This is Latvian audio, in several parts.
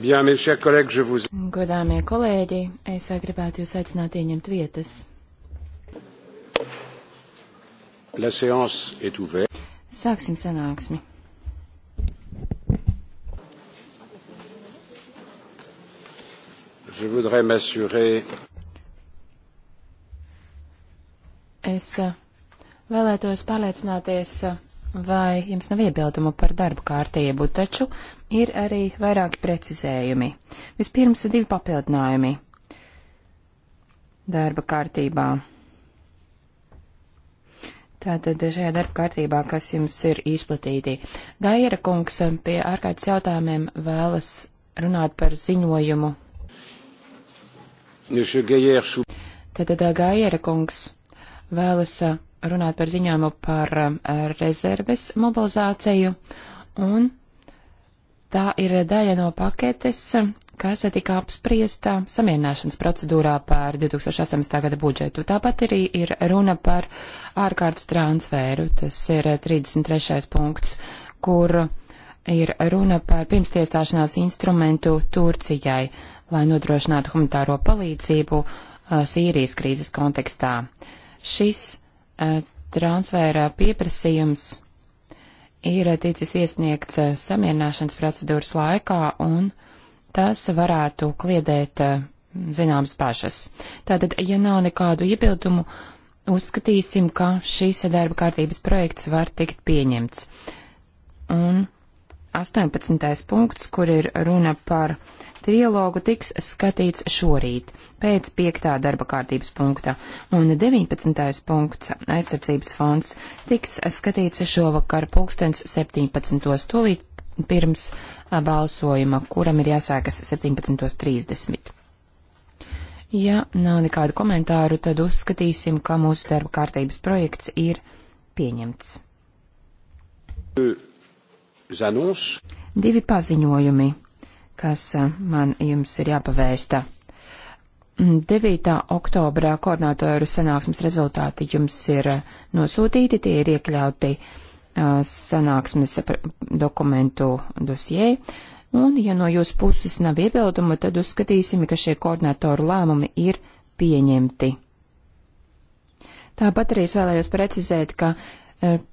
Bien, mes chers collègues, je vous... Godāmie kolēģi, es gribētu jūs aicināt ieņemt vietas. La séance est ouverte. Sāksim sanāksmi. Je voudrais m'assurer. Es uh, vēlētos pārliecināties, uh, vai jums nav iebildumu par darbu kārtību, taču ir arī vairāki precizējumi. Vispirms divi papildinājumi darba kārtībā. Tātad šajā darba kārtībā, kas jums ir izplatīti, Gaira kungs pie ārkārtas jautājumiem vēlas runāt par ziņojumu. Tātad Gaira kungs vēlas runāt par ziņojumu par um, rezerves mobilizāciju, un tā ir daļa no paketes, kas tika apspriesta samierināšanas procedūrā par 2018. gada budžetu. Tāpat arī ir runa par ārkārtas transferu, tas ir 33. punkts, kur ir runa par pirmstiestāšanās instrumentu Turcijai, lai nodrošinātu humanitāro palīdzību uh, Sīrijas krīzes kontekstā. Šis transfēra pieprasījums ir ticis iesniegts eh, samierināšanas procedūras laikā, un tas varētu kliedēt eh, zināmas pašas. Tātad, ja nav nekādu iebildumu, uzskatīsim, ka šīs darba kārtības projekts var tikt pieņemts. Un 18. punkts, kur ir runa par trilogu tiks skatīts šorīt pēc 5. darba kārtības punkta, un 19. punkts aizsardzības fonds tiks skatīts šovakar pulkstens 17. stolīt pirms balsojuma, kuram ir jāsākas 17.30. Ja nav nekādu komentāru, tad uzskatīsim, ka mūsu darba kārtības projekts ir pieņemts. Zanus. Divi paziņojumi kas eh, man jums ir jāpavēsta. 9. Mm, oktobrā koordinātoru sanāksmes rezultāti jums ir eh, nosūtīti, tie ir iekļauti eh, sanāksmes dokumentu dosijai. Un, ja no jūsu puses nav iebildumu, tad uzskatīsim, ka šie koordinatoru lēmumi ir pieņemti. Tāpat arī es vēlējos precizēt, ka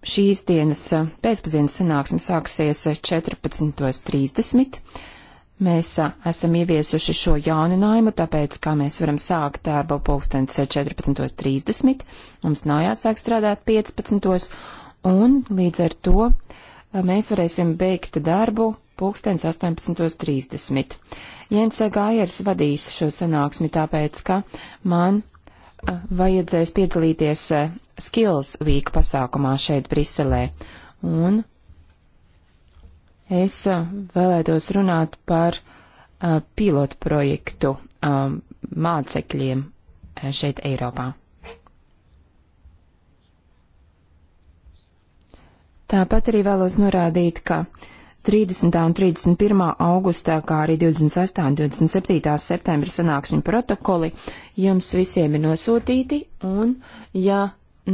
šīs dienas pēcpusdienas sanāksme sāksies 14.30 Mēs a, esam ieviesuši šo jauninājumu, tāpēc, kā mēs varam sākt darbu pulkstens 14.30, mums nav jāsāk strādāt 15. un līdz ar to a, mēs varēsim beigt darbu pulkstens 18.30. Jens Gājers vadīs šo sanāksmi, tāpēc, ka man a, vajadzēs piedalīties Skills Week pasākumā šeit Briselē. Un Es uh, vēlētos runāt par uh, pilotu projektu um, mācekļiem uh, šeit Eiropā. Tāpat arī vēlos norādīt, ka 30. un 31. augustā, kā arī 26. un 27. septembra sanāksmi protokoli jums visiem ir nosūtīti, un ja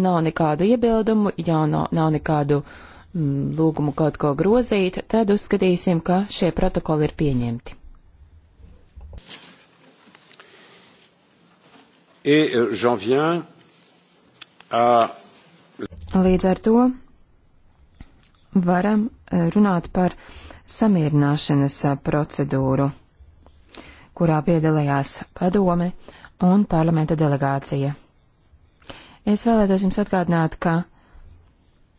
nav nekādu iebildumu, ja nav, nav nekādu uh, Mm, lūgumu kaut ko grozīt, tad uzskatīsim, ka šie protokoli ir pieņemti. Et euh, j'en viens à. Līdz ar to varam eh, runāt par samierināšanas eh, procedūru, kurā piedalījās padome un parlamenta delegācija. Es vēlētos jums atgādināt, ka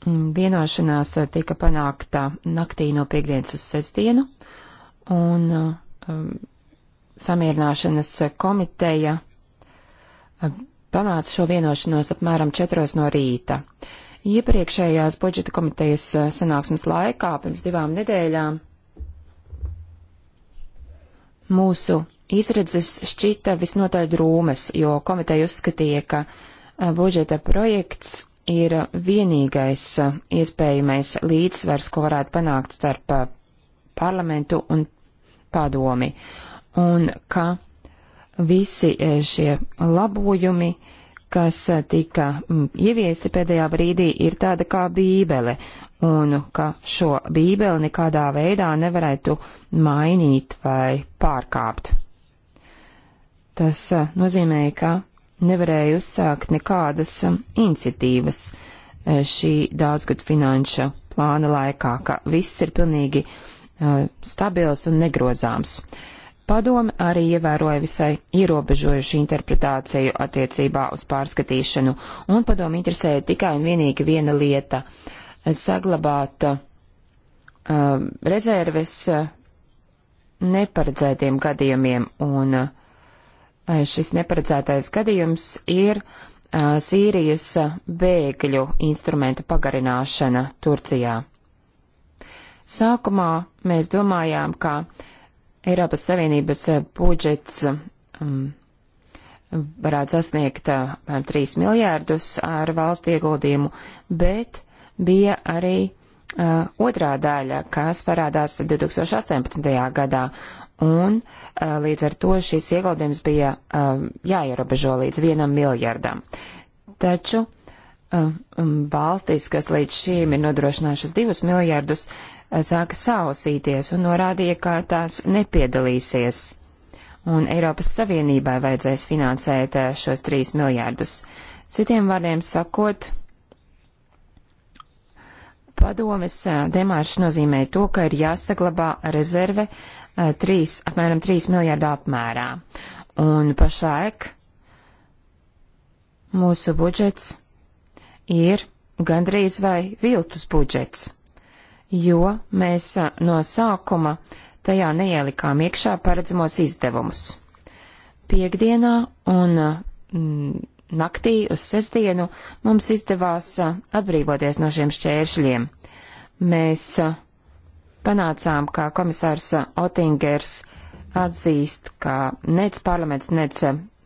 Mm, vienošanās eh, tika panākta naktī no piekdienas uz sestdienu, un um, samierināšanas eh, komiteja panāca šo vienošanos apmēram četros no rīta. Iepriekšējās budžeta komitejas sanāksmes laikā pirms divām nedēļām mūsu izredzes šķita visnotaļ drūmes, jo komiteja uzskatīja, ka budžeta projekts ir vienīgais uh, iespējamais līdzsvars, ko varētu panākt starp uh, parlamentu un padomi, un ka visi uh, šie labojumi, kas tika mm, ieviesti pēdējā brīdī, ir tāda kā bībele, un ka šo bībeli nekādā veidā nevarētu mainīt vai pārkāpt. Tas nozīmē, ka nevarēja uzsākt nekādas um, iniciatīvas uh, šī daudzgadu finanšu plāna laikā, ka viss ir pilnīgi uh, stabils un negrozāms. Padome arī ievēroja visai ierobežojušu interpretāciju attiecībā uz pārskatīšanu, un padome interesēja tikai un vienīgi viena lieta - saglabāt uh, um, rezerves uh, neparedzētiem gadījumiem un uh, šis neparedzētais gadījums ir Sīrijas bēgļu instrumenta pagarināšana Turcijā. Sākumā mēs domājām, ka Eiropas Savienības budžets um, varētu sasniegt apmēram 3 miljārdus ar valstu ieguldījumu, bet bija arī uh, otrā daļa, kas parādās 2018. gadā, un eh, līdz ar to šis ieguldījums bija eh, jāierobežo līdz vienam miljardam. Taču eh, valstīs, kas līdz šīm ir nodrošinājušas divus miljardus, sāka sausīties un norādīja, ka tās nepiedalīsies. Un Eiropas Savienībai vajadzēs finansēt šos trīs miljārdus. Citiem vārdiem sakot, padomes demāršs nozīmē to, ka ir jāsaglabā rezerve 3, eh, apmēram 3 miljārdu apmērā. Un pašlaik mūsu budžets ir gandrīz vai viltus budžets, jo mēs eh, no sākuma tajā neielikām iekšā paredzamos izdevumus. Piektdienā un eh, naktī uz sestdienu mums izdevās atbrīvoties no šiem šķēršļiem. Mēs uh, panācām, ka komisārs Otingers atzīst, ka nec parlaments, nec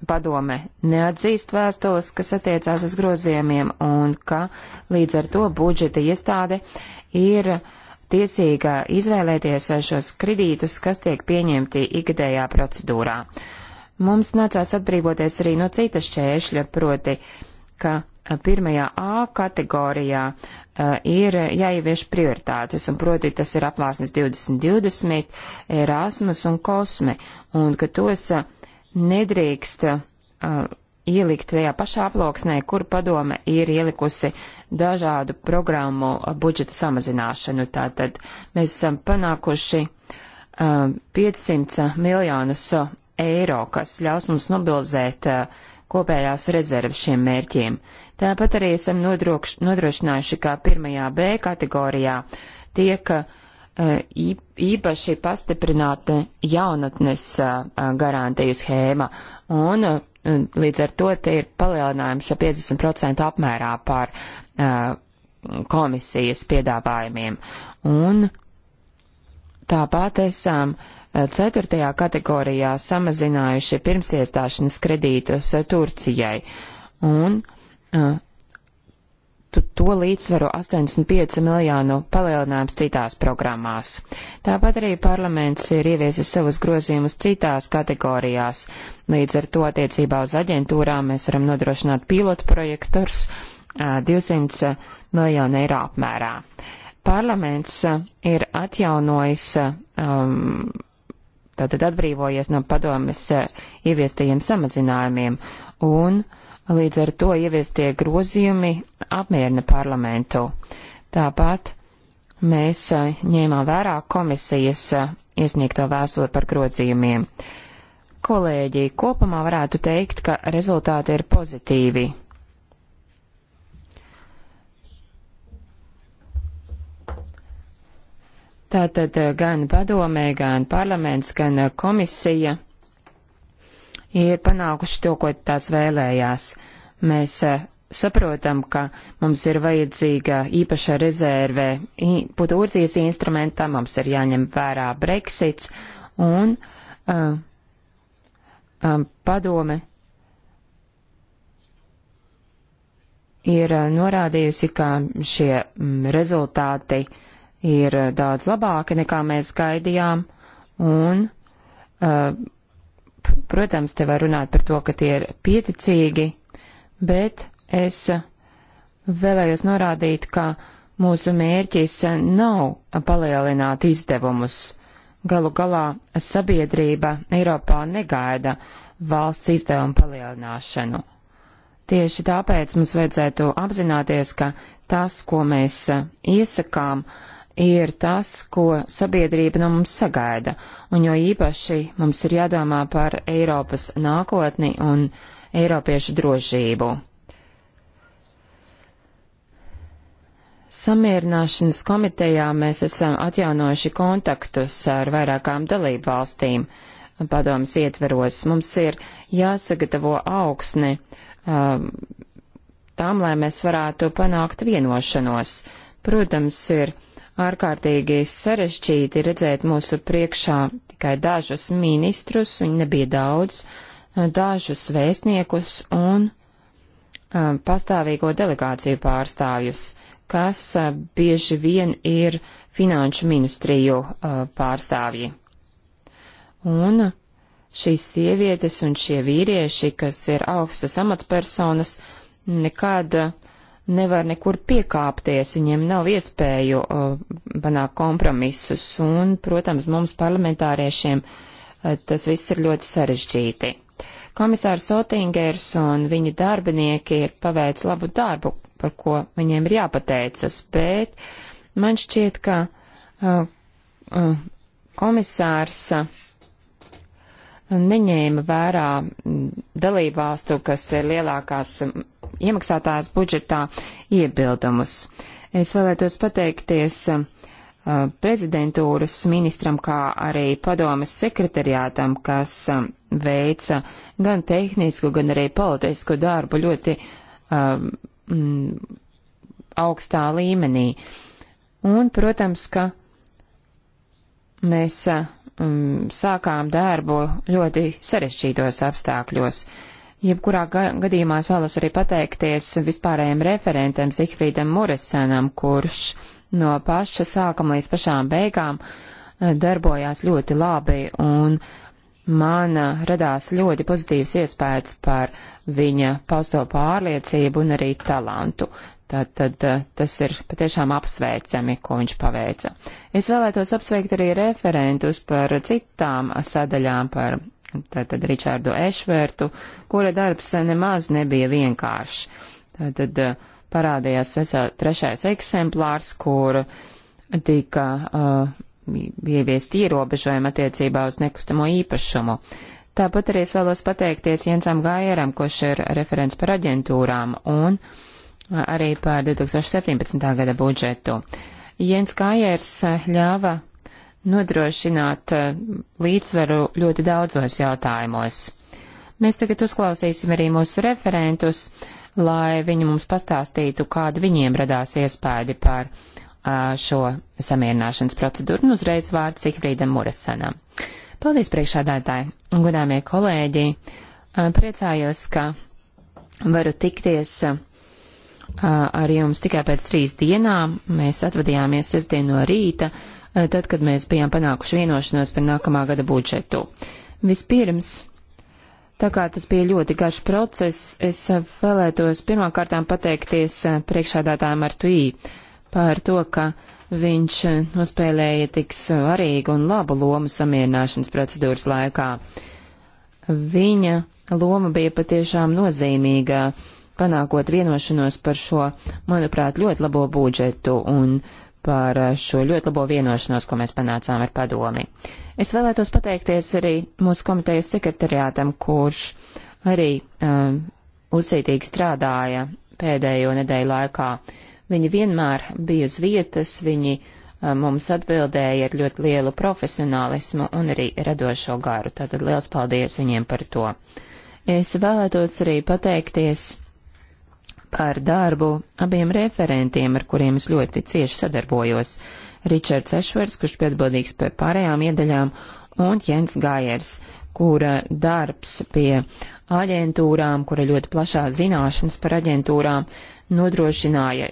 padome neatzīst vēstules, kas attiecās uz grozījumiem, un ka līdz ar to budžeta iestāde ir tiesīga izvēlēties šos kredītus, kas tiek pieņemti ikgadējā procedūrā. Mums nācās atbrīvoties arī no citas šķēršļa, proti, ka pirmajā A kategorijā Eh, ir jāievieš prioritātes, un proti tas ir apvārsnes 2020, Erasmus un Kosme, un ka tos eh, nedrīkst eh, ielikt tajā pašā aploksnē, kur padome ir ielikusi dažādu programmu budžeta samazināšanu. Tātad mēs esam panākuši uh, 500 miljonus eiro, kas ļaus mums mobilizēt uh, kopējās rezerves šiem mērķiem. Tāpat arī esam nodrokš, nodrošinājuši, ka pirmajā B kategorijā tiek e, īpaši pastiprināta jaunatnes e, e, garantiju schēma, un līdz ar to te ir palielinājums 50% apmērā par komisijas piedāvājumiem. Un tāpat esam ceturtajā kategorijā samazinājuši pirmsiestāšanas kredītus Turcijai. Un uh, uh, to līdzsvaru 85 miljonu palielinājums citās programmās. Tāpat arī parlaments ir ieviesis savus grozījumus citās kategorijās. Līdz ar to attiecībā uz aģentūrām mēs varam nodrošināt pilotu projektors 200 miljonu eiro apmērā. Parlaments ir atjaunojis, um, tātad atbrīvojies no padomes ieviestajiem samazinājumiem un uh, Līdz ar to ieviestie grozījumi apmierina parlamentu. Tāpat mēs ņēmām vērā komisijas iesniegto vēstuli par grozījumiem. Kolēģi, kopumā varētu teikt, ka rezultāti ir pozitīvi. Tātad gan padomē, gan parlaments, gan komisija ir panākuši to, ko tās vēlējās. Mēs eh, saprotam, ka mums ir vajadzīga īpaša rezerve Turcijas instrumentā, mums ir jāņem vērā Brexits un uh, um, padome ir norādījusi, ka šie mm, rezultāti ir daudz labāki nekā mēs gaidījām un uh, CAP. Protams, te var runāt par to, ka tie ir pieticīgi, bet es vēlējos norādīt, ka mūsu mērķis nav palielināt izdevumus. Galu galā sabiedrība Eiropā negaida valsts izdevumu palielināšanu. Tieši tāpēc mums vajadzētu apzināties, ka tas, ko mēs iesakām, uh, ir tas, ko sabiedrība no mums sagaida, un jo īpaši mums ir jādomā par Eiropas nākotni un Eiropiešu drošību. Samierināšanas komitejā mēs esam atjaunojuši kontaktus ar vairākām dalību valstīm padomas ietveros. Mums ir jāsagatavo augsne tām, um, lai mēs varētu panākt vienošanos. Protams, ir ārkārtīgi sarežģīti redzēt mūsu priekšā tikai dažus ministrus, viņi nebija daudz, dažus vēstniekus un um, pastāvīgo delegāciju pārstāvjus, kas uh, bieži vien ir finanšu ministriju uh, pārstāvji. Un šīs sievietes un šie vīrieši, kas ir augstas amatpersonas, nekad uh, nevar nekur piekāpties, viņiem nav iespēju uh, panākt kompromisus, un, protams, mums parlamentāriešiem uh, tas viss ir ļoti sarežģīti. Komisārs Otingers un viņa darbinieki ir paveic labu darbu, par ko viņiem ir jāpateicas, bet man šķiet, ka uh, uh, komisārs uh, neņēma vērā mm, dalībvalstu, kas ir lielākās mm, iemaksātājas budžetā iebildumus. Es vēlētos pateikties uh, prezidentūras ministram, kā arī padomas sekretariātam, kas uh, veica gan tehnisku, gan arī politisku darbu ļoti um, augstā līmenī. Un, protams, ka mēs um, sākām darbu ļoti sarešķītos apstākļos. Uh, Jebkurā gadījumā es vēlos arī pateikties vispārējiem referentiem Zihfrīdam Muresanam, kurš no paša sākuma līdz pašām beigām eh, darbojās ļoti labi un man eh, radās ļoti pozitīvs iespējas par viņa pausto pārliecību un arī talantu. Tad, tad eh, tas ir patiešām apsveicami, ko viņš paveica. Es vēlētos apsveikt arī referentus par citām sadaļām, par tātad Ričārdu Ešvērtu, kura darbs nemaz nebija vienkāršs. Tātad uh, parādījās vesā trešais eksemplārs, kur tika uh, ieviest ierobežojumi attiecībā uz nekustamo īpašumu. Tāpat arī es vēlos pateikties Jensam Gājeram, kurš ir referents par aģentūrām un uh, arī par 2017. gada budžetu. Jens Gājers uh, ļāva nodrošināt eh, līdzsvaru ļoti daudzos jautājumos. Mēs tagad uzklausīsim arī mūsu referentus, lai viņi mums pastāstītu, kāda viņiem radās iespēja par eh, šo samierināšanas procedūru, un uzreiz vārds Sikfrīdam Muresanam. Paldies priekšādātāji un godāmie kolēģi. Eh, priecājos, ka varu tikties ar jums tikai pēc trīs dienām. Mēs atvadījāmies sestdien no rīta. Uh, Eh, tad, kad mēs bijām panākuši vienošanos par nākamā gada budžetu. Vispirms, tā kā tas bija ļoti garš process, es eh, vēlētos pirmkārtām pateikties eh, priekšādātājiem ar TUI par to, ka viņš nospēlēja tik svarīgu un labu lomu samierināšanas procedūras laikā. Viņa loma bija patiešām nozīmīga, panākot vienošanos par šo, manuprāt, ļoti labo budžetu, un par eh, šo ļoti labo vienošanos, ko mēs panācām ar padomi. Es vēlētos pateikties arī mūsu komitejas sekretariātam, kurš arī um, uzsītīgi strādāja pēdējo nedēļu laikā. Viņi vienmēr bija uz vietas, viņi um, mums atbildēja ar ļoti lielu profesionālismu un arī radošo garu. Tātad liels paldies viņiem par to. Es vēlētos arī pateikties par darbu abiem referentiem, ar kuriem es ļoti cieši sadarbojos - Ričards Ešvers, kurš bija atbildīgs par pārējām iedaļām, un Jens Gājers, kura darbs pie aģentūrām, kura ļoti plašā zināšanas par aģentūrām nodrošināja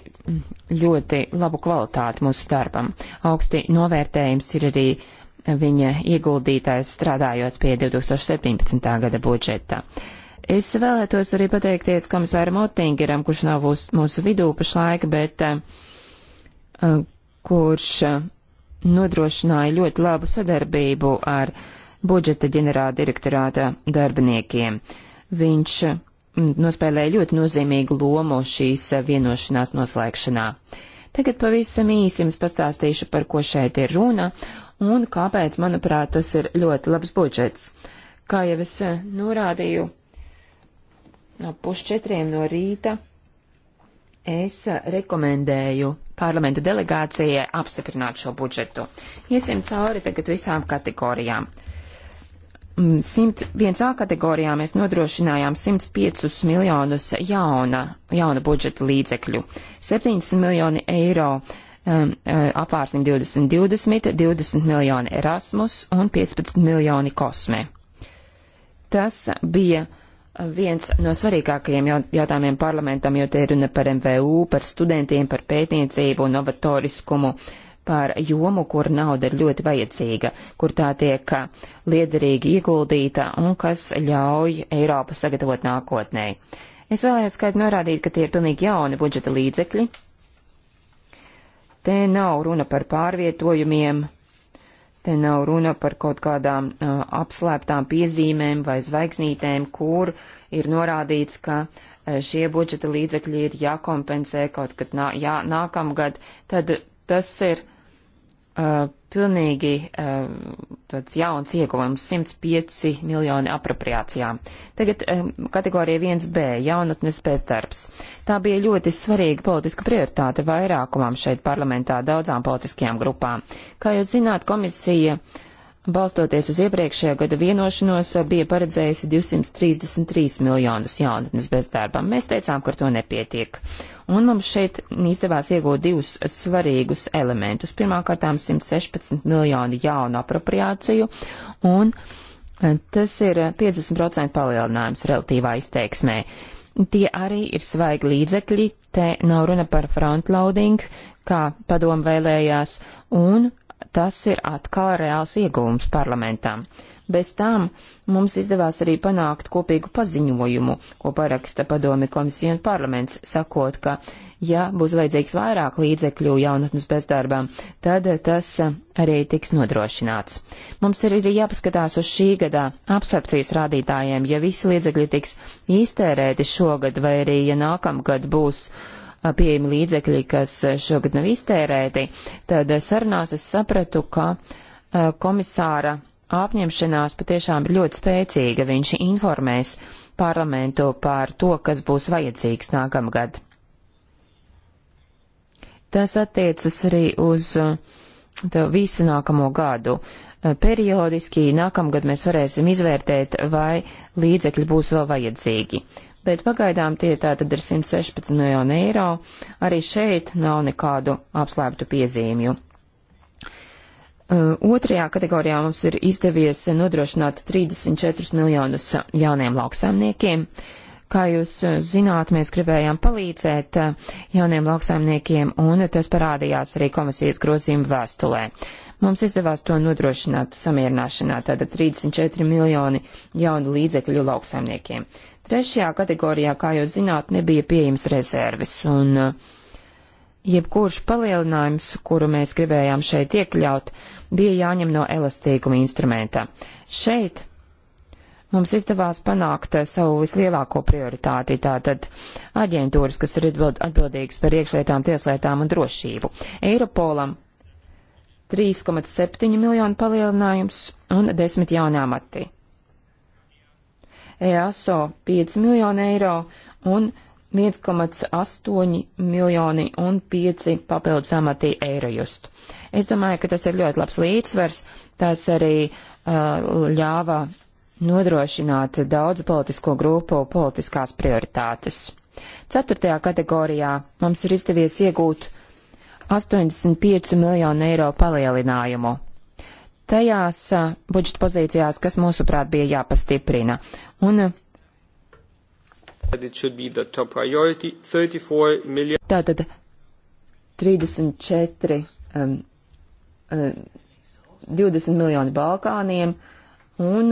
ļoti labu kvalitāti mūsu darbam. Augsti novērtējums ir arī viņa ieguldītājs strādājot pie 2017. gada budžeta. Uh, Es vēlētos arī pateikties komisāram Otingeram, kurš nav uz, mūsu vidū pašlaik, bet uh, kurš uh, nodrošināja ļoti labu sadarbību ar budžeta ģenerāla direktorāta darbiniekiem. Viņš uh, nospēlēja ļoti nozīmīgu lomu šīs vienošanās noslēgšanā. Tagad pavisam īsi jums pastāstīšu, par ko šeit ir runa un kāpēc, manuprāt, tas ir ļoti labs budžets. Kā jau es norādīju, pusčetriem no rīta es rekomendēju parlamenta delegācijai apstiprināt šo budžetu. Iesim cauri tagad visām kategorijām. 101A mm, kategorijā mēs nodrošinājām 105 miljonus jauna, jauna budžeta līdzekļu, 70 miljoni eiro um, apvārsim 2020, 20 miljoni Erasmus un 15 miljoni kosmē. Tas bija uh, viens no svarīgākajiem jautājumiem parlamentam, jo te ir runa par MVU, par studentiem, par pētniecību, novatoriskumu, par jomu, kur nauda ir ļoti vajadzīga, kur tā tiek uh, liederīgi ieguldīta un kas ļauj Eiropu sagatavot nākotnē. Es vēlējos skaidri norādīt, ka tie ir pilnīgi jauni budžeta līdzekļi. Te nav runa par pārvietojumiem, Te nav runa par kaut kādām uh, apslēptām piezīmēm vai zvaigznītēm, kur ir norādīts, ka uh, šie budžeta līdzekļi ir jākompensē kaut kad nā, jā, nākamgad. Tad tas ir uh, pilnīgi uh, tāds jauns ieguvums - 105 miljoni apropriācijām. Tagad um, kategorija 1B - jaunatnes bezdarbs. Tā bija ļoti svarīga politiska prioritāte vairākumam šeit parlamentā daudzām politiskajām grupām. Kā jūs zināt, komisija uh, balstoties uz iepriekšējā gada vienošanos, bija paredzējusi 233 miljonus jaunatnes bezdarbam. Mēs teicām, ka ar to nepietiek. Un mums šeit izdevās iegūt divus svarīgus elementus. Pirmkārtām 116 miljonu jaunu apropriāciju, un e, tas ir 50% palielinājums relatīvā izteiksmē. Tie arī ir svaigi līdzekļi, te nav runa par frontloading, kā padomu vēlējās, un tas ir atkal reāls ieguvums parlamentam. Bez tām mums izdevās arī panākt kopīgu paziņojumu, ko paraksta padomi komisija un parlaments, sakot, ka, ja būs vajadzīgs vairāk līdzekļu jaunatnes bezdarbām, tad tas arī tiks nodrošināts. Mums ir arī jāpaskatās uz šī gada absorpcijas rādītājiem, ja visi līdzekļi tiks iztērēti šogad vai arī, ja nākamgad būs uh, pieejami līdzekļi, kas šogad nav iztērēti, tad sarunās es sapratu, ka komisāra apņemšanās patiešām ir ļoti spēcīga. Viņš informēs parlamentu par to, kas būs vajadzīgs nākamgad. Tas attiecas arī uz visu nākamo gadu. Periodiski nākamgad mēs varēsim izvērtēt, vai līdzekļi būs vēl vajadzīgi bet pagaidām tie tātad ir 116 miljoni eiro. Arī šeit nav nekādu apslēptu piezīmju. Uh, otrajā kategorijā mums ir izdevies nodrošināt 34 miljonus jauniem lauksaimniekiem. Kā jūs uh, zināt, mēs gribējām palīdzēt uh, jauniem lauksaimniekiem, un tas parādījās arī komisijas grozījuma vēstulē. Uh, Mums izdevās to nodrošināt samierināšanā, tātad 34 miljoni jaunu līdzekļu lauksaimniekiem. Trešajā kategorijā, kā jūs zināt, nebija pieejams rezerves, un uh, jebkurš palielinājums, kuru mēs gribējām šeit iekļaut, bija jāņem no elastīguma instrumenta. Šeit mums izdevās panākt uh, savu vislielāko prioritāti, tātad aģentūras, kas ir atbildīgas par iekšlietām, tieslietām un drošību. Eiropolam 3,7 miljonu palielinājums un 10 jauni amati. EASO 5 miljoni eiro un 1,8 miljoni un 5 papildus amatī eirojust. Es domāju, ka tas ir ļoti labs līdzsvers, tas arī uh, ļāva nodrošināt daudzu politisko grupu politiskās prioritātes. Ceturtajā kategorijā mums ir izdevies iegūt 85 miljonu eiro palielinājumu. Tajās budžeta pozīcijās, kas mūsuprāt bija jāpastiprina. Un Tātad 34, um, um, 20 miljoni Balkāniem un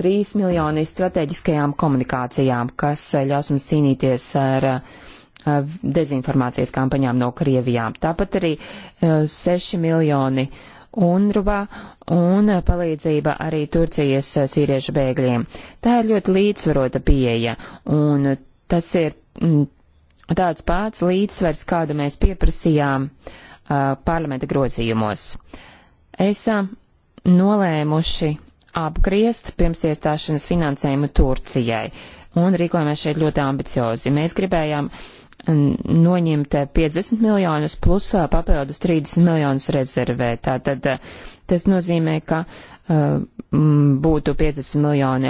3 miljoni strateģiskajām komunikācijām, kas ļaus mums cīnīties ar uh, Eh, dezinformācijas kampaņām no Krievijām. Tāpat arī 6 eh, miljoni UNRUBA un eh, palīdzība arī Turcijas sīriešu bēgļiem. Tā ir ļoti līdzsvarota pieeja, un tas ir mm, tāds pats līdzsvars, kādu mēs pieprasījām uh, parlamenta grozījumos. Esam nolēmuši apgriezt pirms iestāšanas finansējumu Turcijai, un rīkojamies šeit ļoti ambiciozi. Mēs gribējām uh, noņemt 50 eh, miljonus plus eh, papildus 30 miljonus rezervē. Tātad eh, tas nozīmē, ka Uh, būtu 50 miljoni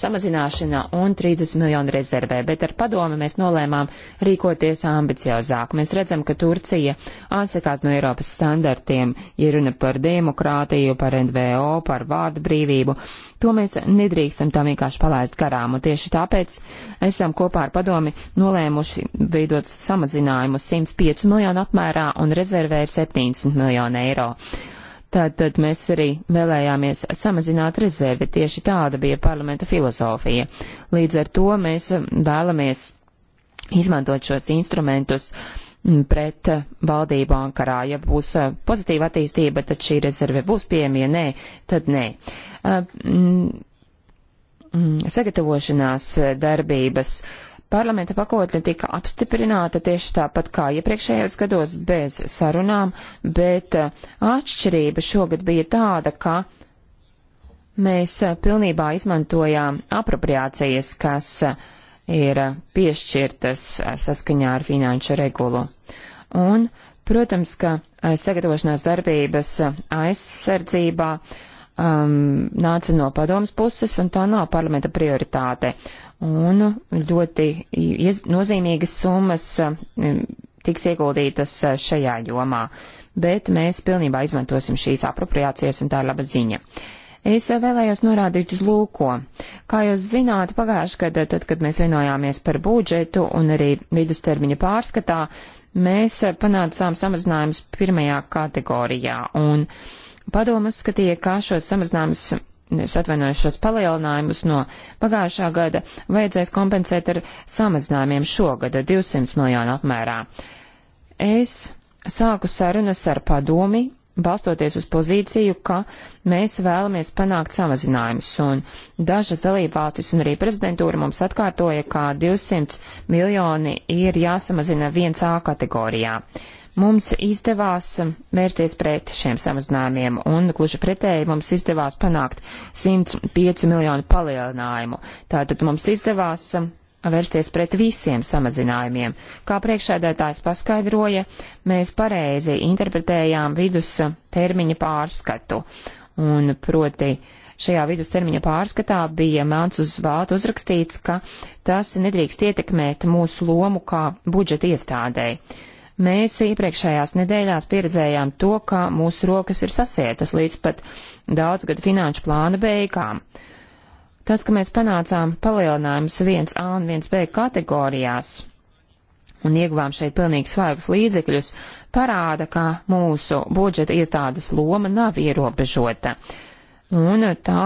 samazināšanā un 30 miljoni rezervē, bet ar padomi mēs nolēmām rīkoties ambiciozāk. Mēs redzam, ka Turcija atsakās no Eiropas standartiem, ja runa par demokrātiju, par NVO, par vārdu brīvību. To mēs nedrīkstam tā vienkārši palaist garām, un tieši tāpēc esam kopā ar padomi nolēmuši veidot samazinājumu 105 miljonu apmērā un rezervē ir 70 miljonu eiro. Tātad mēs arī vēlējāmies samazināt rezervi, tieši tāda bija parlamenta filozofija. Līdz ar to mēs um, vēlamies izmantot šos instrumentus mm, pret uh, valdību Ankarā. Ja būs uh, pozitīva attīstība, tad šī rezerve būs pieejama, ja nē, tad nē. Uh, mm, mm, sagatavošanās darbības uh, parlamenta pakotne tika apstiprināta tieši tāpat kā iepriekšējos gados bez sarunām, bet eh, atšķirība šogad bija tāda, ka mēs eh, pilnībā izmantojām apropriācijas, kas eh, ir piešķirtas saskaņā ar finanšu regulu. Un, protams, ka sagatavošanās darbības aizsardzībā um, nāca no padomas puses, un tā nav parlamenta prioritāte un ļoti nozīmīgas summas eh, tiks ieguldītas eh, šajā jomā, bet mēs pilnībā izmantosim šīs apropriācijas, un tā ir laba ziņa. Es eh, vēlējos norādīt uz lūko. Kā jūs zināt, pagājušajā gadā, tad, kad mēs vienojāmies par budžetu un arī vidustermiņa pārskatā, mēs panācām samazinājumus pirmajā kategorijā, un padomu uzskatīja, kā šos samazinājumus es atvainojos šos palielinājumus no pagājušā gada, vajadzēs kompensēt ar samazinājumiem šogada 200 miljonu apmērā. Es sāku sarunas ar padomi, balstoties uz pozīciju, ka mēs vēlamies panākt samazinājumus, un dažas dalībvalstis un arī prezidentūra mums atkārtoja, ka 200 miljoni ir jāsamazina 1A kategorijā. Uh, Mums izdevās vērsties pret šiem samazinājumiem, un gluži pretēji mums izdevās panākt 105 miljonu palielinājumu. Tātad mums izdevās um, vērsties pret visiem samazinājumiem. Kā priekšēdētājs paskaidroja, mēs pareizi interpretējām vidus um, termiņa pārskatu. Un proti šajā vidus termiņa pārskatā bija mēns uz vātu uzrakstīts, ka tas nedrīkst ietekmēt mūsu lomu kā budžeta iestādēji. Mēs iepriekšējās nedēļās pieredzējām to, ka mūsu rokas ir sasietas līdz pat daudzgada finanšu plāna beigām. Tas, ka mēs panācām palielinājumus 1A un 1B kategorijās un ieguvām šeit pilnīgi svaigus līdzekļus, parāda, ka mūsu budžeta iestādes loma nav ierobežota. Un tā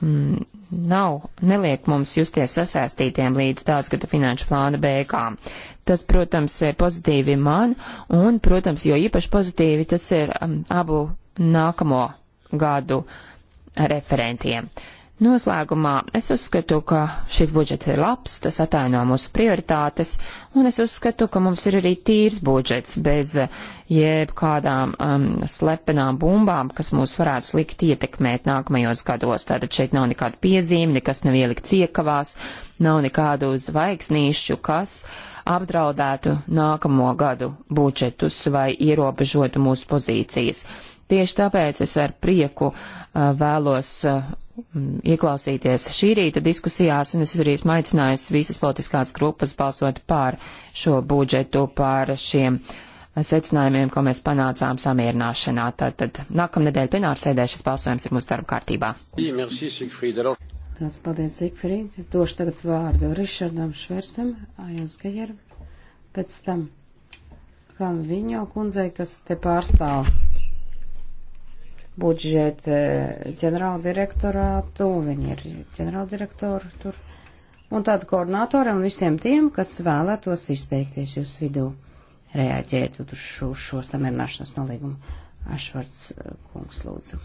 mm, nav, neliek mums justies sasēstītiem līdz daudzgada finanšu plāna beigām. Tas, protams, ir pozitīvi man, un, protams, jo īpaši pozitīvi tas ir um, abu nākamo gadu referentiem. Noslēgumā es uzskatu, ka šis budžets ir labs, tas ataino mūsu prioritātes, un es uzskatu, ka mums ir arī tīrs budžets bez uh, jebkādām um, slepenām bumbām, kas mūs varētu slikti ietekmēt nākamajos gados. Tātad šeit nav nekādu piezīmi, nekas nav ielikts iekavās, nav nekādu zvaigznīšu, kas uh, apdraudētu nākamo gadu budžetus vai ierobežotu mūsu pozīcijas. Tieši tāpēc es ar prieku vēlos ieklausīties šī rīta diskusijās, un es arī esmu aicinājis visas politiskās grupas balsot pār šo budžetu, pār šiem secinājumiem, ko mēs panācām samierināšanā. Tātad nākamnedēļ plenārsēdē šis balsojums ir mūsu darba kārtībā. Tāds paldies Zikfrī. Došu tagad vārdu Rišardam Šversam, Ajans Gajeram, pēc tam Kalviņo kundzei, kas te pārstāv budžeta ģenerāldirektorātu, viņi ir ģenerāldirektori tur, un tādu koordinātoram un visiem tiem, kas vēlētos izteikties jūs vidū, reaģēt uz šo, šo samierināšanas nolīgumu. Ašvards eh, kungs lūdzu.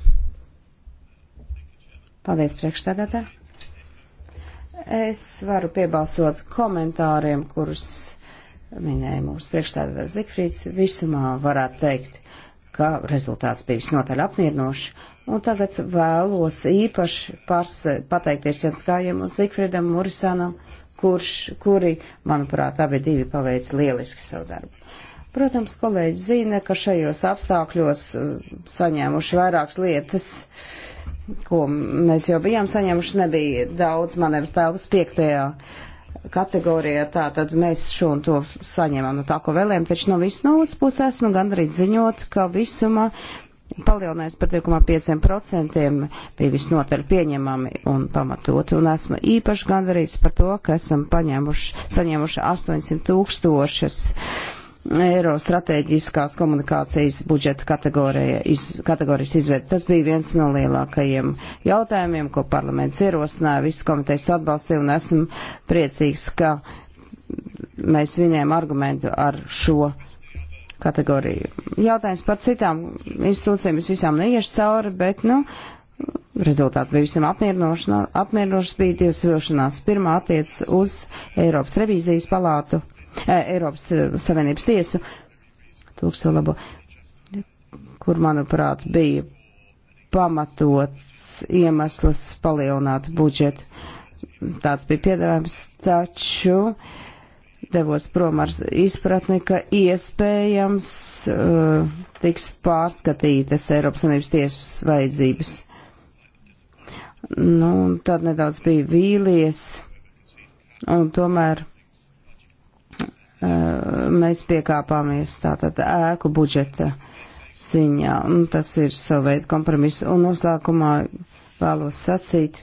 Paldies priekšstādātāji. Es varu piebalsot komentāriem, kurus minēja mūsu priekšstādātājs Zikfrīds. Visumā varētu teikt, ka rezultāts bija visnotaļ apmierinošs. Un tagad vēlos īpaši pars, pateikties Janskājiem un Zikfrīdam Murisanam, kurš, kuri, manuprāt, abi divi paveic lieliski savu darbu. Protams, kolēģi zina, ka šajos apstākļos uh, saņēmuši vairākas lietas. Uh, ko mēs jau bijām saņēmuši, nebija daudz manevru telpas piektajā kategorijā, tā tad mēs šo un to saņēmām no nu, tā, ko vēlējām, taču no visu no otras puses esmu gandrīz ziņot, ka visumā palielinājums par 2,5% bija visnotaļ pieņemami un pamatot, un esmu īpaši gandarīts par to, ka esam paņēmuši, saņēmuši 800 tūkstošus eiro strateģiskās komunikācijas budžeta kategorija, iz, kategorijas izveida. Tas bija viens no lielākajiem jautājumiem, ko parlaments ierosināja, visu komitejas to atbalstīja un esmu priecīgs, ka mēs viņiem argumentu ar šo kategoriju. Jautājums par citām institūcijām es visām neiešu cauri, bet, nu, rezultāts bija visam apmierinošs. Apmierinošs bija divas vilšanās. Pirmā attiec uz Eiropas revīzijas palātu Eh, Eiropas eh, Savienības tiesu, Tūkstolabo, kur, manuprāt, bija pamatots iemesls palielināt budžetu. Tāds bija piedāvājums, taču devos prom ar izpratni, ka iespējams uh, tiks pārskatītas Eiropas Savienības tiesas vajadzības. Nu, tad nedaudz bija vīlies, un tomēr Eh, mēs piekāpāmies tātad ēku budžeta ziņā. Un tas ir savu veidu kompromiss. Un noslēgumā vēlos sacīt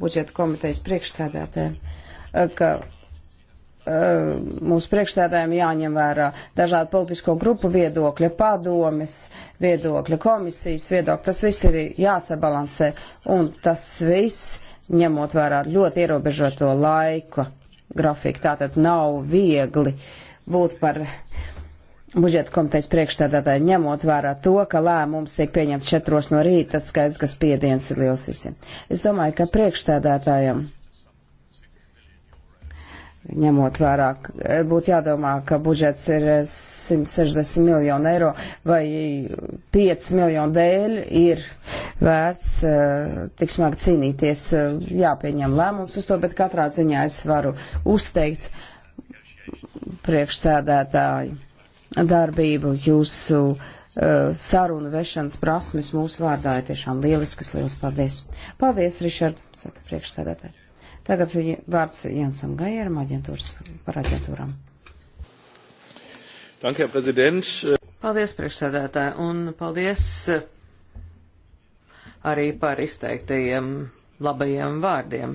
budžeta komitejas priekšstādātēm, eh, ka eh, mūsu priekšstādājiem jāņem vērā dažādu politisko grupu viedokļa, padomes viedokļa, komisijas viedokļa. Tas viss ir jāsabalansē. Un tas viss ņemot vērā ļoti ierobežoto laiku grafiku. Tātad nav viegli būt par budžeta komitejas priekšstādātāju, ņemot vērā to, ka lēmums tiek pieņemts četros no rīta, skaidrs, ka spiediens ir liels visiem. Es domāju, ka priekšstādātājiem ņemot vērā, eh, būtu jādomā, ka budžets ir 160 eh, miljonu eiro vai 5 miljonu dēļ ir vērts eh, tik smagi cīnīties, jāpieņem lēmums uz to, bet katrā ziņā es varu uzteikt priekšsēdētāju darbību, jūsu sarunu vešanas prasmes mūsu vārdā ir tiešām lieliskas, liels paldies. Paldies, Rišard, saka priekšsēdētāji. Tagad vārds Jansam Gajeram aģentūras, par aģentūram. Danke, Herr Präsident. Paldies, priekšsēdētāji, un paldies arī par izteiktajiem labajiem vārdiem.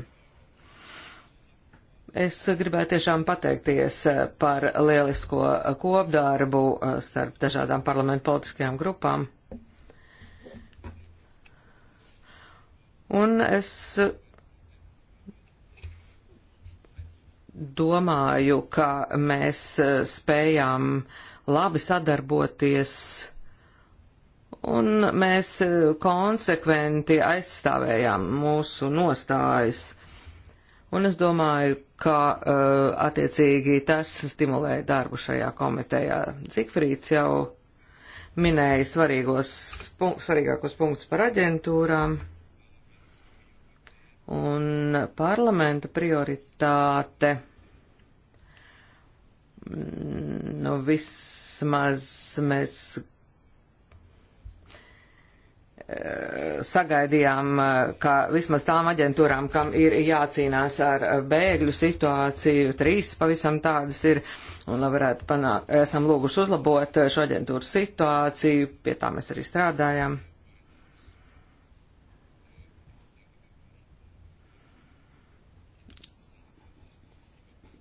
Es gribētu tiešām pateikties par lielisko kopdarbu starp dažādām parlamentu politiskajām grupām. Un es domāju, ka mēs e, spējām labi sadarboties un mēs e, konsekventi aizstāvējām mūsu nostājas. Un es domāju, ka uh, attiecīgi tas stimulē darbu šajā komitejā. Zikfrīds jau minēja svarīgos, punk svarīgākos punktus par aģentūrām. Un parlamenta prioritāte nu, vismaz mēs eh, sagaidījām, eh, ka vismaz tām aģentūrām, kam ir jācīnās ar eh, bēgļu situāciju, trīs pavisam tādas ir, un lai varētu panākt, esam lūguši uzlabot šo aģentūru situāciju, pie tā mēs arī strādājām.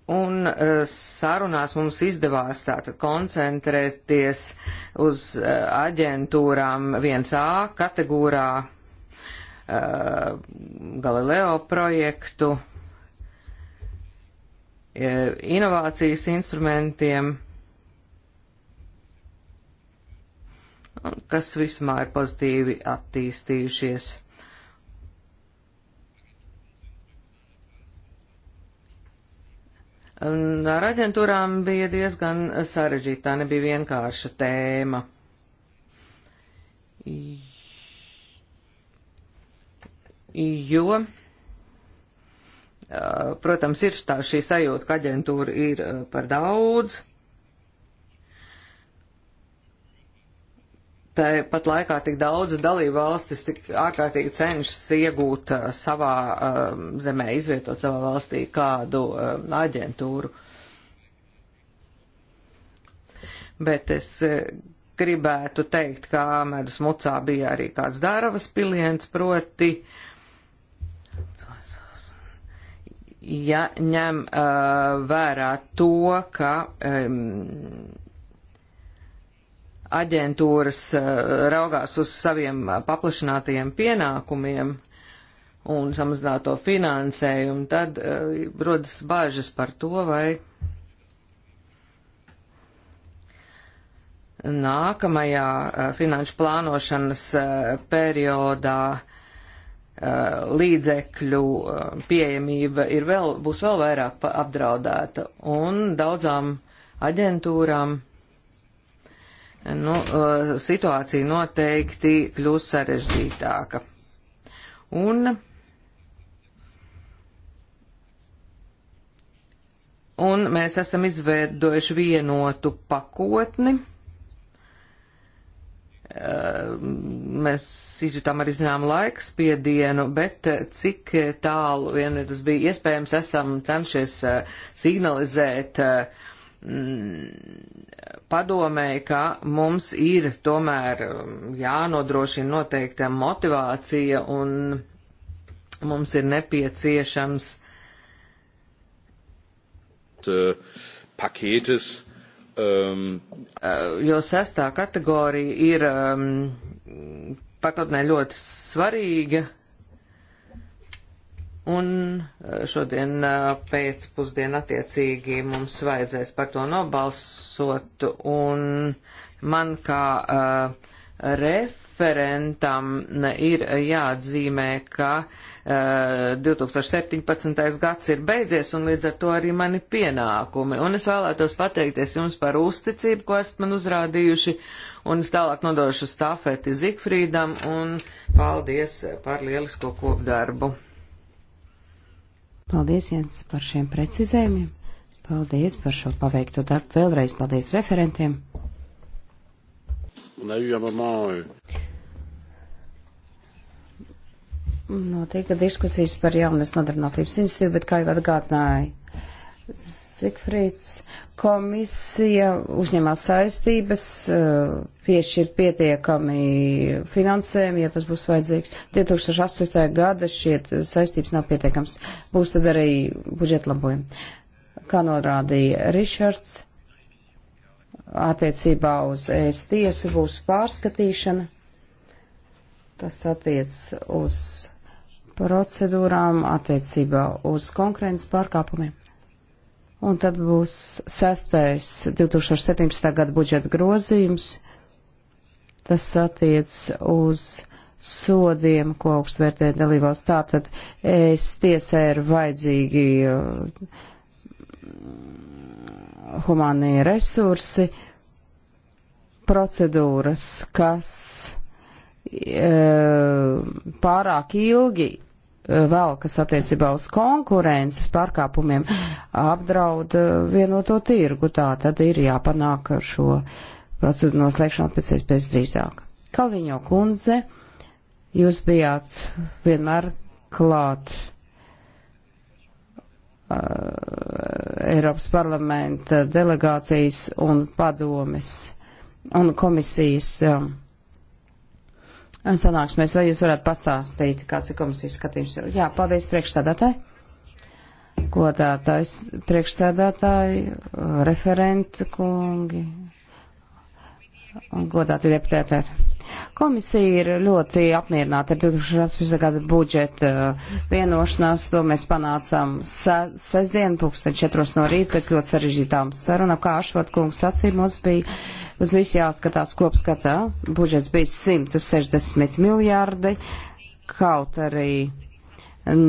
Un eh, sarunās mums izdevās tātad koncentrēties uz eh, aģentūrām 1A kategorā eh, Galileo projektu, inovācijas instrumentiem, kas vismā ir pozitīvi attīstījušies. Un ar aģentūrām bija diezgan sarežģīta, tā nebija vienkārša tēma. Jo, protams, ir tā šī sajūta, ka aģentūra ir par daudz, Tāpat laikā tik daudz dalību valstis tik ārkārtīgi cenšas iegūt uh, savā uh, zemē, izvietot savā valstī kādu uh, aģentūru. Bet es gribētu teikt, ka medus mucā bija arī kāds dāravas piliens, proti, ja ņem uh, vērā to, ka um, aģentūras eh, raugās uz saviem eh, paplašinātajiem pienākumiem un samazināto finansējumu, tad eh, rodas bāžas par to, vai nākamajā finanšu plānošanas periodā līdzekļu pieejamība ir vēl, būs vēl vairāk apdraudēta un daudzām aģentūrām nu, eh, situācija noteikti kļūs sarežģītāka. Un, un mēs esam izveidojuši vienotu pakotni. Eh, mēs izjutām arī zinām laika spiedienu, bet eh, cik tālu vien tas bija iespējams, esam cenšies signalizēt uh, Mm, padomēji, ka mums ir tomēr um, jānodrošina noteikta motivācija un mums ir nepieciešams uh, paketes. Um, uh, jo sestā kategorija ir um, pakotnē ļoti svarīga Un eh, šodien eh, pēcpusdien attiecīgi mums vajadzēs par to nobalsot, un man kā uh, referentam ir jāatzīmē, ka uh, 2017. gads ir beidzies, un līdz ar to arī mani pienākumi. Un es vēlētos pateikties jums par uzticību, ko esat man uzrādījuši, un es tālāk nodošu stafeti Zigfrīdam, un paldies par lielisko kopdarbu. Paldies, Jens, par šiem precizējumiem. Paldies par šo paveikto darbu. Vēlreiz paldies referentiem. Euh, Notika diskusijas par jaunas nodarbinātības institūciju, bet kā jau atgādināja Zikfrīds komisija uzņemās saistības, eh, piešķirt pietiekami finansējumu, ja tas būs vajadzīgs. 2018. gada šiet saistības nav pietiekams. Būs tad arī budžetlabojumi. Kā norādīja Ričards, attiecībā uz ES tiesu būs pārskatīšana. Tas attiec uz procedūrām attiecībā uz konkurences pārkāpumiem. Un tad būs sestais 2017. gada budžeta grozījums. Tas attiec uz sodiem, ko augstvērtē dalībās. Tātad es tiesē ir vajadzīgi uh, humānie resursi, procedūras, kas e, pārāk ilgi Eh, vēl, kas attiecībā uz konkurences pārkāpumiem apdraud eh, vienoto tirgu. Tā tad ir jāpanāk šo procedūru noslēgšanu pēc iespējas drīzāk. Kalviņo kundze, jūs bijāt vienmēr klāt. Uh, Eiropas parlamenta delegācijas un padomes un komisijas um, sanāksmēs, vai jūs varētu pastāstīt, kāds ir komisijas skatījums? Jā, paldies priekšsēdētāji. Godātais priekšsēdētāji, referenti kungi un godāti deputētāji. Komisija ir ļoti apmierināta ar 2018. gada budžeta uh, vienošanās. To mēs panācām se sestdien, pulksten četros no rīta, pēc ļoti sarežģītām sarunām. Kā Ašvart kungs sacīja, mums bija Uz visu jāskatās kopskatā. Budžets bija 160 miljārdi, kaut arī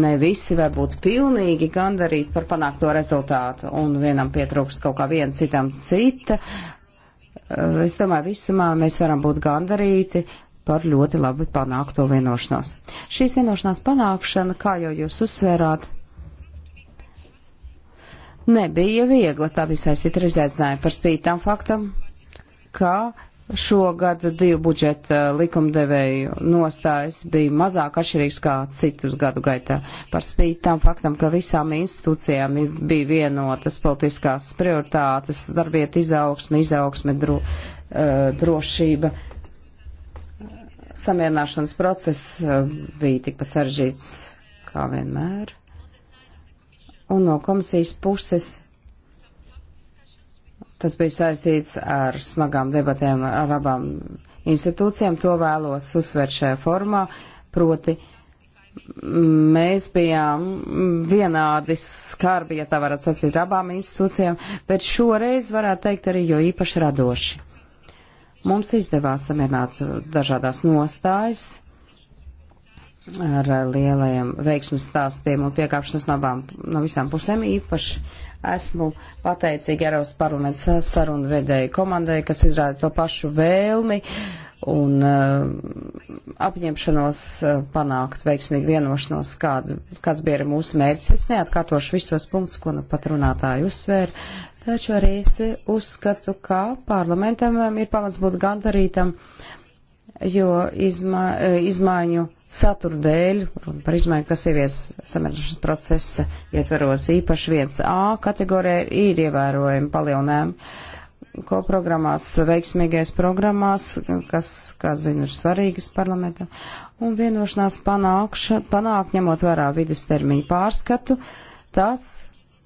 ne visi var būt pilnīgi gandarīti par panākto rezultātu, un vienam pietrūks kaut kā viena, citam cita. Eh, es domāju, visumā mēs varam būt gandarīti par ļoti labi panākto vienošanos. Šīs vienošanās panākšana, kā jau jūs uzsvērāt, nebija viegla, tā bija saistīta ar izaicinājumu par spītām faktam, ka šogad divu budžeta likumdevēju nostājas bija mazāk atšķirīgs kā citus gadu gaitā. Par spīti tam faktam, ka visām institūcijām bija vienotas politiskās prioritātes, darbiet izaugsme, izaugsme, dro, eh, drošība samierināšanas process eh, bija tikpat sarežģīts kā vienmēr. Un no komisijas puses Tas bija saistīts ar smagām debatēm ar abām institūcijām. To vēlos uzsvērt šajā formā. Proti, mēs bijām vienādi skarbi, ja tā varētu sasīt, abām institūcijām, bet šoreiz varētu teikt arī jo īpaši radoši. Mums izdevās samierināt dažādās nostājas ar lielajiem veiksmas stāstiem un piekāpšanas no, abām, no visām pusēm īpaši Esmu pateicīga Eiropas parlamenta sarunu vedēju komandai, kas izrāda to pašu vēlmi un uh, apņemšanos uh, panākt veiksmīgu vienošanos, kādu, kāds bija mūsu mērķis. Es neatkārtošu visus tos punktus, ko nu pat runātāji uzsvēra, taču arī es uzskatu, ka parlamentam um, ir pamats būt gandarītam, jo izma, uh, izmaiņu satura dēļ, par izmaiņu, kas ievies samēršanas procesa ietveros īpaši 1A kategorijā, ir ievērojami palielinājumi koprogrammās, veiksmīgais programmās, kas, kā zinu, ir svarīgas parlamentam, un vienošanās panākša, panāk, ņemot vērā vidustermiņu pārskatu, tas,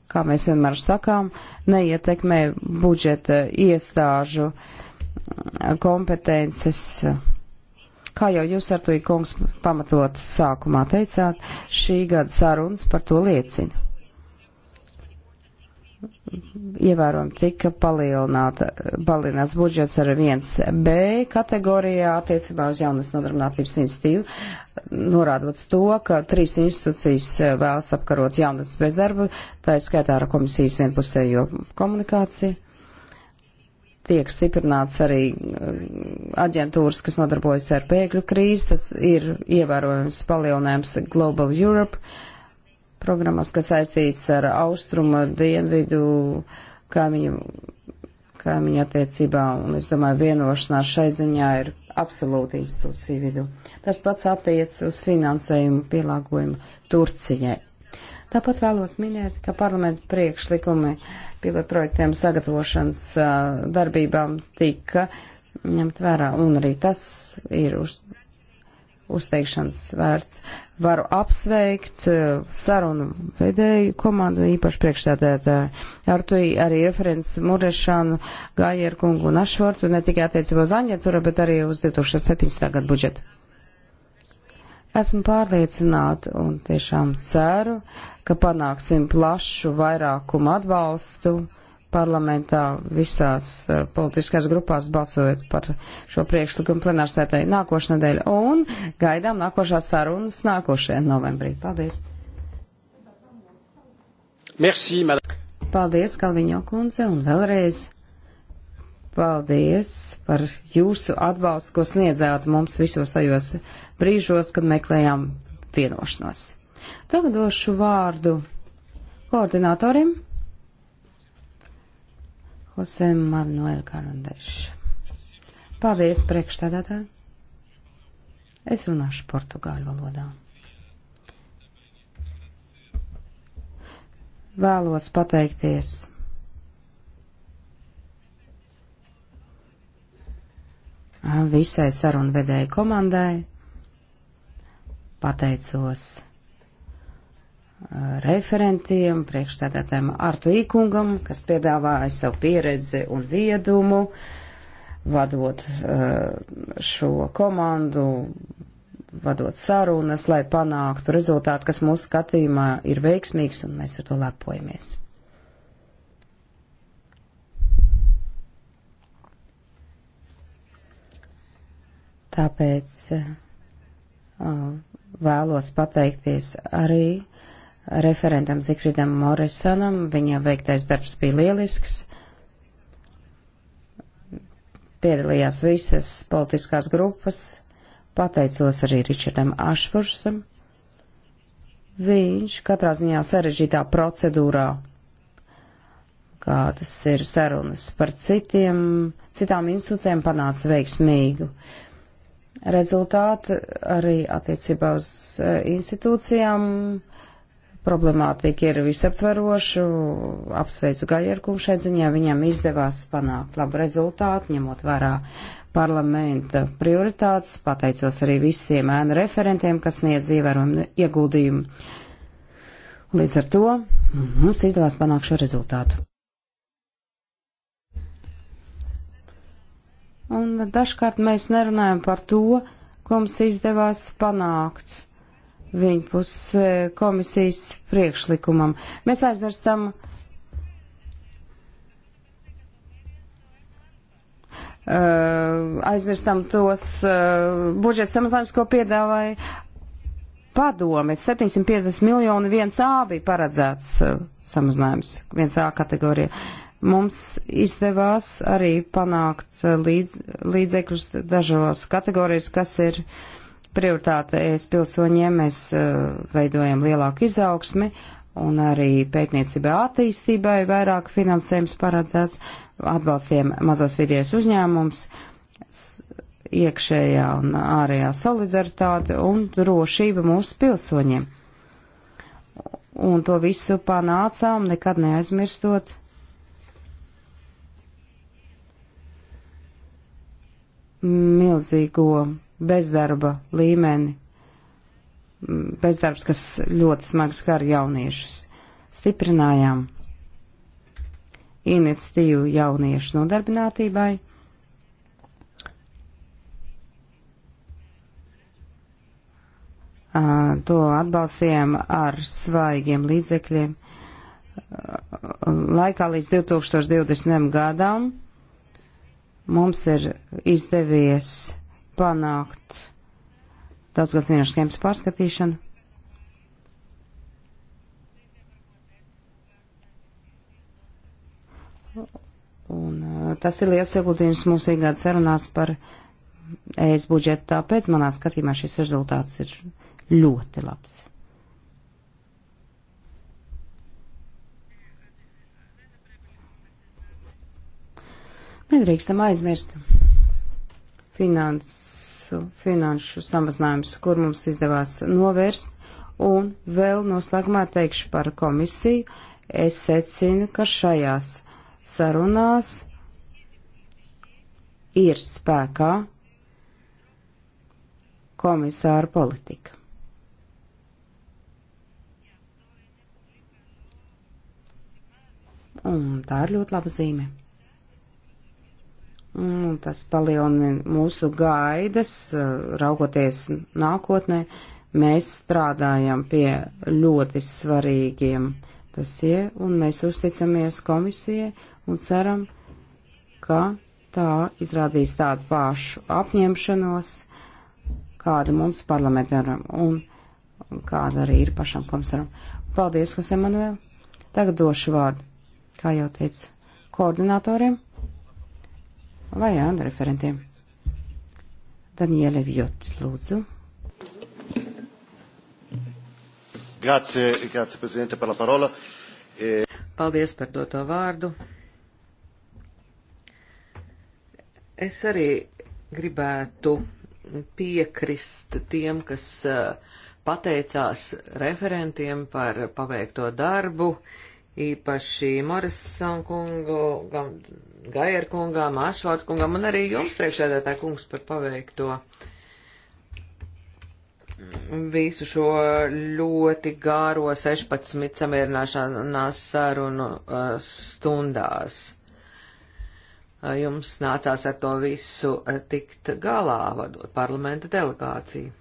kā mēs vienmēr sakām, neietekmē budžeta iestāžu kompetences Kā jau jūs, Artuī kungs, pamatot sākumā teicāt, šī gada sarunas par to liecina. Ievērojami tika palielināts budžets ar 1B kategorijā attiecībā uz jaunas nodarbinātības institīvu, norādot to, ka trīs institūcijas eh, vēlas apkarot jaunas bezdarbu, tā ir skaitā ar komisijas vienpusējo komunikāciju tiek stiprināts arī um, aģentūras, kas nodarbojas ar bēgļu krīzi. Tas ir ievērojams palielinājums Global Europe programmas, kas saistīts ar austrumu, dienvidu, kaimiņu, kaimiņu attiecībā. Un es domāju, vienošanās šai ziņā ir absolūti institūcija vidu. Tas pats attiec uz finansējumu pielāgojumu Turcijai. Tāpat vēlos minēt, ka parlamenta priekšlikumi pilotprojektiem sagatavošanas darbībām tika ņemt vērā, un arī tas ir uz, uzteikšanas vērts. Varu apsveikt sarunu veidēju komandu, īpaši priekšstādētāju. Ar to arī referents Murešanu, Gājierkungu un Ašvortu, ne tikai attiecībā uz Aņetura, bet arī uz 2017. gadu budžetu. Esmu pārliecināta un tiešām ceru, ka panāksim plašu vairākumu atbalstu parlamentā visās uh, politiskās grupās balsojot par šo priekšlikumu plenārsētai nākošu nedēļu un gaidām nākošās sarunas nākošajā novembrī. Paldies! Merci, madame. Paldies, Kalviņo kundze, un vēlreiz Paldies par jūsu atbalstu, ko sniedzāt mums visos tajos brīžos, kad meklējām vienošanos. Tagad došu vārdu koordinatorim Jose Manuel Karandeš. Paldies, priekšstādātāji. Es runāšu portugāļu valodā. Vēlos pateikties visai sarunvedēju komandai. Pateicos uh, referentiem, priekšstādātājiem Artu Īkungam, kas piedāvāja savu pieredzi un viedumu, vadot uh, šo komandu, vadot sarunas, lai panāktu rezultātu, kas mūsu skatījumā ir veiksmīgs, un mēs ar to lepojamies. Tāpēc vēlos pateikties arī referentam Zikfridam Morisanam. Viņa veiktais darbs bija lielisks. Piedalījās visas politiskās grupas. Pateicos arī Ričardam Ašfursam. Viņš katrā ziņā sarežģītā procedūrā, kādas ir sarunas par citiem, citām institūcijām, panāca veiksmīgu uh, rezultāti arī attiecībā uz e, institūcijām. Problemātika ir visaptveroša, apsveicu Gajerkumu šai ziņā, viņam izdevās panākt labu rezultātu, ņemot vērā parlamenta prioritātes, pateicos arī visiem ēnu referentiem, kas sniedz ievērojumu ieguldījumu. Līdz ar to mums izdevās panākt šo rezultātu. Un dažkārt mēs nerunājam par to, ko mums izdevās panākt viņa puses e, komisijas priekšlikumam. Mēs aizmirstam Uh, aizmirstam tos uh, budžeta samazinājumus, ko piedāvāja padome. 750 miljoni viens A bija paredzēts uh, samazinājums, viens A kategorija. Uh, Mums izdevās arī panākt uh, līdz, līdzekļus dažos kategorijas, kas ir prioritāte es pilsoņiem. Mēs uh, veidojam lielāku izaugsmi un arī pētniecībai attīstībai vairāk finansējums paredzēts, atbalstiem mazos vidējos uzņēmums, iekšējā un ārējā solidaritāte un drošība mūsu pilsoņiem. Un to visu panācām, nekad neaizmirstot milzīgo bezdarba līmeni, bezdarbs, kas ļoti smagi skar jauniešus. Stiprinājām iniciatīvu jauniešu nodarbinātībai. To atbalstījām ar svaigiem līdzekļiem laikā līdz 2020. gadam mums ir izdevies panākt daudzgad finanšu schēmas pārskatīšanu. Un uh, tas ir liels ieguldījums mūsu ikgada sarunās par ēst budžetu, tāpēc manā skatījumā šis rezultāts ir ļoti labs. Nedrīkstam aizmirst finansu, finanšu samazinājumus, kur mums izdevās novērst. Un vēl noslēgumā teikšu par komisiju. Es secinu, ka šajās sarunās ir spēkā komisāra politika. Un tā ir ļoti laba zīme. Un nu, tas palielina mūsu gaidas, eh, raugoties nākotnē. Mēs strādājam pie ļoti svarīgiem dosie, un mēs uzticamies komisijai un ceram, ka tā izrādīs tādu pašu apņemšanos, kāda mums parlamentāram un kāda arī ir pašam komisaram. Paldies, kas Emanuēl. Tagad došu vārdu, kā jau teicu, koordinatoriem vai ēnu referentiem. Daniele Vjot, lūdzu. Grazie, grazie, prezidente, par la parola. E... Paldies par doto vārdu. Es arī gribētu piekrist tiem, kas e, pateicās referentiem par paveikto darbu, īpaši Morisam kungu, Gajer kungām, Ašvārds kungām un arī jums priekšsēdētā kungs par paveikto visu šo ļoti gāro 16 samierināšanās sarunu uh, stundās. Uh, jums nācās ar to visu uh, tikt galā, vadot parlamenta delegāciju.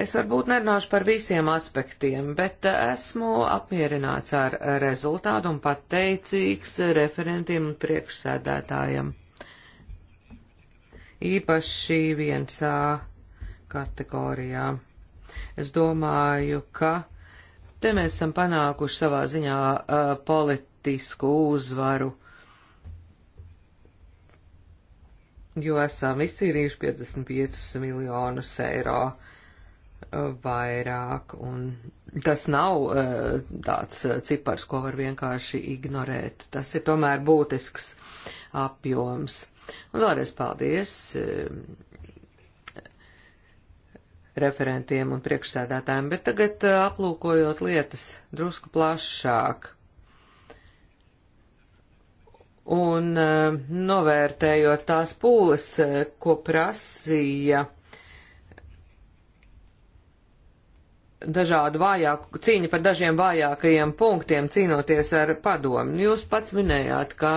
Es varbūt nerunāšu par visiem aspektiem, bet eh, esmu apmierināts ar rezultātu un pateicīgs referentiem un priekšsēdētājiem. Īpaši 1A kategorijā. Es domāju, ka te mēs esam panākuši savā ziņā uh, politisku uzvaru, jo esam izcīrījuši 55 miljonus eiro. Uh, Eh, vairāk, un tas nav eh, tāds eh, cipars, ko var vienkārši ignorēt. Tas ir tomēr būtisks apjoms. Un vēlreiz paldies referentiem un priekšsēdētājiem, bet tagad aplūkojot lietas drusku plašāk un novērtējot tās pūles, ko prasīja dažādu vājāku, cīņa par dažiem vājākajiem punktiem cīnoties ar padomu. Jūs pats minējāt, ka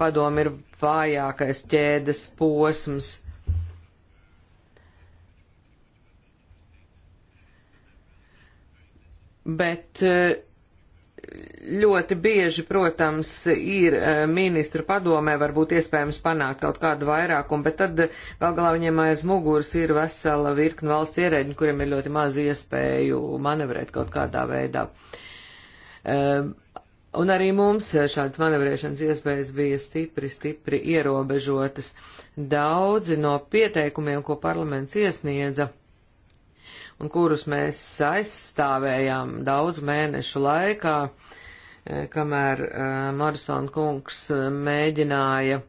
padomu ir vājākais ķēdes posms. Bet uh, ļoti bieži, protams, ir eh, ministru padomē varbūt iespējams panākt kaut kādu vairākumu, bet tad gal galā viņiem aiz muguras ir vesela virkni valsts ierēģi, kuriem ir ļoti maz iespēju manevrēt kaut kādā veidā. Eh, un arī mums šādas manevrēšanas iespējas bija stipri, stipri ierobežotas. Daudzi no pieteikumiem, ko parlaments iesniedza, un kurus mēs aizstāvējām daudz mēnešu laikā, e, kamēr e, Morison kungs e, mēģināja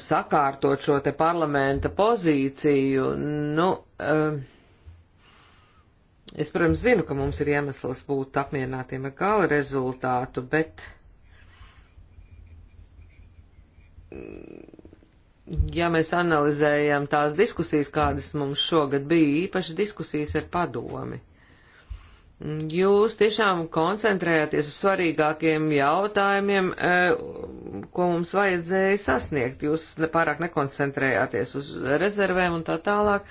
sakārtot šo te parlamenta pozīciju, nu, es, protams, zinu, ka mums ir iemesls būt apmierinātiem ar gala rezultātu, bet ja mēs analizējam tās diskusijas, kādas mums šogad bija, īpaši diskusijas ar padomi, Jūs tiešām koncentrējāties uz svarīgākiem jautājumiem, e, ko mums vajadzēja sasniegt. Jūs pārāk nekoncentrējāties uz rezervēm un tā tālāk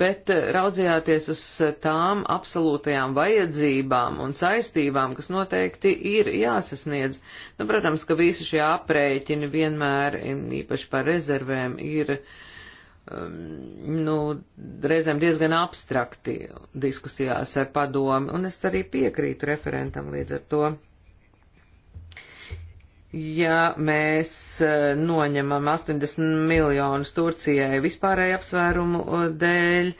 bet eh, raudzījāties uz eh, tām absolūtajām vajadzībām un saistībām, kas noteikti ir jāsasniedz. Nu, protams, ka visi šie aprēķini vienmēr, īpaši par rezervēm, ir um, nu, reizēm diezgan abstrakti diskusijās ar padomi, un es arī piekrītu referentam līdz ar to ja mēs eh, noņemam 80 miljonus Turcijai vispārēju apsvērumu eh, dēļ,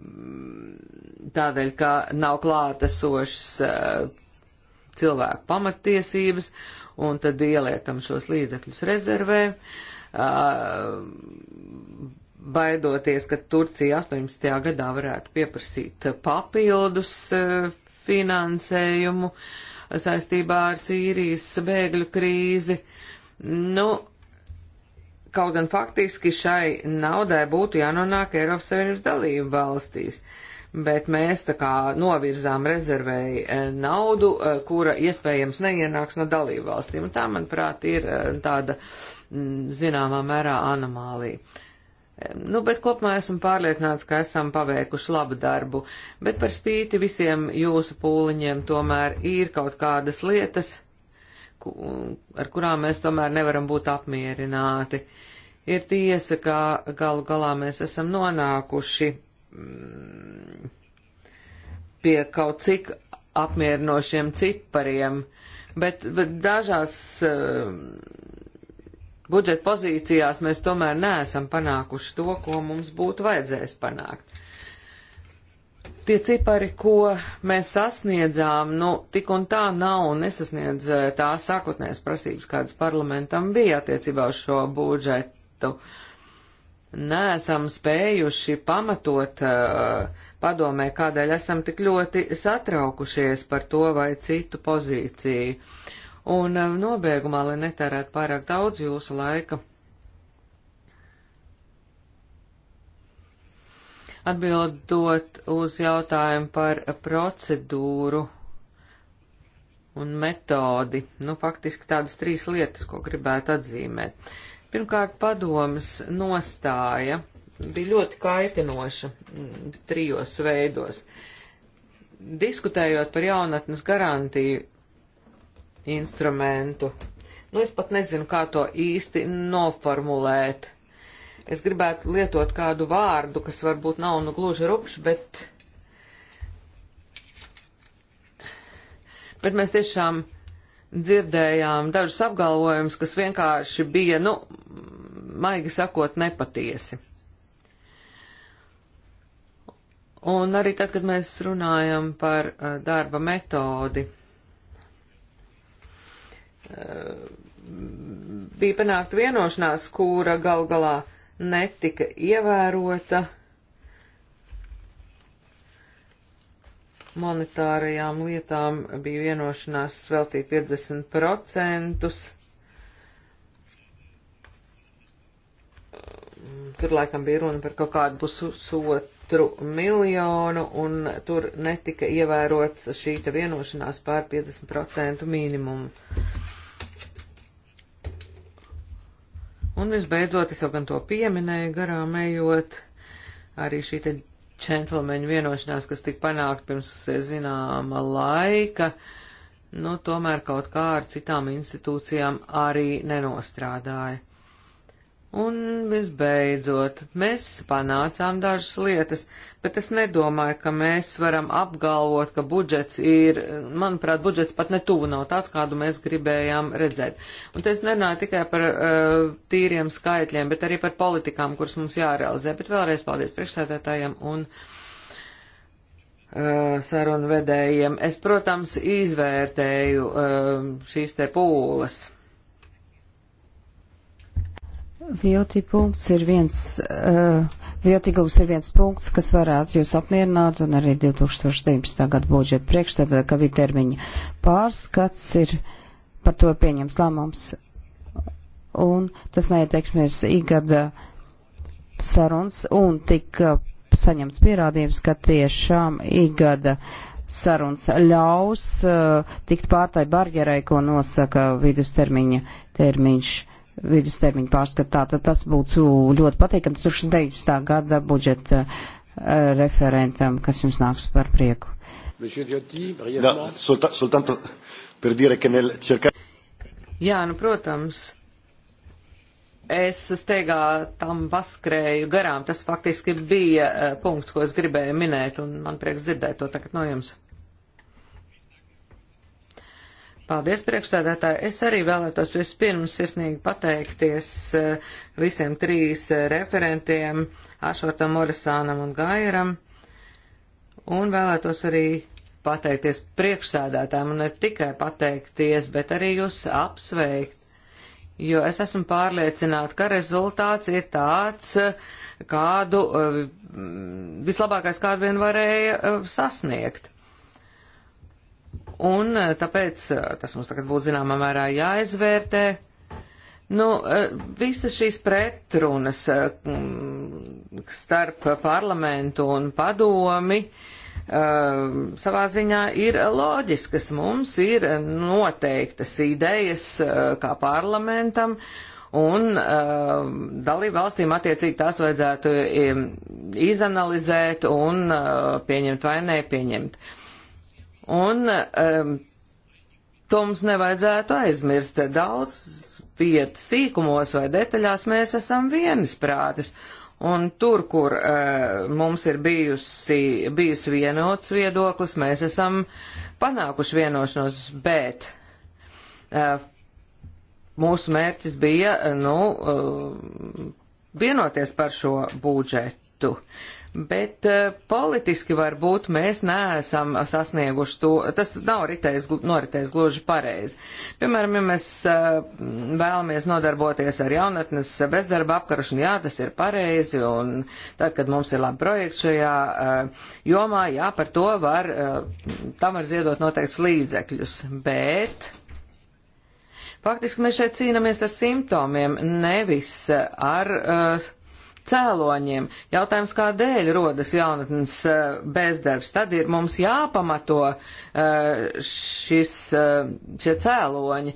mm, tādēļ, ka nav klātesošas eh, cilvēku pamatiesības, un tad ieliekam šos līdzekļus rezervē, baidoties, ka Turcija 18. gadā varētu pieprasīt papildus finansējumu. Uh, saistībā ar Sīrijas bēgļu krīzi. Nu, kaut gan faktiski šai naudai būtu jānonāk Eiropas Savienības dalību valstīs. Bet mēs tā kā novirzām rezervēju e, naudu, e, kura iespējams neienāks no dalību valstīm. Un tā, manuprāt, ir e, tāda zināmā mērā anomālija. Nu, bet kopumā esmu pārliecināts, ka esam paveikuši labu darbu, bet par spīti visiem jūsu pūliņiem tomēr ir kaut kādas lietas, ku, ar kurām mēs tomēr nevaram būt apmierināti. Ir tiesa, ka galu galā mēs esam nonākuši mm, pie kaut cik apmierinošiem cipariem, bet, bet dažās uh, budžeta pozīcijās mēs tomēr neesam panākuši to, ko mums būtu vajadzējis panākt. Tie cipari, ko mēs sasniedzām, nu, tik un tā nav un nesasniedz eh, tās sākotnējās prasības, kādas parlamentam bija attiecībā uz šo budžetu. Nēsam spējuši pamatot uh, padomē, kādēļ esam tik ļoti satraukušies par to vai citu pozīciju. Uh, Un um, nobeigumā, lai netērētu pārāk daudz jūsu laika, atbildot uz jautājumu par procedūru un metodi, nu, faktiski tādas trīs lietas, ko gribētu atzīmēt. Pirmkārt, padomas nostāja bija ļoti kaitinoša mm, trijos veidos. Diskutējot par jaunatnes garantiju, instrumentu. Nu, es pat nezinu, kā to īsti noformulēt. Es gribētu lietot kādu vārdu, kas varbūt nav nu gluži rupšs, bet, bet mēs tiešām dzirdējām dažus apgalvojumus, kas vienkārši bija, nu, maigi sakot, nepatiesi. Un arī tad, kad mēs runājam par eh, darba metodi. Eh, bija panākta vienošanās, kura gal galā netika ievērota monetārajām lietām bija vienošanās veltīt 50%. Tur laikam bija runa par kaut kādu pusotru miljonu, un tur netika ievērots šī vienošanās pār 50% minimumu. Un visbeidzot, es jau gan to pieminēju garām ejot, arī šī te džentlmeņu vienošanās, kas tika panākt pirms zināma laika, nu tomēr kaut kā ar citām institūcijām arī nenostrādāja. Un visbeidzot, mēs panācām dažas lietas, bet es nedomāju, ka mēs varam apgalvot, ka budžets ir, manuprāt, budžets pat netuvu nav tāds, kādu mēs gribējām redzēt. Un te es nerunāju tikai par uh, tīriem skaitļiem, bet arī par politikām, kuras mums jārealizē. Bet vēlreiz paldies priekšsēdētājiem un eh, sarunu vedējiem. Es, protams, izvērtēju eh, šīs te pūles. Vilti punkts ir viens, uh, eh, viltīgums ir viens punkts, kas varētu jūs apmierināt, un arī 2019. gada budžeta priekšstādā, ka bija termiņa pārskats, ir par to pieņems lēmums, un tas neieteiksmies igada sarunas, un tika eh, saņemts pierādījums, ka tiešām igada sarunas ļaus uh, tikt pārtai barjerai, ko nosaka vidustermiņa termiņš. Uh, vidustermiņu pārskatā, tad tas būtu ļoti patīkami 2019. gada budžeta eh, referentam, kas jums nāks par prieku. Jā, nu, protams, es steigā tam paskrēju garām. Tas faktiski bija eh, punkts, ko es gribēju minēt, un man prieks dzirdēt to tagad no jums. Paldies, priekšstādātāji. Es arī vēlētos vispirms sirsnīgi pateikties eh, visiem trīs eh, referentiem, Ašvartam, Morisānam un Gairam. Un vēlētos arī pateikties priekšstādātājiem, un ne tikai pateikties, bet arī jūs apsveikt. Jo es esmu pārliecināta, ka rezultāts ir tāds, eh, kādu vislabākais kādu vien varēja sasniegt. Un eh, tāpēc eh, tas mums tagad būtu zināmā mērā jāizvērtē. Nu, eh, visas šīs pretrunas starp parlamentu un padomi savā ziņā ir loģiskas. Mums ir noteiktas idejas kā parlamentam, un dalību valstīm attiecīgi tās vajadzētu izanalizēt un pieņemt vai nepieņemt. pieņemt Un um, to mums nevajadzētu aizmirst. Daudz vieta sīkumos vai detaļās mēs esam vienisprātis. Un tur, kur uh, mums ir bijusi, bijusi vienots viedoklis, mēs esam panākuši vienošanos, bet uh, mūsu mērķis bija, eh, nu, uh, vienoties par šo budžetu. Uh, bet eh, politiski varbūt mēs neesam sasnieguši to, tas nav ritējis, noritējis gluži pareizi. Piemēram, ja mēs eh, vēlamies nodarboties ar jaunatnes bezdarba apkarošanu, jā, tas ir pareizi, un tad, kad mums ir labi projekti šajā eh, jomā, jā, par to var, tam var ziedot noteikts līdzekļus, bet. Faktiski mēs šeit cīnāmies ar simptomiem, nevis ar uh, cēloņiem. Jautājums, kādēļ rodas jaunatnes eh, bezdarbs, tad ir mums jāpamato eh, šis, eh, šie cēloņi.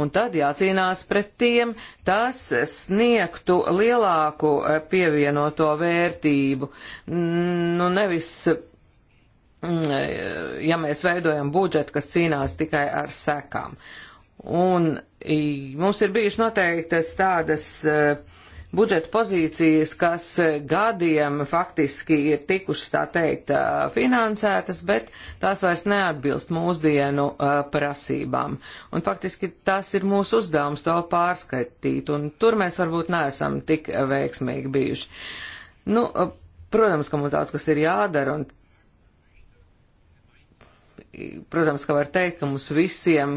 Un tad jācīnās pret tiem, tas sniegtu lielāku pievienoto vērtību. Nu, nevis mm, ja mēs veidojam budžetu, kas cīnās tikai ar sekām. Un mums ir bijušas noteiktas tādas uh, budžeta pozīcijas, kas gadiem faktiski ir tikušas, tā teikt, finansētas, bet tās vairs neatbilst mūsdienu prasībām. Un faktiski tas ir mūsu uzdevums to pārskatīt, un tur mēs varbūt neesam tik veiksmīgi bijuši. Nu, protams, ka mums daudz kas ir jādara, un, protams, ka var teikt, ka mums visiem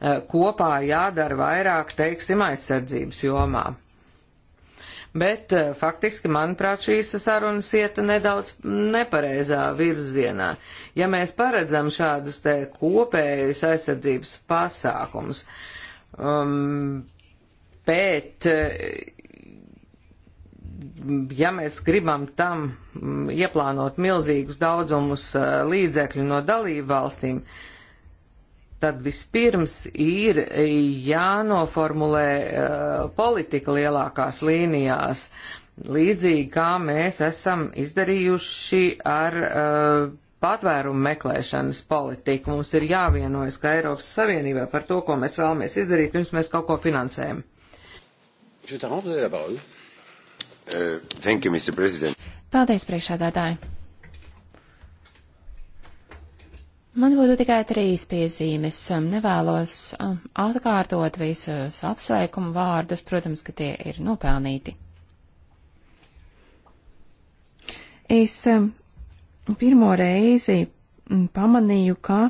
Eh, kopā jādara vairāk, teiksim, aizsardzības jomā. Bet eh, faktiski, manuprāt, šīs sarunas ieta nedaudz nepareizā virzienā. Ja mēs paredzam šādus te kopējus aizsardzības pasākums, um, bet eh, ja mēs gribam tam mm, ieplānot milzīgus daudzumus līdzekļu no dalību valstīm, uh, tad vispirms ir jānoformulē uh, politika lielākās līnijās, līdzīgi kā mēs esam izdarījuši ar uh, patvērumu meklēšanas politiku. Mums ir jāvienojas kā Eiropas Savienībā par to, ko mēs vēlamies izdarīt, pirms mēs kaut ko finansējam. Euh, Paldies, priekšādātāji! Man būtu tikai trīs piezīmes. Um, nevēlos um, atkārtot visus apsveikumu vārdus, protams, ka tie ir nopelnīti. Es um, pirmo reizi pamanīju, ka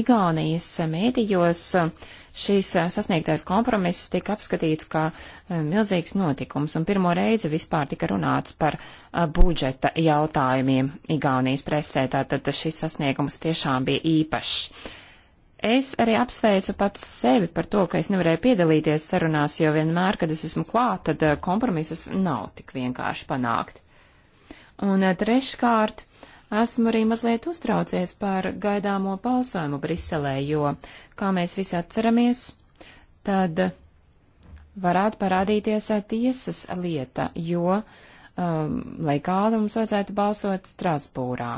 Igaunijas mēdījos šīs sasniegtais kompromiss tika apskatīts kā milzīgs notikums, un pirmo reizi vispār tika runāts par budžeta jautājumiem Igaunijas presē, tātad šis sasniegums tiešām bija īpašs. Es arī apsveicu pats sevi par to, ka es nevarēju piedalīties sarunās, jo vienmēr, kad es esmu klāt, tad kompromisus nav tik vienkārši panākt. Un treškārt, esmu arī mazliet uztraucies par gaidāmo balsojumu Briselē, jo kā mēs visi atceramies, tad varētu parādīties eh, tiesas lieta, jo um, legāli mums vajadzētu balsot Strasbūrā.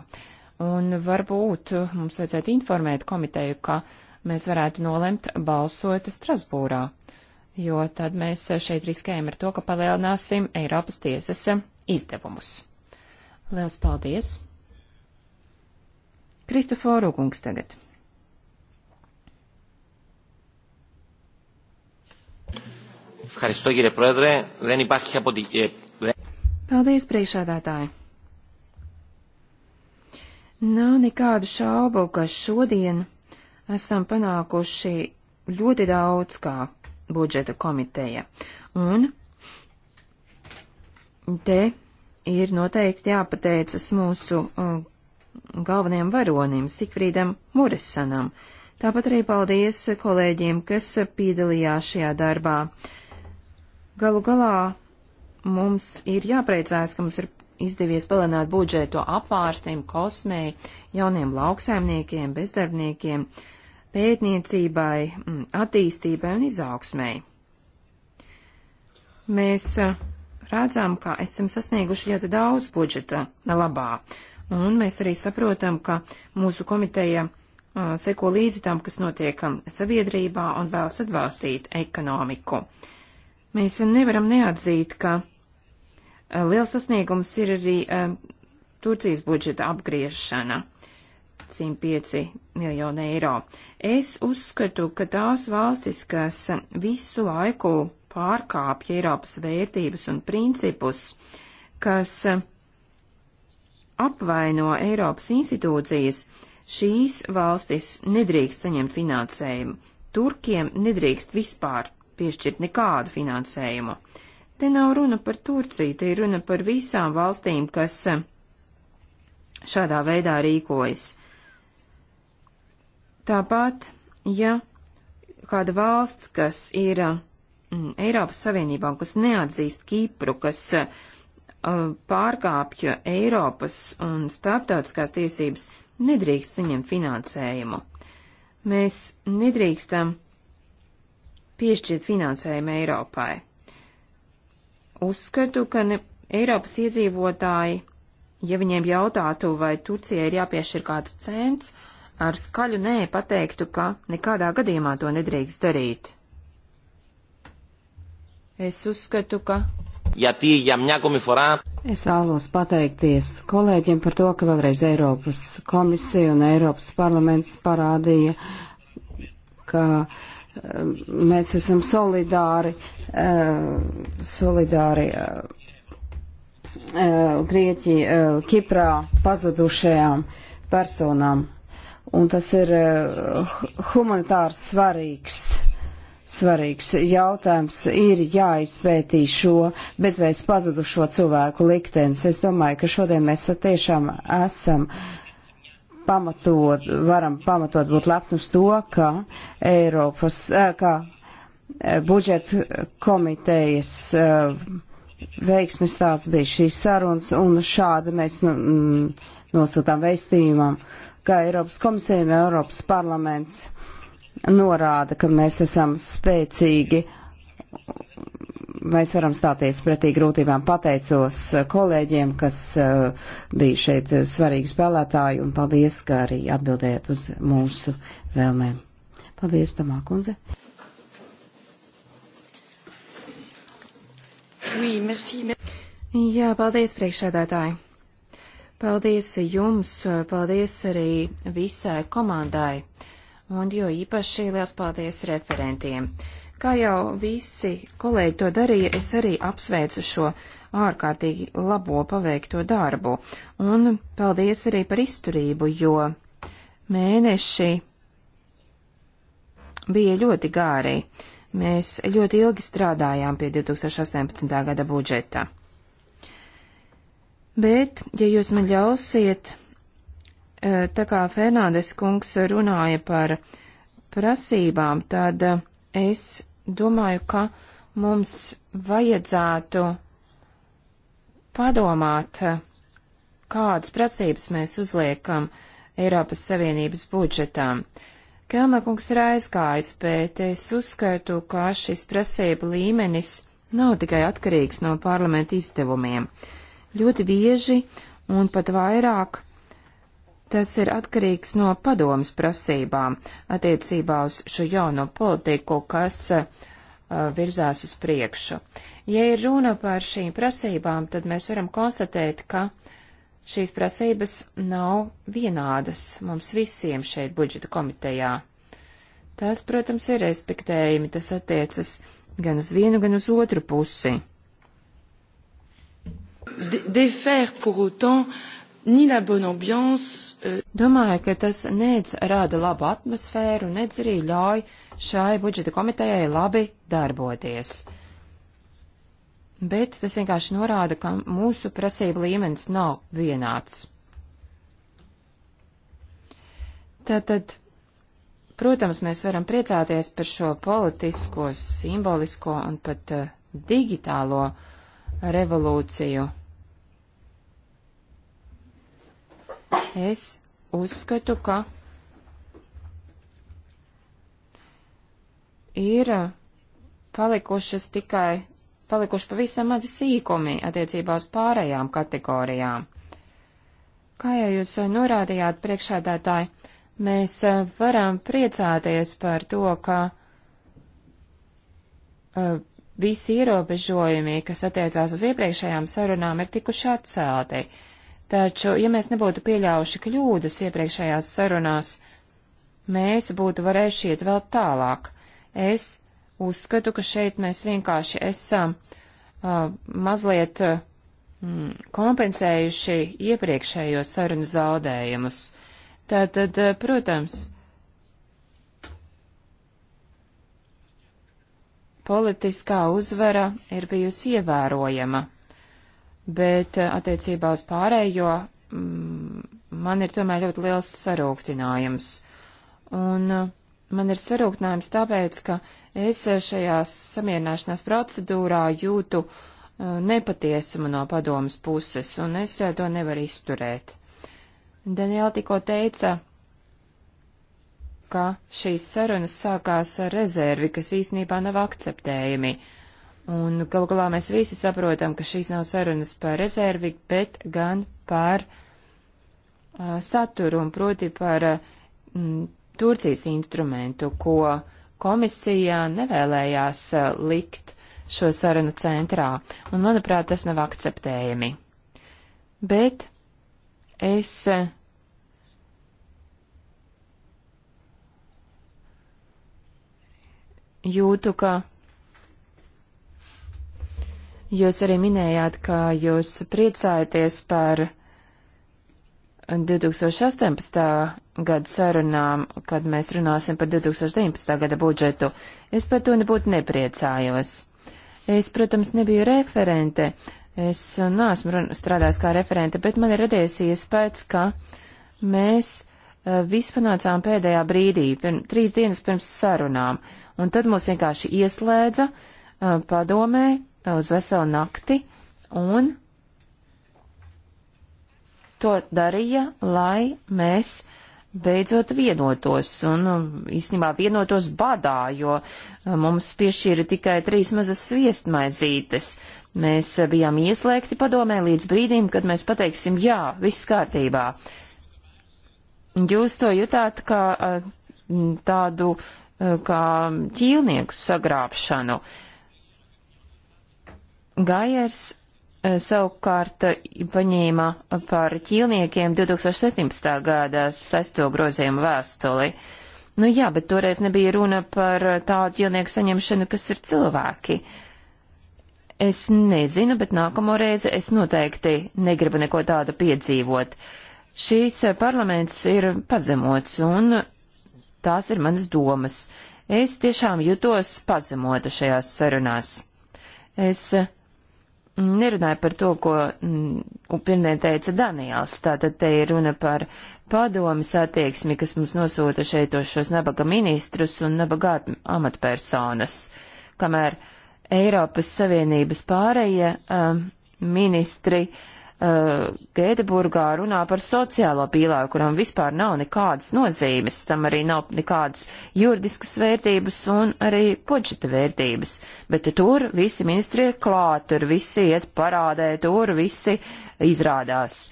Un varbūt mums vajadzētu informēt komiteju, ka mēs varētu nolemt balsot Strasbūrā, jo tad mēs šeit riskējam ar to, ka palielināsim Eiropas tiesas izdevumus. Liels paldies! Kristoforu kungs tagad. Ευχαριστώ κύριε Πρόεδρε. Δεν υπάρχει αποτυχία. Paldies, priekšādātāji! Nav nekādu šaubu, ka šodien esam panākuši ļoti daudz kā budžeta komiteja. Un te ir noteikti jāpateicas mūsu uh, galvenajam varonim, Sikfrīdam Muresanam. Tāpat arī paldies kolēģiem, kas piedalījās šajā darbā. Uh, Galu galā mums ir jāpriecājas, ka mums ir izdevies palielināt budžetu apvārstiem, kosmēji, jauniem lauksaimniekiem, bezdarbniekiem, pētniecībai, mm, attīstībai un izaugsmēji. Mēs redzam, ka esam sasnieguši ļoti daudz budžeta labā, un mēs arī saprotam, ka mūsu komiteja seko līdzi tam, kas notiek sabiedrībā un vēlas atbalstīt ekonomiku. Uh, Mēs nevaram neatzīt, ka eh, liels sasniegums ir arī eh, Turcijas budžeta apgriešana 105 miljonu eiro. Es uzskatu, ka tās valstis, kas visu laiku pārkāpja Eiropas vērtības un principus, kas eh, apvaino Eiropas institūcijas, šīs valstis nedrīkst saņemt finansējumu. Turkiem nedrīkst vispār piešķirt nekādu finansējumu. Te nav runa par Turciju, te ir runa par visām valstīm, kas eh, šādā veidā rīkojas. Tāpat, ja kāda valsts, kas ir mm, Eiropas Savienībā un kas neatzīst Kipru, kas uh, pārkāpja Eiropas un starptautiskās tiesības, nedrīkst saņemt finansējumu. Mēs nedrīkstam uh, piešķirt finansējumu Eiropai. Uzskatu, ka ne, Eiropas iedzīvotāji, ja viņiem jautātu, vai Turcijai ir jāpiešķir kāds cents, ar skaļu nē pateiktu, ka nekādā gadījumā to nedrīkst darīt. Es uzskatu, ka. Ja tī, ja es vēlos pateikties kolēģiem par to, ka vēlreiz Eiropas komisija un Eiropas parlaments parādīja, ka uh, Mēs esam solidāri, eh, solidāri eh, eh, Grieķi, Kiprā pazudušajām personām. Un tas ir humanitārs svarīgs svarīgs jautājums ir jāizpētī šo bezvēs pazudušo cilvēku liktenis. Es domāju, ka šodien mēs tiešām esam pamatot, varam pamatot būt lepni uz to, ka Eiropas, eh, ka eh, budžeta komitejas eh, veiksmes tāds bija šīs sarunas, un šādi mēs nu, mm, nosūtām vēstījumam, ka Eiropas komisija un Eiropas parlaments norāda, ka mēs esam spēcīgi mēs varam stāties pretī grūtībām. Pateicos eh, kolēģiem, kas eh, bija šeit eh, svarīgi spēlētāji, un paldies, ka arī atbildējat uz mūsu vēlmēm. Paldies, Tamā kundze. Oui, merci, merci. Jā, paldies, priekšsēdētāji. Paldies jums, paldies arī visai komandai, un jo īpaši liels paldies referentiem. Uh, Kā jau visi kolēģi to darīja, es arī apsveicu šo ārkārtīgi labo paveikto darbu. Un paldies arī par izturību, jo mēneši bija ļoti gārī. Mēs ļoti ilgi strādājām pie 2018. gada budžeta. Bet, ja jūs man ļausiet, eh, tā kā Fernandes kungs runāja par prasībām, tad es domāju, ka mums vajadzētu padomāt, kādas prasības mēs uzliekam Eiropas Savienības budžetām. Kelmekungs ir aizgājis, bet es uzskatu, ka šis prasība līmenis nav tikai atkarīgs no parlamenta izdevumiem. Ļoti bieži un pat vairāk Tas ir atkarīgs no padomas prasībām attiecībā uz šo jauno politiku, kas uh, virzās uz priekšu. Ja ir runa par šīm prasībām, tad mēs varam konstatēt, ka šīs prasības nav vienādas mums visiem šeit budžeta komitejā. Tas, protams, ir respektējami, tas attiecas gan uz vienu, gan uz otru pusi. De, de ni la bonne ambiance. Uh... Domāju, ka tas nedz rāda labu atmosfēru, nedz arī ļauj šai budžeta komitejai labi darboties. Bet tas vienkārši norāda, ka mūsu prasība līmenis nav vienāds. Tātad, protams, mēs varam priecāties par šo politisko, simbolisko un pat uh, digitālo revolūciju Es uzskatu, ka ir uh, palikušas tikai, palikuši pavisam mazi sīkumi attiecībā uz pārējām kategorijām. Kā jau jūs uh, norādījāt, priekšādātāji, mēs uh, varam priecāties par to, ka uh, visi ierobežojumi, kas attiecās uz iepriekšējām sarunām, ir tikuši atcelti. Uh, Taču, ja mēs nebūtu pieļāvuši kļūdas iepriekšējās sarunās, mēs būtu varējuši iet vēl tālāk. Es uzskatu, ka šeit mēs vienkārši esam uh, mazliet uh, mm, kompensējuši iepriekšējo sarunu zaudējumus. Tātad, uh, protams, politiskā uzvara ir bijusi ievērojama bet eh, attiecībā uz pārējo mm, man ir tomēr ļoti liels sarūktinājums. Un eh, man ir sarūktinājums tāpēc, ka es eh, šajā samierināšanās procedūrā jūtu nepatiesumu no padomas puses, un es to nevaru izturēt. Daniela tikko teica, ka šīs sarunas sākās ar rezervi, kas īsnībā nav akceptējami. Uh, Un galu galā mēs visi saprotam, ka šīs nav sarunas par rezervi, bet gan par uh, saturu un proti par uh, Turcijas instrumentu, ko komisija nevēlējās uh, likt šo sarunu centrā. Un, manuprāt, tas nav akceptējami. Bet es. Uh, jūtu, ka Jūs arī minējāt, ka jūs priecājaties par 2018. gada sarunām, kad mēs runāsim par 2019. gada budžetu. Es par to nebūtu nepriecājos. Es, protams, nebiju referente, es neesmu strādājis kā referente, bet man ir radies iespējas, ka mēs eh, visu panācām pēdējā brīdī, pirm, trīs dienas pirms sarunām, un tad mūs vienkārši ieslēdza eh, padomē, uz veselu nakti un to darīja, lai mēs beidzot vienotos un um, īstenībā vienotos badā, jo uh, mums piešķīra tikai trīs mazas sviestmaizītes. Mēs uh, bijām ieslēgti padomē līdz brīdim, kad mēs pateiksim jā, viss kārtībā. Jūs to jutāt kā uh, tādu kā ķīlnieku sagrābšanu. Uh, Gaiers eh, savukārt eh, paņēma par ķīlniekiem 2017. gada sesto grozījumu vēstuli. Nu jā, bet toreiz nebija runa par eh, tādu ķīlnieku saņemšanu, kas ir cilvēki. Es nezinu, bet nākamo reizi es noteikti negribu neko tādu piedzīvot. Šīs parlaments ir pazemots, un tās ir manas domas. Es tiešām jutos pazemota šajās sarunās. Es nerunāju par to, mm, ko pirmdien teica Daniels. Tātad te ir runa par padomis attieksmi, kas mums nosūta šeit šos nabaga ministrus un nabaga amatpersonas, kamēr Eiropas Savienības pārējie um, ministri uh, uh, eh, Gēdeburgā runā par sociālo pīlāru, kuram vispār nav nekādas nozīmes, tam arī nav nekādas juridiskas vērtības un arī budžeta vērtības. Bet tur visi ministri ir klāt, tur visi iet parādē, tur visi izrādās.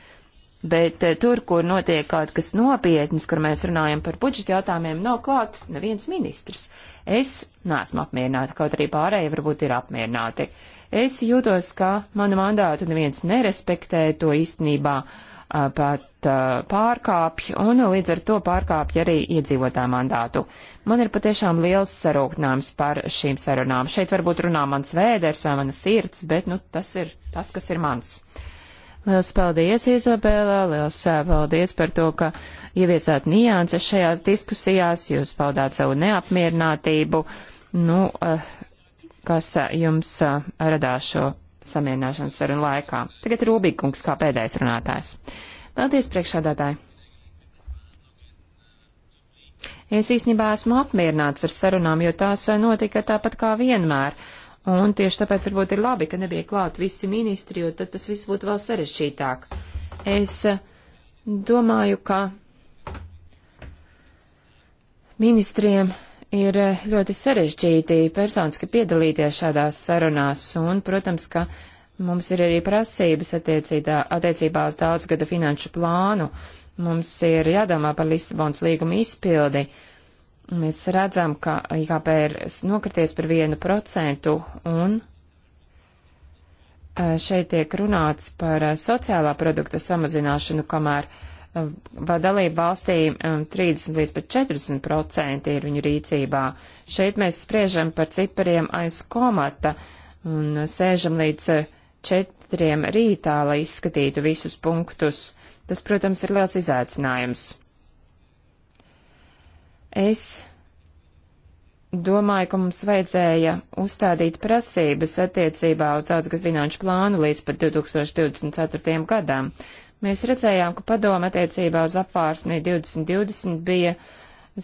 Bet eh, tur, kur notiek kaut kas nopietnis, kur mēs runājam par budžeta jautājumiem, nav klāt neviens ministrs. Es neesmu apmierināta, kaut arī pārējie varbūt ir apmierināti. Uh, Es jūtos, ka manu mandātu neviens nerespektē to īstenībā pat pārkāpj, un līdz ar to pārkāpj arī iedzīvotā mandātu. Man ir patiešām liels sarūknājums par šīm sarunām. Šeit varbūt runā mans vēders vai mana sirds, bet nu, tas ir tas, kas ir mans. Liels paldies, Izabela, liels paldies par to, ka ieviesāt nianses šajās diskusijās, jūs paudāt savu neapmierinātību. Nu, uh, kas eh, jums eh, radās šo samierināšanas sarunu laikā. Tagad Rūbīkungs kā pēdējais runātājs. Paldies, priekšādātāji! Es īstenībā esmu apmierināts ar sarunām, jo tās eh, notika tāpat kā vienmēr. Un tieši tāpēc varbūt ir labi, ka nebija klāt visi ministri, jo tad tas viss būtu vēl sarežģītāk. Es domāju, ka ministriem Ir eh, ļoti sarežģīti personiski piedalīties šādās sarunās, un, protams, ka mums ir arī prasības attiecībā uz daudzgada finanšu plānu. Mums ir jādomā par Lisabonas līguma izpildi. Mēs redzam, ka IKP ir nokrities par vienu procentu, un eh, šeit tiek runāts par eh, sociālā produkta samazināšanu, kamēr uh, dalību valstīm um, 30 līdz pat 40 procenti ir viņu rīcībā. Šeit mēs spriežam par cipariem aiz komata un sēžam līdz eh, četriem rītā, lai izskatītu visus punktus. Tas, protams, ir liels izaicinājums. Es domāju, ka mums vajadzēja uzstādīt prasības attiecībā uz daudzgad finanšu plānu līdz pat 2024. gadam. Mēs redzējām, ka padoma attiecībā uz apvārsnī 2020 bija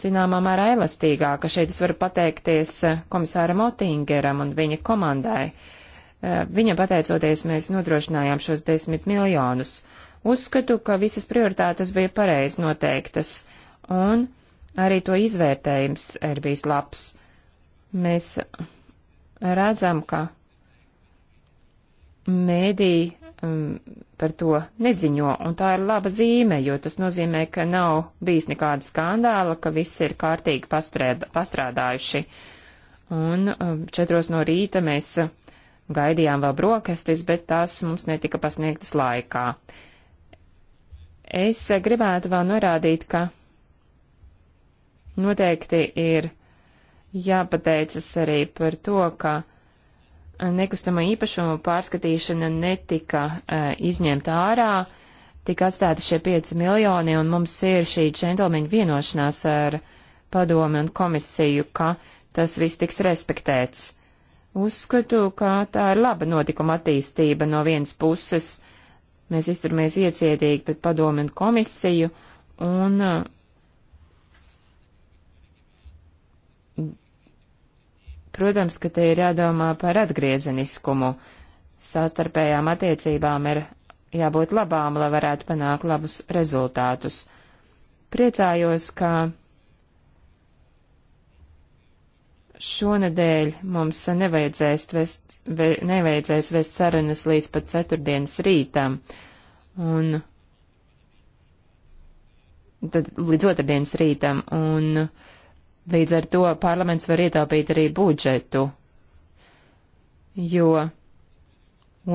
zināmā mērā elastīgāka. Šeit es varu pateikties eh, komisāram Otingeram un viņa komandai. Eh, viņam pateicoties, mēs nodrošinājām šos desmit miljonus. Uzskatu, ka visas prioritātes bija pareizi noteiktas, un arī to izvērtējums ir bijis labs. Mēs redzam, ka mēdī um, par to neziņo, un tā ir laba zīme, jo tas nozīmē, ka nav bijis nekāda skandāla, ka visi ir kārtīgi pastrēd, pastrādājuši. Un um, četros no rīta mēs gaidījām vēl brokastis, bet tās mums netika pasniegtas laikā. Es gribētu vēl norādīt, ka noteikti ir jāpateicas arī par to, ka nekustamo īpašumu pārskatīšana netika uh, izņemta ārā, tika atstāti šie 5 miljoni, un mums ir šī džentlmeņa vienošanās ar padomi un komisiju, ka tas viss tiks respektēts. Uzskatu, ka tā ir laba notikuma attīstība no vienas puses. Mēs izturamies iecietīgi pret padomi un komisiju, un uh, Protams, ka te ir jādomā par atgriezeniskumu. Sāstarpējām attiecībām ir jābūt labām, lai varētu panākt labus rezultātus. Priecājos, ka šonadēļ mums nevajadzēs vest, ve, nevajadzēs vest sarunas līdz pat ceturtdienas rītam, un tad līdz otrdienas rītam, un uh, Līdz ar to parlaments var ietaupīt arī budžetu, jo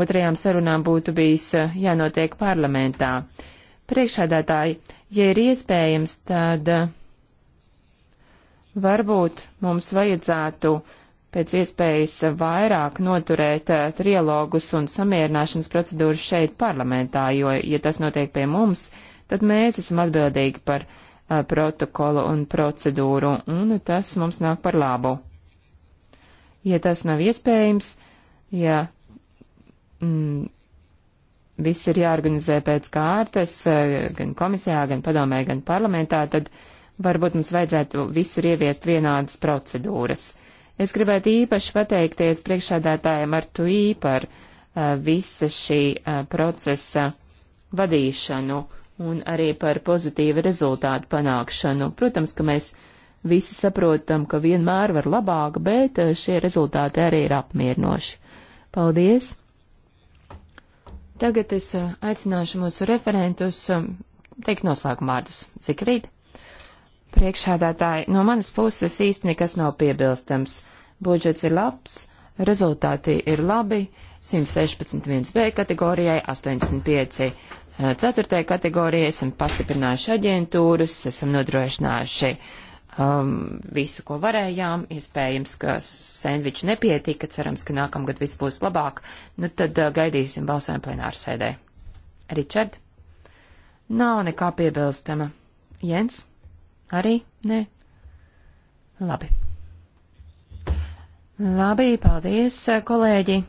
otrajām sarunām būtu bijis jānotiek parlamentā. Priekšādātāji, ja ir iespējams, tad varbūt mums vajadzētu pēc iespējas vairāk noturēt trilogus un samierināšanas procedūras šeit parlamentā, jo, ja tas notiek pie mums, tad mēs esam atbildīgi par protokolu un procedūru, un tas mums nāk par labu. Ja tas nav iespējams, ja mm, viss ir jāorganizē pēc kārtas, gan komisijā, gan padomē, gan parlamentā, tad varbūt mums vajadzētu visur ieviest vienādas procedūras. Es gribētu īpaši pateikties priekšādātājiem ar tu īpar uh, visa šī uh, procesa vadīšanu. Uh, un arī par pozitīvu rezultātu panākšanu. Protams, ka mēs visi saprotam, ka vienmēr var labāk, bet eh, šie rezultāti arī ir apmierinoši. Paldies! Tagad es eh, aicināšu mūsu referentus um, teikt noslēguma vārdus. Cik rīt? Priekšādātāji, no manas puses īsti nekas nav piebilstams. Budžets ir labs, rezultāti ir labi, 116.1b kategorijai 85 Eh, ceturtajai kategorijai, esam pastiprinājuši aģentūras, esam nodrošinājuši um, visu, ko varējām. Iespējams, ka sendviču nepietika, cerams, ka nākamgad viss būs labāk. Nu tad uh, gaidīsim balsojumu plenāru sēdē. Ričard? Nav nekā piebilstama. Jens? Arī? Nē? Labi. Labi, paldies, kolēģi!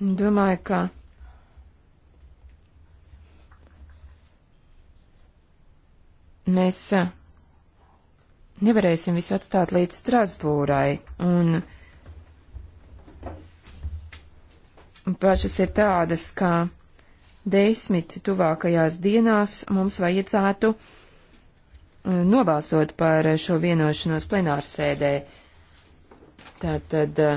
Domāju, ka mēs eh, nevarēsim visu atstāt līdz Strasbūrai, un pašas ir tādas, ka desmit tuvākajās dienās mums vajadzētu eh, nobalsot par šo vienošanos plenārsēdē. Tātad eh,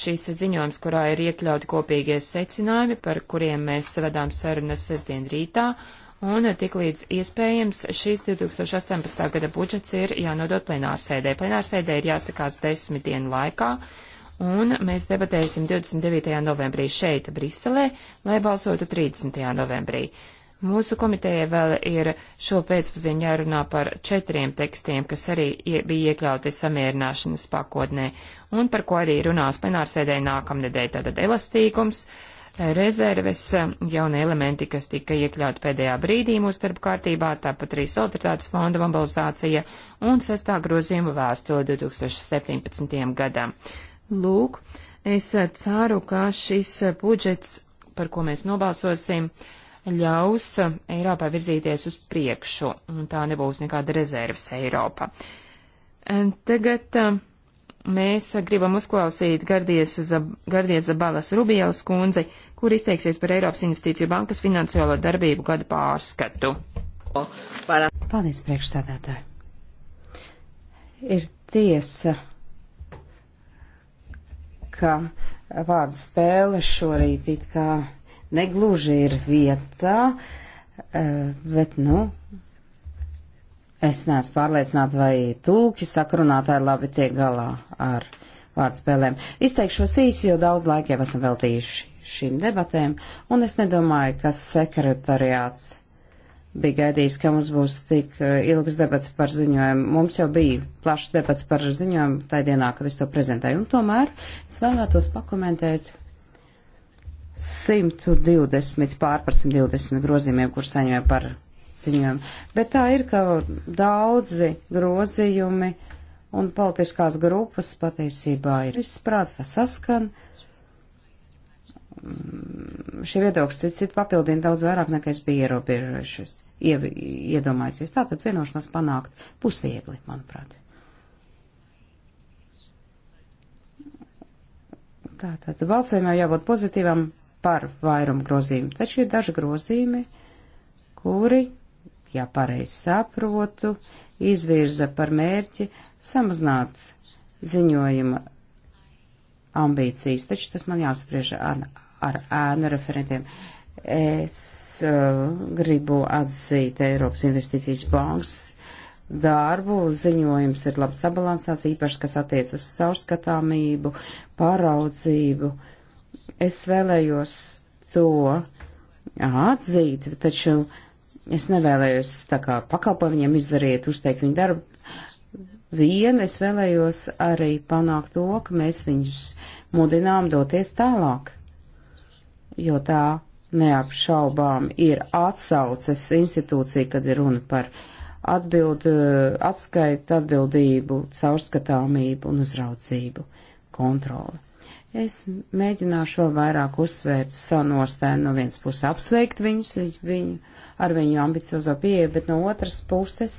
šīs ziņojums, kurā ir iekļauti kopīgie secinājumi, par kuriem mēs vedām sarunas sestdien rītā, un tiklīdz iespējams šīs 2018. gada budžets ir jānodot plenārsēdē. Plenārsēdē ir jāsakās desmit dienu laikā, un mēs debatēsim 29. novembrī šeit, Briselē, lai balsotu 30. novembrī. Mūsu komitejai vēl ir šo pēcpaziņu jārunā par četriem tekstiem, kas arī bija iekļauti samierināšanas pakotnē, un par ko arī runās plenārsēdē nākamnedēļ. Tātad elastīgums, rezerves, jauni elementi, kas tika iekļauti pēdējā brīdī mūsu starp kārtībā, tāpat arī solidaritātes fonda mobilizācija un sestā grozījuma vēstule 2017. gadam. Lūk, es ceru, ka šis budžets, par ko mēs nobalsosim, uh, ļaus uh, Eiropai virzīties uz priekšu, un tā nebūs nekāda rezerves Eiropa. Tagad uh, mēs uh, gribam uzklausīt Gardies Zabalas Rubielas kundzi, kur izteiksies par Eiropas Investīciju bankas finansiālo darbību gada pārskatu. Paldies, priekšstādātāji! Ir tiesa, ka vārdu spēle šorīt it kā negluži ir vietā, eh, bet, nu, es neesmu pārliecināta, vai tulki sakrunātāji labi tiek galā ar vārdspēlēm. Izteikšos īsi, jo daudz laika jau esam veltījuši šīm debatēm, un es nedomāju, ka sekretariāts bija gaidījis, ka mums būs tik eh, ilgas debats par ziņojumu. Mums jau bija plašs debats par ziņojumu tajā dienā, kad es to prezentēju, un tomēr es vēlētos pakomentēt 120 pār par 120 grozījumiem, kur saņēma par ziņojumu. Bet tā ir, ka daudzi grozījumi un politiskās grupas patiesībā ir izsprāts, tas saskan. Mm, šie viedokļi cits papildina daudz vairāk, nekā es biju ierobežojušies, iedomājusies. Tātad vienošanās panākt pusviegli, manuprāt. Tātad balsojumam jābūt pozitīvam, par vairumu grozījumu, taču ir daži grozījumi, kuri, ja pareizi saprotu, izvirza par mērķi samazināt ziņojuma ambīcijas, taču tas man jāspriež ar, ar ēnu referentiem. Es uh, gribu atzīt Eiropas investīcijas bankas darbu, ziņojums ir labi sabalansēts, īpaši, kas attiec uz caurskatāmību, pāraudzību. Uh, es vēlējos to atzīt, taču es nevēlējos tā kā pakalpoju viņiem izdarīt, uzteikt viņu darbu. Vien es vēlējos arī panākt to, ka mēs viņus mudinām doties tālāk, jo tā neapšaubām ir atsauces institūcija, kad ir runa par atbild, atskaitu atbildību, caurskatāmību un uzraudzību kontroli. Es mēģināšu vēl vairāk uzsvērt savu nostāju no vienas puses apsveikt viņus viņu, ar viņu ambiciozo pieeju, bet no otras puses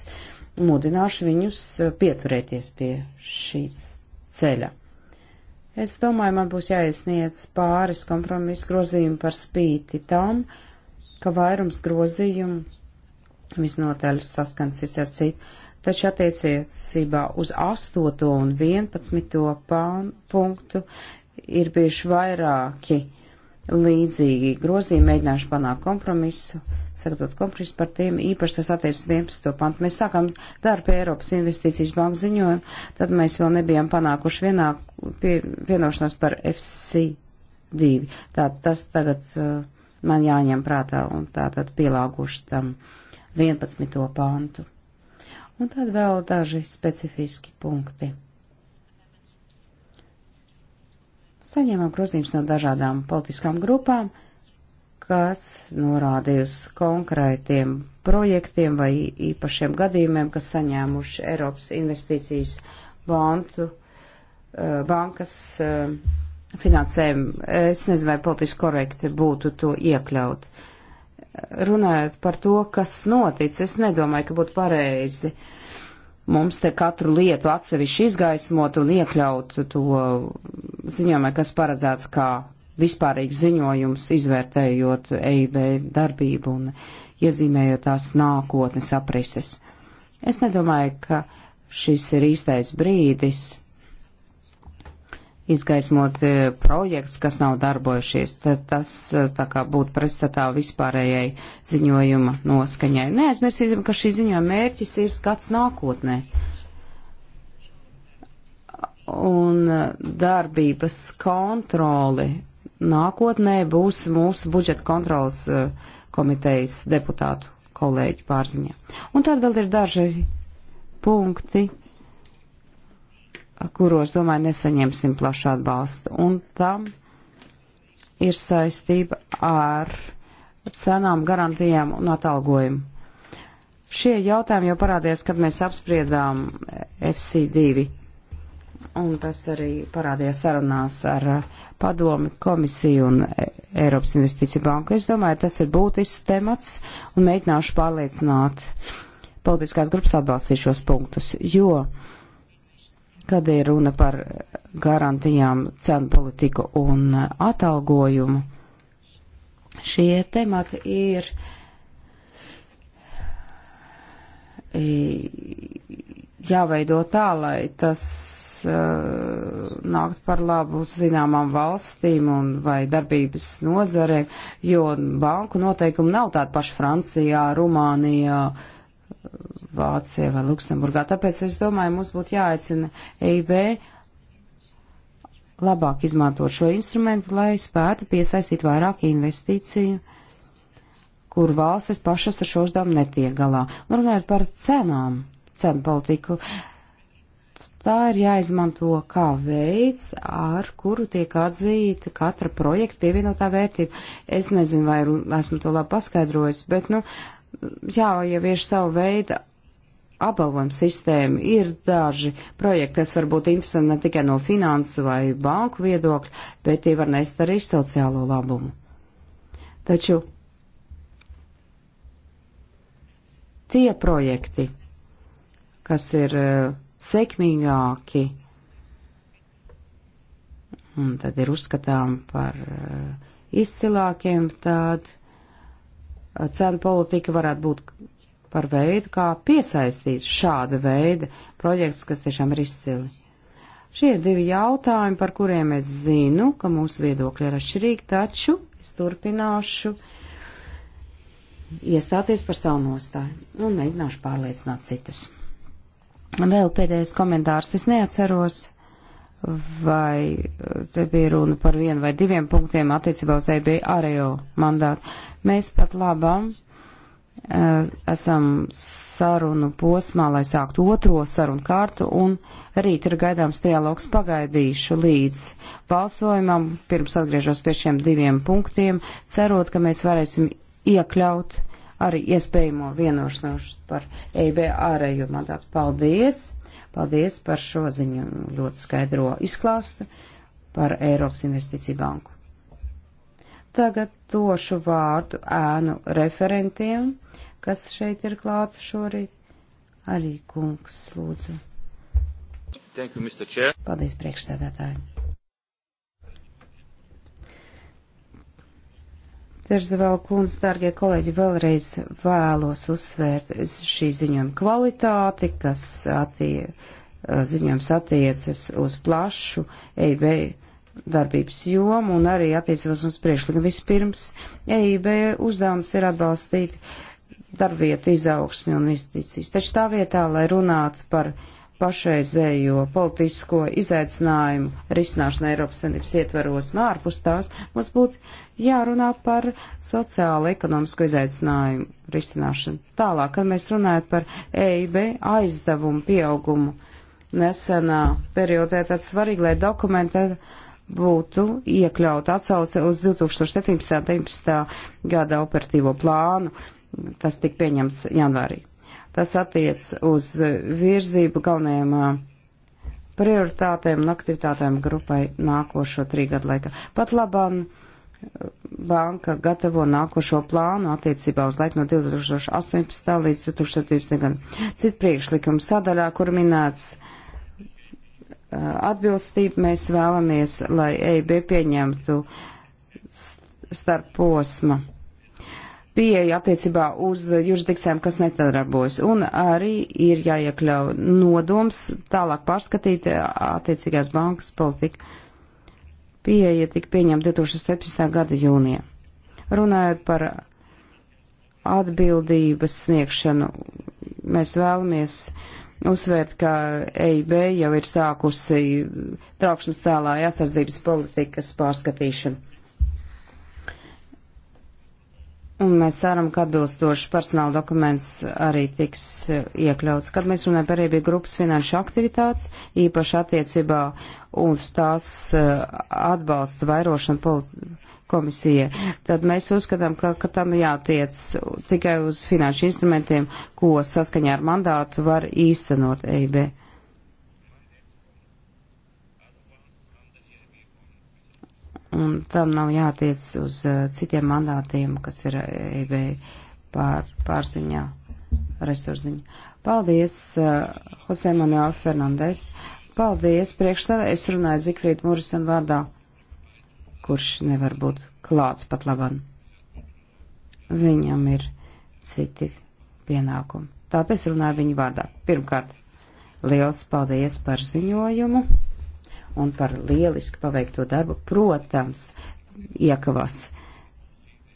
mudināšu viņus uh, pieturēties pie šīs ceļa. Es domāju, man būs jāiesniedz pāris kompromisu grozījumu par spīti tam, ka vairums grozījumu visnotaļ saskansis ar citu taču attiecībā uz 8. un 11. Pān, punktu ir bijuši vairāki līdzīgi grozījumi, mēģināšu panākt kompromisu, sagatavot kompromisu par tiem, īpaši tas attiecas 11. pantu. Mēs sākām darbu pie Eiropas investīcijas bankas ziņojuma, tad mēs vēl nebijām panākuši vienā, pie, vienošanos par FC2. Tā tas tagad uh, man jāņem prātā un tā tad pielāgošu tam 11. pantu. Un tad vēl daži specifiski punkti Saņēmām grozījumus no dažādām politiskām grupām, kas norādīja uz konkrētiem projektiem vai īpašiem gadījumiem, kas saņēmuši Eiropas investīcijas bantu, eh, bankas eh, finansējumu. Es nezinu, vai politiski korekti būtu to iekļaut runājot par to, kas notic, es nedomāju, ka būtu pareizi mums te katru lietu atsevišķi izgaismot un iekļaut to ziņojumā, kas paredzēts kā vispārīgs ziņojums, izvērtējot EIB darbību un iezīmējot tās nākotnes aprises. Es nedomāju, ka šis ir īstais brīdis izgaismot e, projekts, kas nav darbojušies, tad tas e, tā kā būtu pretstatā vispārējai ziņojuma noskaņai. Neaizmirsīsim, ka šī ziņojuma mērķis ir skats nākotnē. Un e, darbības kontroli nākotnē būs mūsu budžeta kontrolas komitejas deputātu kolēģi pārziņā. Un tad vēl ir daži punkti kuros, domāju, nesaņemsim plašu atbalstu. Un tam ir saistība ar cenām, garantijām un atalgojumu. Šie jautājumi jau parādījās, kad mēs apspriedām FC2, un tas arī parādījās sarunās ar padomi komisiju un Eiropas investīciju banku. Es domāju, tas ir būtisks temats un mēģināšu pārliecināt politiskās grupas atbalstīšos punktus, jo uh, kad ir runa par garantijām cenu politiku un atalgojumu. Šie temati ir jāveido tā, lai tas e, nākt par labu zināmām valstīm un vai darbības nozarēm, jo banku noteikumi nav tādi paši Francijā, Rumānijā, Vācijā vai Luksemburgā. Tāpēc es domāju, mums būtu jāaicina EIB labāk izmantot šo instrumentu, lai spētu piesaistīt vairāk investīciju, kur valstis pašas ar šo uzdevumu netiek galā. Un runājot par cenām, cenu politiku, tā ir jāizmanto kā veids, ar kuru tiek atzīta katra projekta pievienotā vērtība. Es nezinu, vai esmu to labi paskaidrojis, bet, nu, jāievieš savu veidu apbalvojumu sistēmu. Ir daži projekti, kas var būt interesanti ne tikai no finansu vai banku viedokļa, bet tie var nest arī sociālo labumu. Taču tie projekti, kas ir eh, sekmīgāki, un tad ir uzskatām par eh, izcilākiem, tādi cenu politika varētu būt par veidu, kā piesaistīt šāda veida projektus, kas tiešām ir izcili. Šie ir divi jautājumi, par kuriem es zinu, ka mūsu viedokļi ir atšķirīgi, taču es turpināšu iestāties par savu nostāju un mēģināšu pārliecināt citus. Vēl pēdējais komentārs es neatceros vai eh, te bija runa par vienu vai diviem punktiem attiecībā uz EBI ārējo mandātu. Mēs pat labam eh, esam sarunu posmā, lai sāktu otro sarunu kārtu, un rīt ir gaidāms trialogs pagaidīšu līdz balsojumam, pirms atgriežos pie šiem diviem punktiem, cerot, ka mēs varēsim iekļaut arī iespējamo vienošanos par EIB ārējo mandātu. Paldies! Paldies par šo ziņu ļoti skaidro izklāstu par Eiropas investīciju banku. Tagad došu vārdu ēnu referentiem, kas šeit ir klāta šorīt. Arī kungs, lūdzu. Thank you, Mr. Chair. Paldies, priekšsēdētāji. Terzavēl kundze, dārgie kolēģi, vēlreiz vēlos uzsvērt šī ziņojuma kvalitāti, kas attie, eh, ziņojums attiecas uz plašu EIB darbības jomu un arī attiecībās uz priekšlikumu. Vispirms EIB uzdevums ir atbalstīt darbvietu izaugsmi un investīcijas. Taču tā vietā, lai runātu par pašreizējo politisko izaicinājumu risināšanu Eiropas Savienības ietvaros un ārpus tās, mums būtu jārunā par sociālo ekonomisko izaicinājumu risināšanu. Tālāk, kad mēs runājam par EIB aizdevumu pieaugumu nesenā periodā, tad svarīgi, lai dokumenta būtu iekļauta atsauce uz 2017. gada operatīvo plānu, kas tika pieņemts janvārī. Tas attiec uz virzību galvenajiem prioritātēm un aktivitātēm grupai nākošo trīgadu laikā. Pat labam banka gatavo nākošo plānu attiecībā uz laiku no 2018. līdz 2020. gadam. Cita priekšlikuma sadaļā, kur minēts atbilstība, mēs vēlamies, lai EIB pieņemtu starp posma pieeja attiecībā uz jurisdikcijām, kas nedarbojas. Un arī ir jāiekļauj nodoms tālāk pārskatīt attiecīgās bankas politiku pieeja tika pieņemta 2017. gada jūnijā. Runājot par atbildības sniegšanu, mēs vēlamies uzsvērt, ka EIB jau ir sākusi traukšanas cēlāja aizsardzības politikas pārskatīšanu. Un mēs ceram, ka atbilstoši personāla dokuments arī tiks e, iekļauts. Kad mēs runājam par EBI grupas finanšu aktivitātes, īpaši attiecībā uz tās e, atbalsta vairošanu komisija, tad mēs uzskatām, ka, ka tam jātiec tikai uz finanšu instrumentiem, ko saskaņā ar mandātu var īstenot EIB. un tam nav jātiec uz eh, citiem mandātiem, kas ir EIB eh, e pār, pārziņā, resurziņā. Paldies, eh, Jose Manuel Fernandes. Paldies, priekšstādā es runāju Zikfrīd Murisan vārdā, kurš nevar būt klāt pat labam. Viņam ir citi pienākumi. Tātad es runāju viņu vārdā. Pirmkārt, liels paldies par ziņojumu un par lieliski paveikto darbu, protams, iekavas.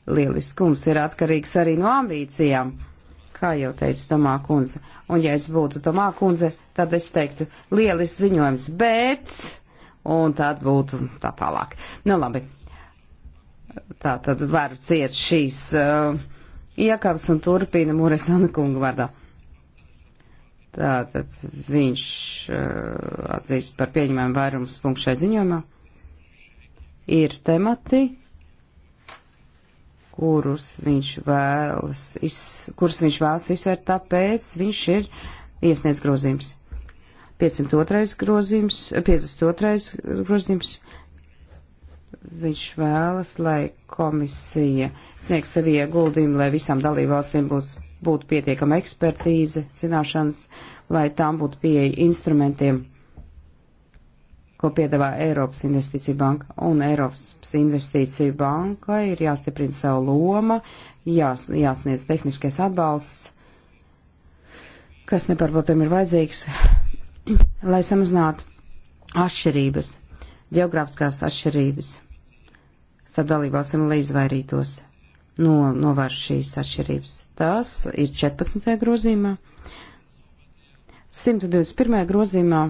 Lieliskums ir atkarīgs arī no ambīcijām, kā jau teica Tomā kundze. Un ja es būtu Tomā kundze, tad es teiktu, lielisks ziņojums, bet, un tad būtu tā tālāk. Nu labi, tā tad var ciet šīs uh, iekavas un turpina Mūresana kunga vārdā. Tātad viņš uh, atzīst par pieņemēm vairums punktu šai ziņojumā. Ir temati, kurus viņš vēlas, iz, kurus viņš vēlas izvērt, tāpēc viņš ir iesniedz grozījums. 502. grozījums, 52. grozījums. Viņš vēlas, lai komisija sniegs savu ieguldījumu, lai visām dalībvalstīm būs būtu pietiekama ekspertīze, zināšanas, lai tām būtu pieeja instrumentiem, ko piedāvā Eiropas Investīcija Banka. Un Eiropas Investīcija Banka ir jāstiprina savu loma, jās, jāsniedz tehniskais atbalsts, kas nepārprotam ir vajadzīgs, lai samazinātu atšķirības, geogrāfiskās atšķirības starp dalībvalstīm, lai izvairītos no, novērš šīs atšķirības. Tās ir 14. grozīmā. 121. grozīmā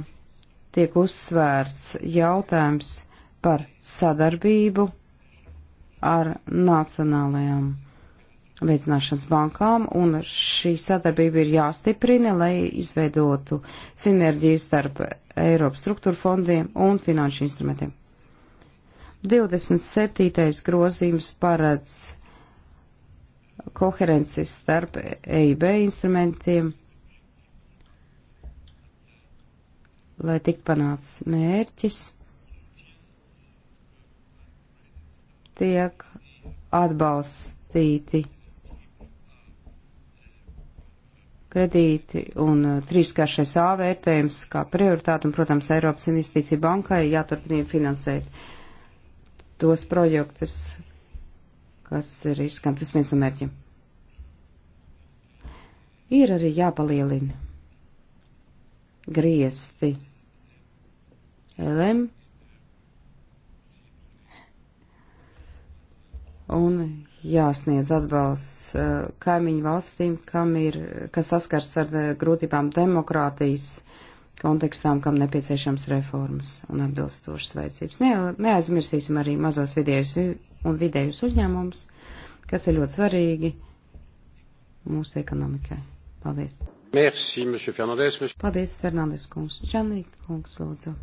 tiek uzsvērts jautājums par sadarbību ar nacionālajām veicināšanas bankām, un šī sadarbība ir jāstiprina, lai izveidotu sinerģiju starp Eiropas struktūra fondiem un finanšu instrumentiem. 27. grozījums paredz koherences starp EIB instrumentiem, lai tik panāts mērķis, tiek atbalstīti kredīti un uh, trīskāršais A vērtējums kā prioritāte, un, protams, Eiropas investīcija bankai jāturpina finansēt tos projektus, kas ir izskan, tas viens no mērķiem. Ir arī jāpalielina griesti LM un jāsniedz atbalsts eh, kaimiņu valstīm, kam ir, kas saskars ar eh, grūtībām demokrātijas kontekstām, kam nepieciešams reformas un atbilstošas vajadzības. Ne, neaizmirsīsim arī mazos vidējos un vidējus uzņēmumus, kas ir ļoti svarīgi mūsu ekonomikai. Paldies! Merci, monsieur Fernandes. Monsieur... Paldies, Fernandes kungs. Čanī kungs, lūdzu.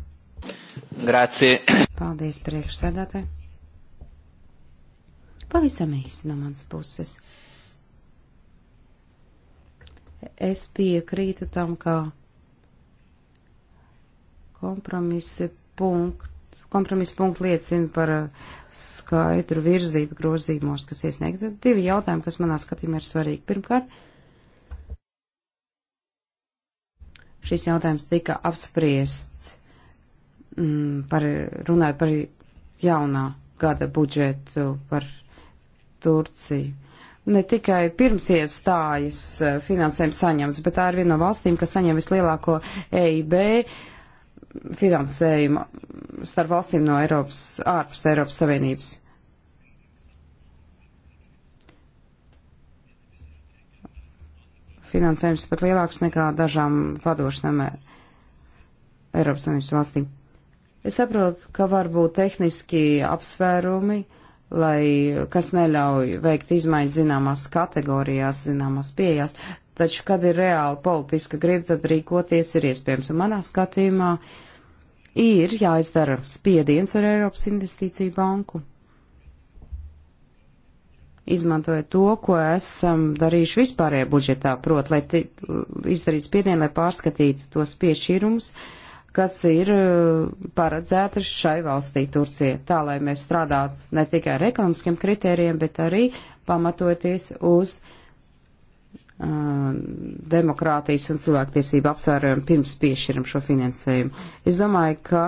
Grācie. Paldies, priekšsēdētāji. Pavisam īsi no manas puses. Es piekrītu tam, kā kompromisi punkti kompromisa punkti liecina par uh, skaidru virzību grozījumos, kas iesniegta. Divi jautājumi, kas manā skatījumā ir svarīgi. Pirmkārt, šis jautājums tika apspriests mm, par, runājot par jaunā gada budžetu, par Turciju. Ne tikai pirms iestājas uh, finansējums saņems, bet tā ir viena no valstīm, kas saņem vislielāko EIB finansējuma starp valstīm no Eiropas, ārpus Eiropas Savienības. Finansējums pat lielāks nekā dažām vadošanām Eiropas Savienības valstīm. Es saprotu, ka var būt tehniski apsvērumi, lai, kas neļauj veikt izmaiņas zināmās kategorijās, zināmās pieejās, taču, kad ir reāla politiska griba, tad rīkoties ir iespējams. Un manā skatījumā uh, ir jāizdara spiediens ar Eiropas investīciju banku. Izmantojot to, ko esam darījuši vispārējā budžetā, proti, lai izdarītu spiedienu, lai pārskatītu tos piešķīrumus, kas ir uh, paredzēti šai valstī Turcija, tā lai mēs strādātu ne tikai ar ekonomiskiem kritērijiem, bet arī pamatoties uz uh, Um, demokrātijas un cilvēktiesību apsvērumu pirms piešķiram šo finansējumu. Es domāju, ka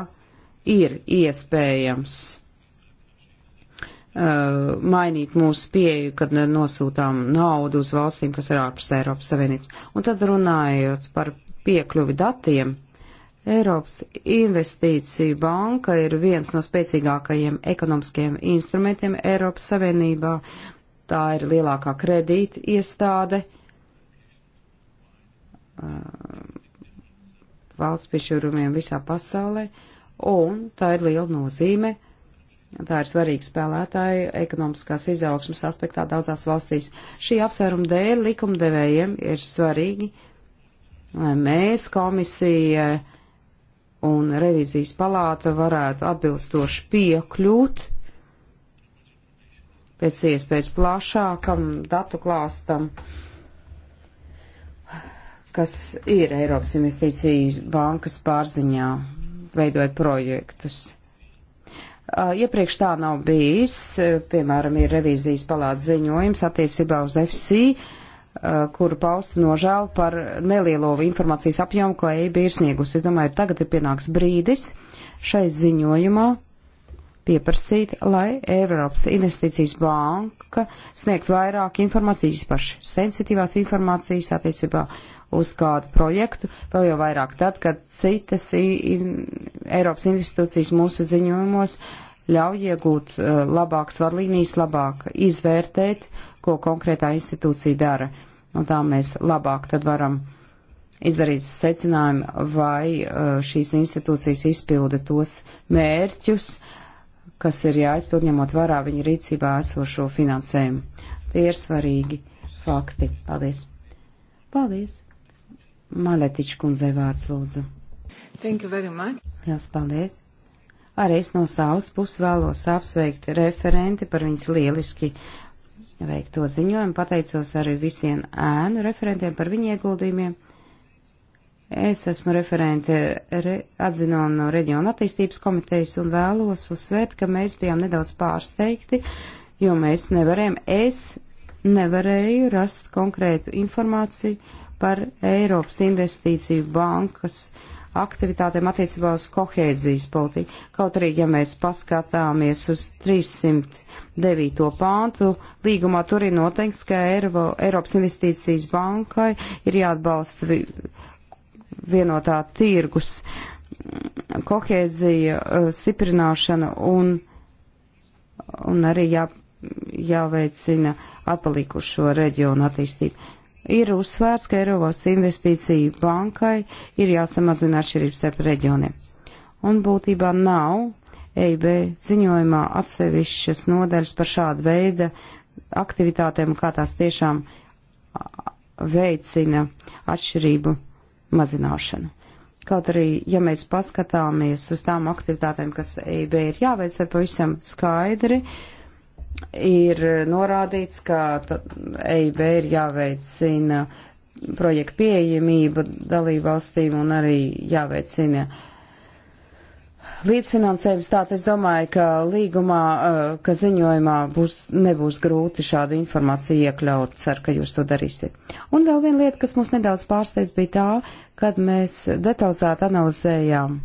ir iespējams uh, mainīt mūsu pieeju, kad nosūtām naudu uz valstīm, kas ir ārpus Eiropas Savienības. Un tad runājot par piekļuvi datiem, Eiropas investīciju banka ir viens no spēcīgākajiem ekonomiskajiem instrumentiem Eiropas Savienībā. Tā ir lielākā kredīta iestāde, uh, valsts piešķirumiem visā pasaulē, un tā ir liela nozīme. Tā ir svarīga spēlētāja ekonomiskās izaugsmas aspektā daudzās valstīs. Šī apsvēruma dēļ likumdevējiem ir svarīgi, lai mēs, komisija un revizijas palāta varētu atbilstoši piekļūt pēc iespējas plašākam datu klāstam kas ir Eiropas investīciju bankas pārziņā, veidojot projektus. Iepriekš tā nav bijis, piemēram, ir revīzijas palāca ziņojums attiecībā uz FC, kuru pausta nožēlu par nelielo informācijas apjomu, ko EIB ir sniegusi. Es domāju, tagad ir pienāks brīdis šai ziņojumā pieprasīt, lai Eiropas investīcijas banka sniegt vairāk informācijas, paši sensitīvās informācijas attiecībā uz kādu projektu, vēl jau vairāk tad, kad citas Eiropas institūcijas mūsu ziņojumos ļauj iegūt eh, labākas vadlīnijas, labāk izvērtēt, ko konkrētā institūcija dara. Un tā mēs labāk tad varam izdarīt secinājumu, vai eh, šīs institūcijas izpilda tos mērķus, kas ir jāizpild ņemot vērā viņa rīcībā esošo finansējumu. Tie ir svarīgi fakti. Paldies! Paldies! Maletiča kundzei vārds lūdzu. Thank you very much. Lielas paldies. Arī es no savas puses vēlos apsveikt referenti par viņas lieliski veikto ziņojumu. Pateicos arī visiem ēnu referentiem par viņu ieguldījumiem. Es esmu referente re, atzinuma no reģiona attīstības komitejas un vēlos uzsvērt, ka mēs bijām nedaudz pārsteigti, jo mēs nevarējām, es nevarēju rast konkrētu informāciju par Eiropas investīciju bankas aktivitātēm attiecībā uz kohēzijas politiku. Kaut arī, ja mēs paskatāmies uz 309. pāntu, līgumā tur ir noteikts, ka Eiro, Eiropas investīcijas bankai ir jāatbalsta vi, vienotā tirgus kohēzija eh, stiprināšana un, un arī jā, jāveicina atpalikušo reģionu attīstību ir uzsvērts, ka Eiropas investīciju bankai ir jāsamazina atšķirības starp reģioniem. Un būtībā nav EIB ziņojumā atsevišķas nodaļas par šādu veidu aktivitātēm, kā tās tiešām veicina atšķirību mazināšanu. Kaut arī, ja mēs paskatāmies uz tām aktivitātēm, kas EIB ir jāveic, tad pavisam skaidri uh, ir norādīts, ka EIB ir jāveicina projektu pieejamība dalībvalstīm un arī jāveicina līdzfinansējums. Tātad es domāju, ka līgumā, eh, ka ziņojumā būs, nebūs grūti šādu informāciju iekļaut. Ceru, ka jūs to darīsiet. Un vēl viena lieta, kas mūs nedaudz pārsteidz, bija tā, kad mēs detalizēti analizējām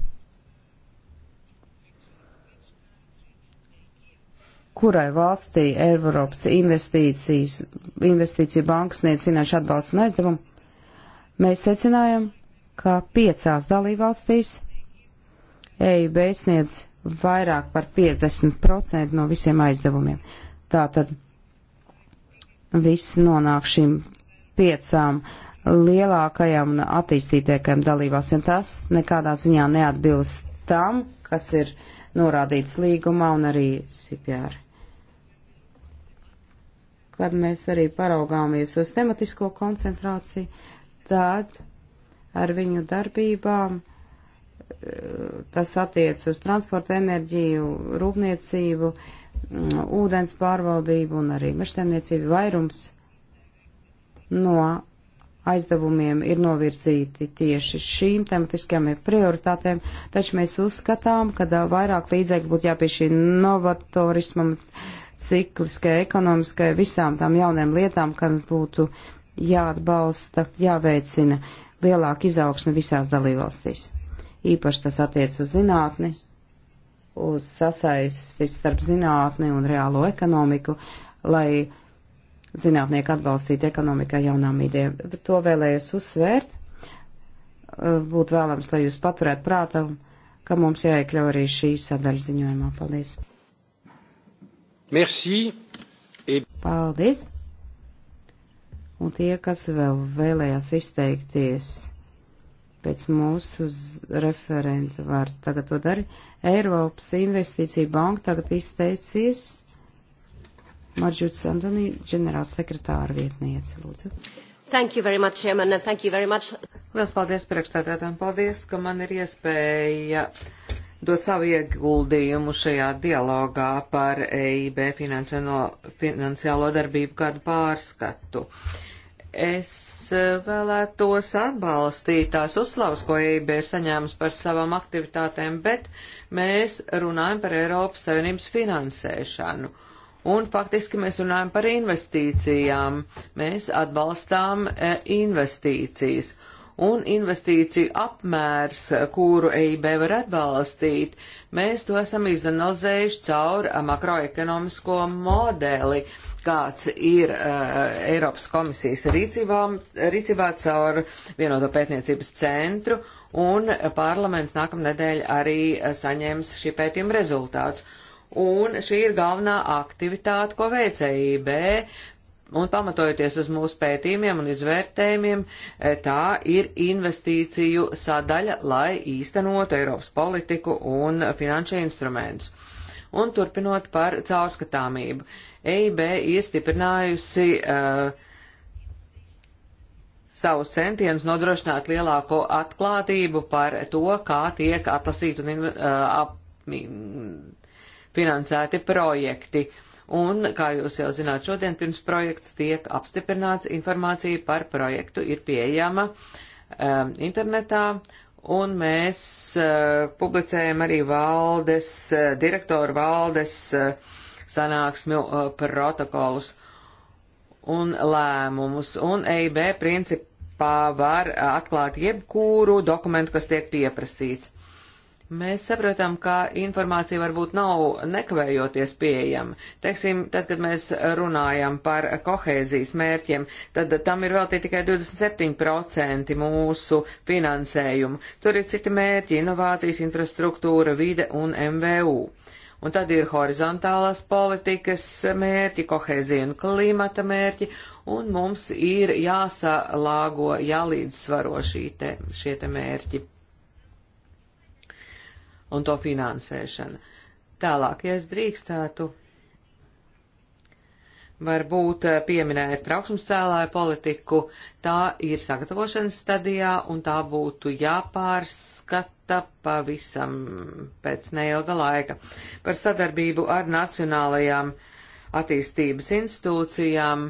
kurai valstī Eiropas investīcijas, investīcija bankas sniedz finanšu atbalstu un aizdevumu, mēs secinājam, ka piecās dalībvalstīs EIB sniedz vairāk par 50% no visiem aizdevumiem. Tātad viss nonāk šīm piecām lielākajām un attīstītākajām dalībvalstīm. Tas nekādā ziņā neatbilst tam, kas ir norādīts līgumā un arī SIPJR kad mēs arī paraugāmies uz tematisko koncentrāciju, tad ar viņu darbībām eh, tas attiec uz transportu, enerģiju, rūpniecību, mm, ūdens pārvaldību un arī mežsēmniecību vairums no aizdevumiem ir novirzīti tieši šīm tematiskajām prioritātēm, taču mēs uzskatām, ka vairāk līdzekļu būtu jāpiešķir novatorismam, uh, cikliskai, ekonomiskai, visām tām jaunām lietām, kad būtu jāatbalsta, jāveicina lielāka izaugsme visās dalībvalstīs. Īpaši tas attiec uz zinātni, uz sasaisti starp zinātni un reālo ekonomiku, lai zinātnieki atbalstītu ekonomikā jaunām idejām. To vēlējos uzsvērt. Būtu vēlams, lai jūs paturētu prātā, ka mums jāiekļau arī šī sadaļa ziņojumā. Paldies! Merci. Et... Paldies. Un tie, kas vēl vēlējās izteikties pēc mūsu referenta, var tagad to darīt. Eiropas investīcija banka tagad izteicies. Marģūtas Antonī, ģenerāls sekretāra vietniece, lūdzu. Thank you very much, Chairman, and thank you very much. Lielas paldies priekšstādātām. Paldies, ka man ir iespēja dot savu ieguldījumu šajā dialogā par EIB finansiālo darbību kādu pārskatu. Es e, vēlētos atbalstīt tās uzslavas, ko EIB ir saņēmusi par savām aktivitātēm, bet mēs runājam par Eiropas Savienības finansēšanu. Un faktiski mēs runājam par investīcijām. Mēs atbalstām e, investīcijas un investīciju apmērs, kuru EIB var atbalstīt, mēs to esam izanalizējuši caur makroekonomisko modeli, kāds ir uh, Eiropas komisijas rīcībā, rīcībā caur vienoto pētniecības centru, un parlaments nākamnedēļ arī saņems šī pētījuma rezultātus. Un šī ir galvenā aktivitāte, ko veic EIB Un pamatojoties uz mūsu pētījumiem un izvērtējumiem, e, tā ir investīciju sadaļa, lai īstenotu Eiropas politiku un finanšu instrumentus. Un turpinot par caurskatāmību, EIB ir stiprinājusi uh, savus centienus nodrošināt lielāko atklātību par to, kā tiek atlasīti un uh, ap, finansēti projekti. Uh, Un, kā jūs jau zināt, šodien pirms projekts tiek apstiprināts, informācija par projektu ir pieejama um, internetā, un mēs uh, publicējam arī valdes, uh, direktoru valdes uh, sanāksmju uh, protokolus un lēmumus, un EIB principā var atklāt jebkuru dokumentu, kas tiek pieprasīts. Mēs saprotam, ka informācija varbūt nav nekavējoties pieejama. Teiksim, tad, kad mēs runājam par kohēzijas mērķiem, tad tam ir veltīti tikai 27% mūsu finansējumu. Tur ir citi mērķi - inovācijas, infrastruktūra, vide un MVU. Un tad ir horizontālās politikas mērķi, kohēzija un klimata mērķi, un mums ir jāsalāgo, jālīdzsvaro šī te, šie te mērķi un to finansēšana. Tālāk, ja es drīkstētu, varbūt eh, pieminēt trauksmes cēlāju politiku, tā ir sagatavošanas stadijā un tā būtu jāpārskata pavisam pēc neilga laika. Par sadarbību ar nacionālajām attīstības institūcijām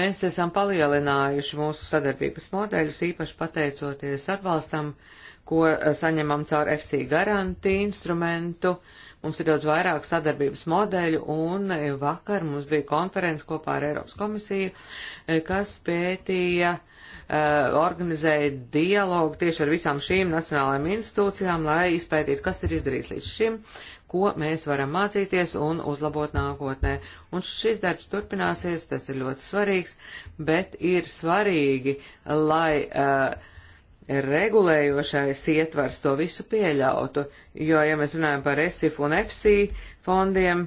mēs esam palielinājuši mūsu sadarbības modeļus, īpaši pateicoties atbalstam, uh, ko eh, saņemam caur FC garantiju instrumentu. Mums ir daudz vairāk sadarbības modeļu, un eh, vakar mums bija konference kopā ar Eiropas komisiju, eh, kas pētīja, organizēja dialogu tieši ar visām šīm nacionālajām institūcijām, lai izpētītu, kas ir izdarīts līdz šim, ko mēs varam mācīties un uzlabot nākotnē. Un šis darbs turpināsies, tas ir ļoti svarīgs, bet ir svarīgi, lai uh, regulējošais ietvars to visu pieļautu, jo, ja mēs runājam par ESIF un EFSI fondiem,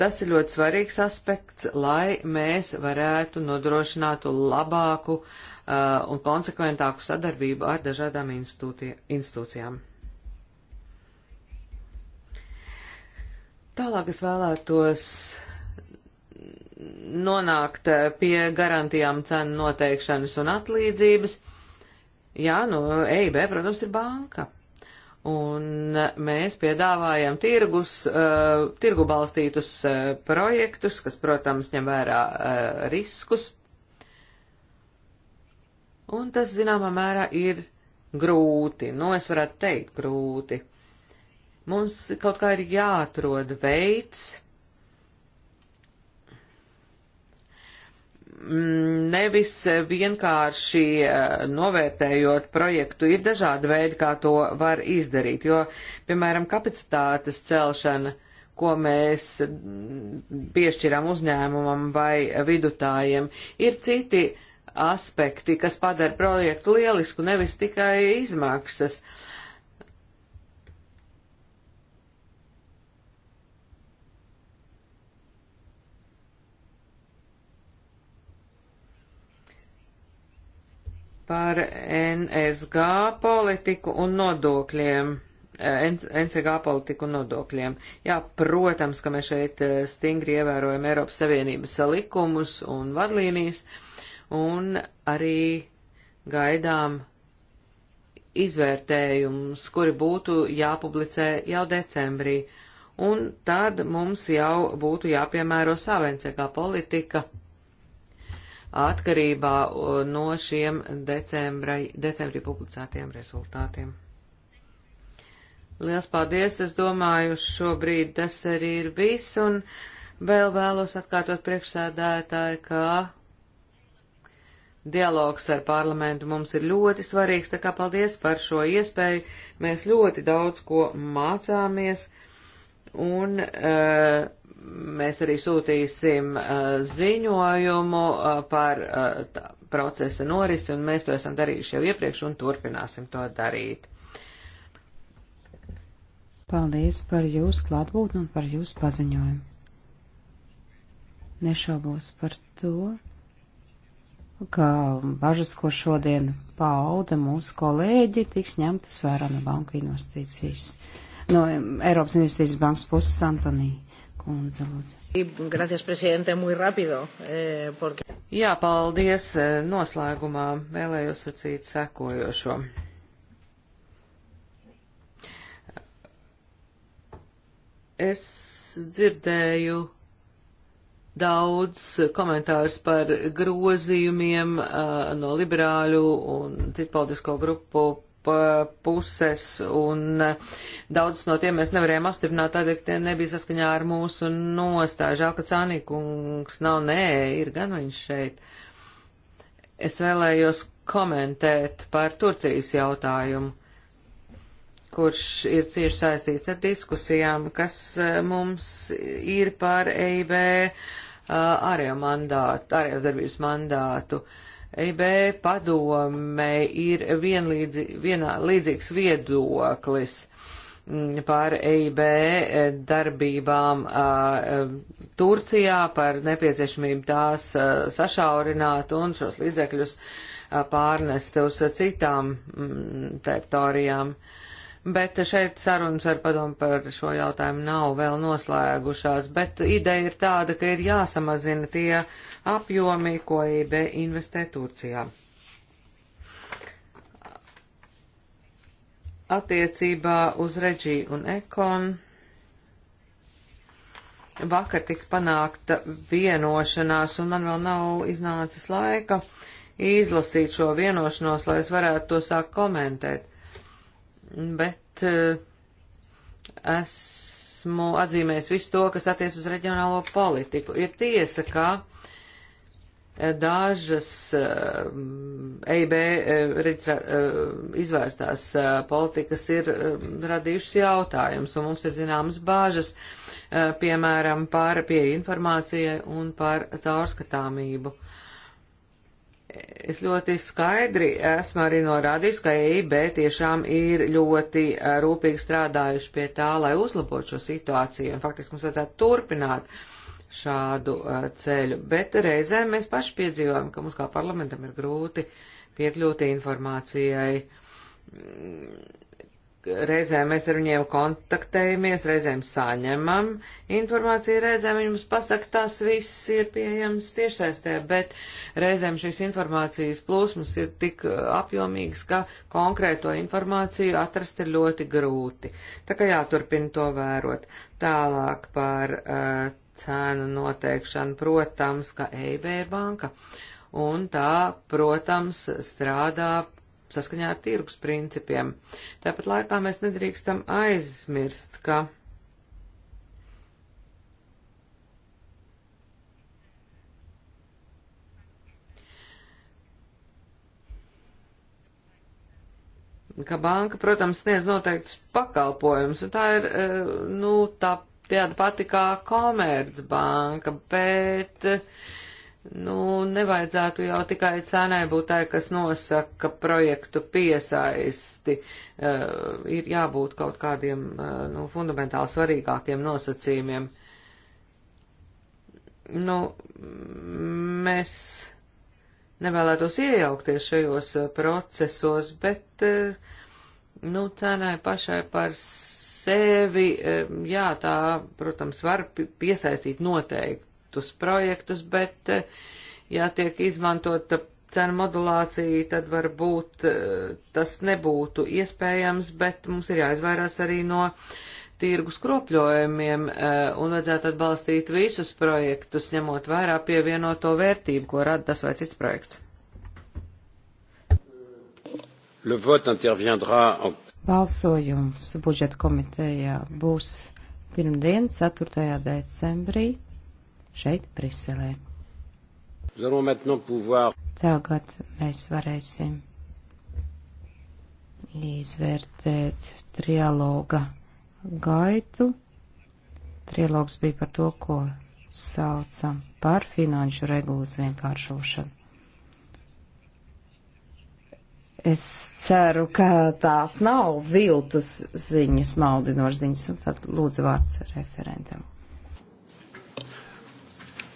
tas ir ļoti svarīgs aspekts, lai mēs varētu nodrošinātu labāku uh, un konsekventāku sadarbību ar dažādām institūcijām. Tālāk es vēlētos nonākt pie garantijām cenu noteikšanas un atlīdzības. Jā, nu, EIB, protams, ir banka. Un mēs piedāvājam tirgus, uh, tirgu balstītus uh, projektus, kas, protams, ņem vērā uh, riskus. Un tas, zināmā mērā, ir grūti. Nu, es varētu teikt, grūti. Mums kaut kā ir jāatrod veids, nevis vienkārši eh, novērtējot projektu, ir dažādi veidi, kā to var izdarīt, jo, piemēram, kapacitātes celšana, ko mēs piešķiram uzņēmumam vai vidutājiem, ir citi aspekti, kas padara projektu lielisku, nevis tikai izmaksas. Uh, par NSG politiku un nodokļiem. Eh, NCG politiku un nodokļiem. Jā, protams, ka mēs šeit eh, stingri ievērojam Eiropas Savienības likumus un vadlīnijas un arī gaidām izvērtējumus, kuri būtu jāpublicē jau decembrī. Un tad mums jau būtu jāpiemēro savu NCG politika atkarībā no šiem decembrai, decembrī publicētiem rezultātiem. Liels paldies! Es domāju, šobrīd tas arī ir viss, un vēl vēlos atkārtot priekšsēdētāju, ka dialogs ar parlamentu mums ir ļoti svarīgs, tā kā paldies par šo iespēju. Mēs ļoti daudz ko mācāmies, un uh, mēs arī sūtīsim uh, ziņojumu uh, par uh, procesa norisi, un mēs to esam darījuši jau iepriekš un turpināsim to darīt. Paldies par jūsu klātbūtni un par jūsu paziņojumu. Nešaubos par to, ka bažas, ko šodien pauda mūsu kolēģi, tiks ņemtas vērā no banku investīcijas, no Eiropas investīcijas bankas puses Antonija kundze, lūdzu. Gracias, prezidente, muy rapido. Eh, porque... Jā, paldies. Eh, noslēgumā vēlējos sacīt sekojošo. Es dzirdēju daudz komentārus par grozījumiem uh, no liberāļu un citu politisko grupu puses, un daudz no tiem mēs nevarējām apstiprināt, tādēļ, ka tie nebija saskaņā ar mūsu nostāju. Žēl, ka Cānīkungs nav, nē, ir gan viņš šeit. Es vēlējos komentēt par Turcijas jautājumu, kurš ir cieši saistīts ar diskusijām, kas eh, mums ir par EIB eh, ārējo mandātu, ārējās darbības mandātu. Uh, EIB padomē ir vienlīdzi, vienā, līdzīgs viedoklis mm, par EIB e, darbībām e, Turcijā, par nepieciešamību tās sašaurināt un šos līdzekļus pārnest uz citām mm, teritorijām. Bet šeit sarunas ar padomu par šo jautājumu nav vēl noslēgušās, bet ideja ir tāda, ka ir jāsamazina tie apjomi, ko EIB investē Turcijā. Attiecībā uz Reģī un Ekon vakar tika panākta vienošanās, un man vēl nav iznācis laika izlasīt šo vienošanos, lai es varētu to sākt komentēt. Bet eh, esmu atzīmējis visu to, kas attiec uz reģionālo politiku. Ir tiesa, ka dažas EIB eh, e eh, eh, izvērstās politikas ir radījušas jautājumus, un mums ir zināmas bāžas, piemēram, par pieeja informācijai un par caurskatāmību. Es ļoti skaidri esmu arī norādījis, ka EIB tiešām ir ļoti rūpīgi strādājuši pie tā, lai uzlabotu šo situāciju, un faktiski mums vajadzētu turpināt uh, šādu uh, ceļu, bet reizēm mēs paši piedzīvojam, ka mums kā parlamentam ir grūti piekļūt informācijai. Reizēm mēs ar viņiem kontaktējamies, reizēm saņemam informāciju, reizēm viņi mums pasaka, tas viss ir pieejams tiešsaistē, bet reizēm šīs informācijas plūsmas ir tik uh, apjomīgas, ka konkrēto informāciju atrast ir ļoti grūti. Tā kā jāturpina to vērot. Tālāk par uh, cēnu noteikšanu, protams, ka EIB ir banka, un tā, protams, strādā saskaņā ar tirgus principiem. Tāpat laikā mēs nedrīkstam aizmirst, ka ka banka, protams, sniedz noteiktus pakalpojumus, un tā ir, eh, nu, tā tāda pati kā Komercbanka, bet, nu, nevajadzētu jau tikai cenai būt tai, kas nosaka projektu piesaisti. Uh, ir jābūt kaut kādiem, uh, nu, fundamentāli svarīgākiem nosacījumiem. Nu, mēs nevēlētos iejaukties šajos eh, procesos, bet, nu, cenai pašai par sevi, jā, tā, protams, var piesaistīt noteiktus projektus, bet, eh, ja tiek izmantota cenu modulācija, tad varbūt eh, tas nebūtu iespējams, bet mums ir jāizvairās arī no tirgus kropļojumiem eh, un vajadzētu atbalstīt visus projektus, ņemot vērā pievienoto vērtību, ko rada tas vai cits projekts. Le vote interviendra en Balsojums budžeta komitejā būs pirmdien, 4. decembrī, šeit, Briselē. Tagad mēs varēsim izvērtēt trialoga gaitu. Trialogs bija par to, ko saucam par finanšu regulas vienkāršošanu. Es ceru, ka tās nav viltus ziņas, maldinošas ziņas, un tad lūdzu vārds referentam.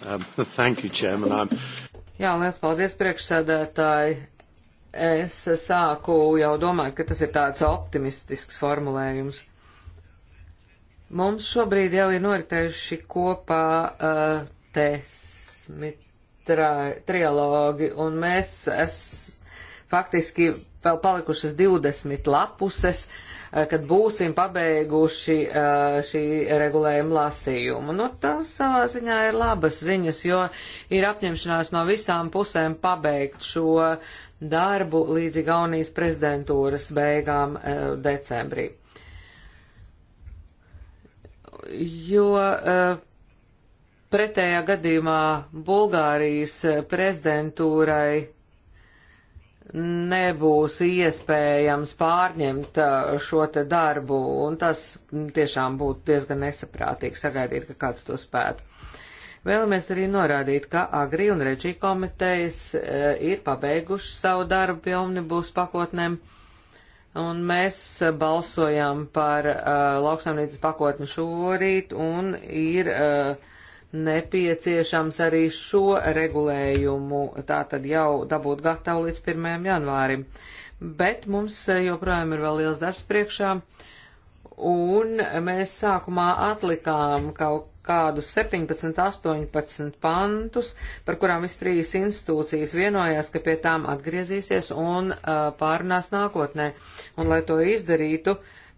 Um, thank you, Chairman. I'm... Jā, liels paldies priekšsēdētāji. Es sāku jau domāt, ka tas ir tāds optimistisks formulējums. Mums šobrīd jau ir noritējuši kopā uh, desmit trialogi, un mēs es, faktiski vēl palikušas 20 lapuses, eh, kad būsim pabeiguši eh, šī regulējuma lasījumu. Nu, tas savā ziņā ir labas ziņas, jo ir apņemšanās no visām pusēm pabeigt šo darbu līdz Igaunijas prezidentūras beigām eh, decembrī. Jo pretējā gadījumā Bulgārijas prezidentūrai nebūs iespējams pārņemt uh, šo te darbu, un tas tiešām būtu diezgan nesaprātīgi sagaidīt, ka kāds to spētu. Vēlamies arī norādīt, ka Agri un Reģija komitejas uh, ir pabeiguši savu darbu pie omnibūs pakotnēm, un mēs uh, balsojam par uh, lauksaimnīcas pakotni šorīt, un ir uh, nepieciešams arī šo regulējumu tātad jau dabūt gatavu līdz 1. janvārim. Bet mums joprojām ir vēl liels darbs priekšā, un mēs sākumā atlikām kaut kādus 17, 18 pantus, par kurām viss trīs institūcijas vienojās, ka pie tām atgriezīsies un uh, pārunās nākotnē. Un, lai to izdarītu,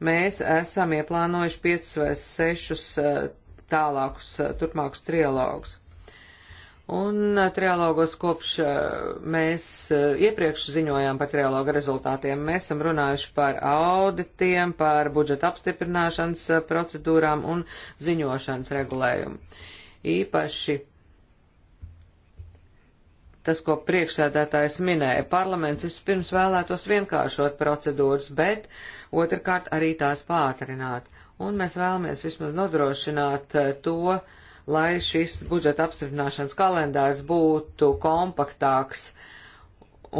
mēs esam ieplānojuši 5 vai 6 uh, tālākus, eh, turpmākus trialogus. Un eh, trialogos kopš eh, mēs iepriekš ziņojām par trialoga rezultātiem, mēs esam runājuši par auditiem, par budžeta apstiprināšanas procedūrām un ziņošanas regulējumu. Īpaši tas, ko priekšsēdētājs minēja, parlaments vispirms vēlētos vienkāršot procedūras, bet otrkārt arī tās pātrināt un mēs vēlamies vismaz nodrošināt eh, to, lai šis budžeta apstiprināšanas kalendārs būtu kompaktāks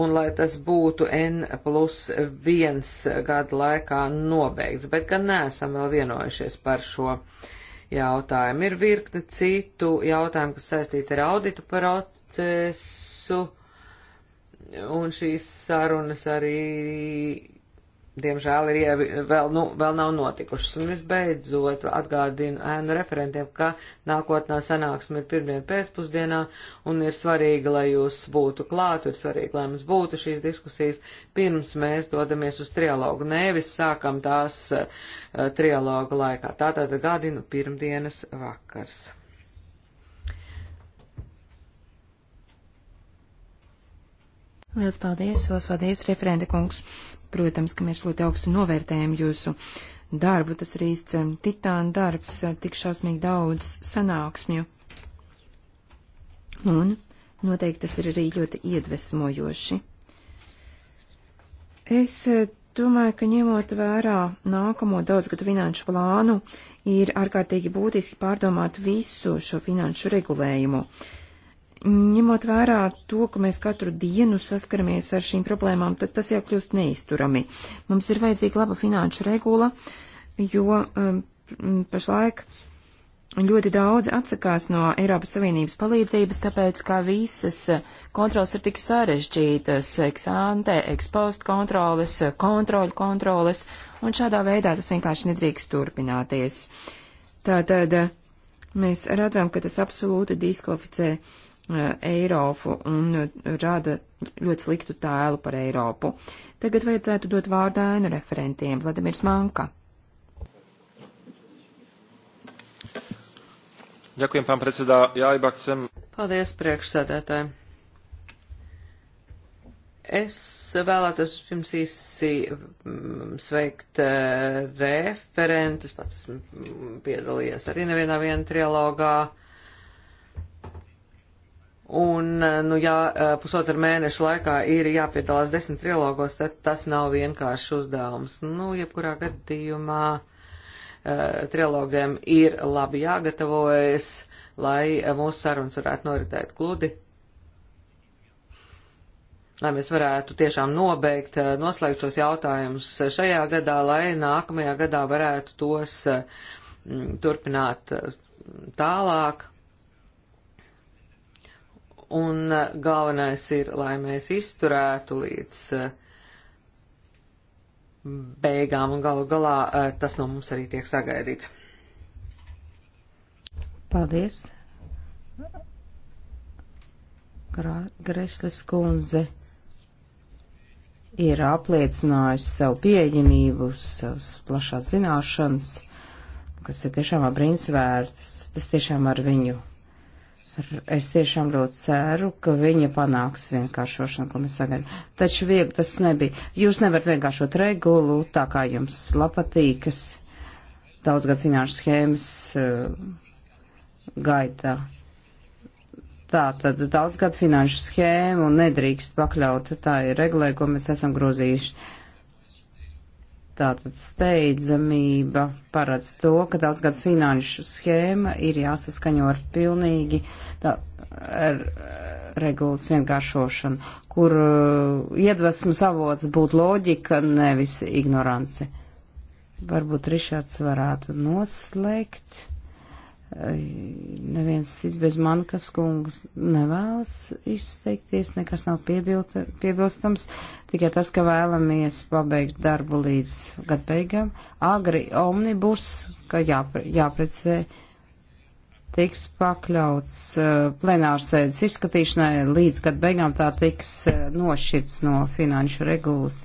un lai tas būtu N plus 1 gada laikā nobeigts, bet gan neesam vēl vienojušies par šo jautājumu. Ir virkne citu jautājumu, kas saistīti ar auditu procesu, un šīs sarunas arī diemžēl, ir vēl, nu, vēl nav notikušas. Un visbeidzot atgādinu ēnu referentiem, ka nākotnā sanāksme ir pirmdien pēcpusdienā un ir svarīgi, lai jūs būtu klāt, ir svarīgi, lai mums būtu šīs diskusijas pirms mēs dodamies uz trialogu. Nevis sākam tās uh, trialogu laikā. Tātad atgādinu pirmdienas vakars. Lielas paldies, lielas paldies, referenta kungs. Protams, ka mēs ļoti augstu novērtējam jūsu darbu. Tas ir īsts um, titāna darbs, uh, tik šausmīgi daudz sanāksmju. Un noteikti tas ir arī ļoti iedvesmojoši. Es uh, domāju, ka ņemot vērā nākamo daudzgadu finanšu plānu, ir ārkārtīgi būtiski pārdomāt visu šo finanšu regulējumu ņemot vērā to, ka mēs katru dienu saskaramies ar šīm problēmām, tad tas jau kļūst neizturami. Mums ir vajadzīga laba finanšu regula, jo um, pašlaik ļoti daudzi atsakās no Eiropas Savienības palīdzības, tāpēc, ka visas kontrolas ir tik sarežģītas - eksante, ekspost kontrolas, kontroļu kontrolas, un šādā veidā tas vienkārši nedrīkst turpināties. Tātad mēs redzam, ka tas absolūti diskvalificē uh, Eh, Eiropu un eh, rada ļoti sliktu tēlu par Eiropu. Tagad vajadzētu dot vārdu ēnu referentiem. Vladimirs Manka. Ďakujem, pán predsedā. Jā, iba chcem. Paldies, priekšsēdētāji. Es vēlētos jums īsi mm, sveikt eh, referentus. Pats esmu piedalījies arī nevienā viena trilogā. Un, eh, nu, ja eh, pusotra mēneša laikā ir jāpiedalās desmit trilogos, tad tas nav vienkārši uzdevums. Nu, jebkurā gadījumā eh, trilogiem ir labi jāgatavojas, lai mūsu sarunas varētu noritēt gludi. Lai mēs varētu tiešām nobeigt, noslēgt šos jautājumus šajā gadā, lai nākamajā gadā varētu tos turpināt tālāk Un uh, galvenais ir, lai mēs izturētu līdz uh, beigām un galu galā uh, tas no mums arī tiek sagaidīts. Paldies. Greslis kundze ir apliecinājusi savu pieejamību, savas plašās zināšanas, kas ir tiešām brīnsvērtas. Tas tiešām ar viņu Es tiešām ļoti ceru, ka viņa panāks vienkāršošanu, ko mēs sagaidām. Taču viegli tas nebija. Jūs nevarat vienkāršot regulu, tā kā jums lapatīkas daudzgad finanšu schēmas uh, eh, gaitā. Tā tad daudzgad finanšu schēmu nedrīkst pakļaut. Tā ir regulē, ko mēs esam grozījuši. Tātad steidzamība paredz to, ka daudzgad finanšu schēma ir jāsaskaņo ar pilnīgi tā, ar, regulas vienkāršošanu, kur uh, iedvesmas avots būtu loģika, nevis ignoranci. Varbūt Rišards varētu noslēgt neviens izbēz mankas kungs nevēlas izteikties, nekas nav piebilta, piebilstams, tikai tas, ka vēlamies pabeigt darbu līdz gadu beigām. Agri omnibus, ka jāpre, jāprecē, tiks pakļauts uh, plenārsēdes izskatīšanai līdz gadu beigām, tā tiks uh, nošķirts no finanšu regulas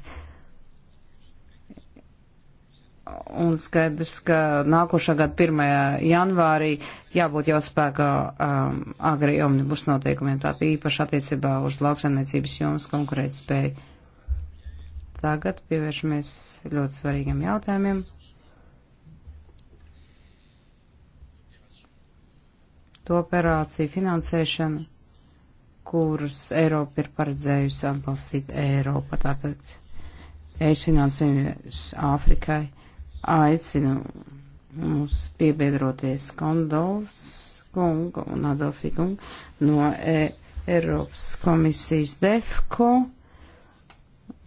un skaidrs, ka nākošā gada 1. janvārī jābūt jau spēkā um, agri omnibus noteikumiem, tātad īpaši attiecībā uz lauksaimniecības jomas konkurētspēju. Tagad pievēršamies ļoti svarīgiem jautājumiem. To operāciju finansēšanu, kuras Eiropa ir paredzējusi atbalstīt Eiropa, tātad es finansēju Āfrikai aicinu mums piebiedroties Kondovs kungu un Adolfi kungu no e Eiropas komisijas DEFCO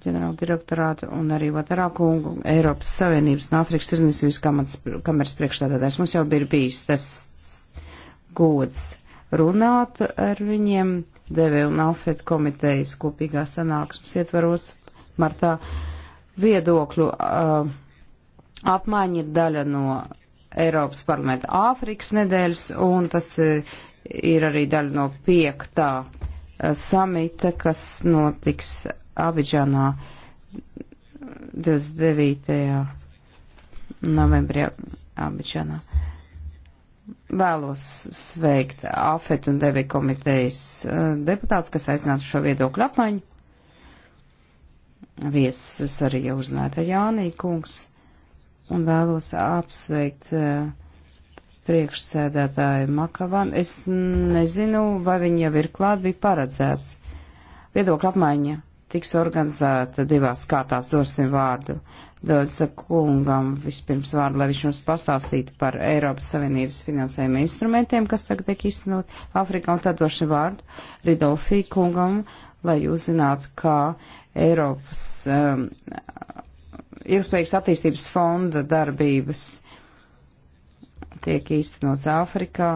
ģenerāla direktorāta un arī Vatarā kungu Eiropas Savienības un Afrikas tirdzniecības kameras priekšstādātājs. Mums jau bija bijis tas gods runāt ar viņiem DV un AFET komitejas kopīgā sanāksmes ietvaros martā viedokļu. Uh, apmaiņa ir daļa no Eiropas parlamenta Āfrikas nedēļas, un tas eh, ir arī daļa no piektā eh, samita, kas notiks Abidžanā 29. novembrī Abidžanā. Vēlos sveikt AFET un DB komitejas eh, deputāts, kas aicinātu šo viedokļu apmaiņu. Viesus arī jau uzzināja Jānī kungs un vēlos apsveikt eh, priekšsēdētāju Makavanu. Es nezinu, vai viņa jau ir klāt, bija paredzēts. Viedokļa apmaiņa tiks organizēta divās kārtās, dosim vārdu. Dodsa kungam vispirms vārdu, lai viņš mums pastāstītu par Eiropas Savienības finansējuma instrumentiem, kas tagad tiek izsnot Afrikā, un tad došu vārdu Ridolfī kungam, lai jūs zinātu, kā Eiropas um, ilgspējīgas attīstības fonda darbības tiek īstenots Āfrikā,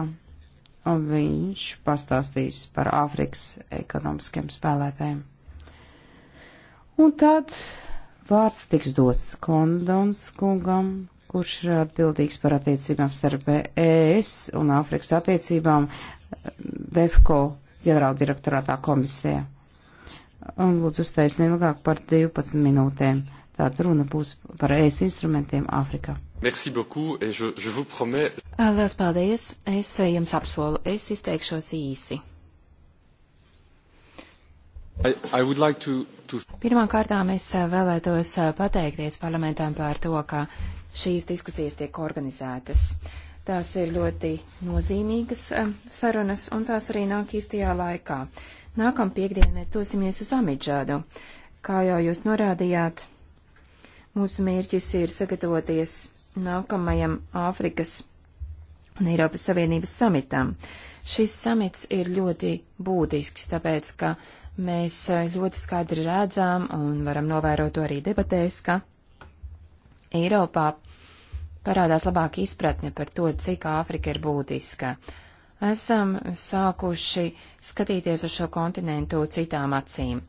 un viņš pastāstīs par Āfrikas ekonomiskiem spēlētājiem. Un tad vārds tiks dots Kondons kungam, kurš ir atbildīgs par attiecībām starp ES un Āfrikas attiecībām DEFCO ģenerāldirektorātā komisijā. Un lūdzu uztais neilgāk par 12 minūtēm. Tātad runa būs par ES instrumentiem Āfrikā. Merci beaucoup, et je, je vous promets. Lielas paldies, es jums apsolu, es izteikšos īsi. I, I like to, to... Pirmkārtām es vēlētos pateikties parlamentam par to, ka šīs diskusijas tiek organizētas. Tās ir ļoti nozīmīgas sarunas, un tās arī nāk īstajā laikā. Nākamā piekdiena mēs dosimies uz Amidžādu. Kā jau jūs norādījāt, Mūsu mērķis ir sagatavoties nākamajam Āfrikas un Eiropas Savienības samitam. Šis samits ir ļoti būtisks, tāpēc, ka mēs ļoti skaidri redzam un varam novērot to arī debatēs, ka Eiropā parādās labāka izpratne par to, cik Āfrika ir būtiska. Esam sākuši skatīties uz šo kontinentu citām acīm.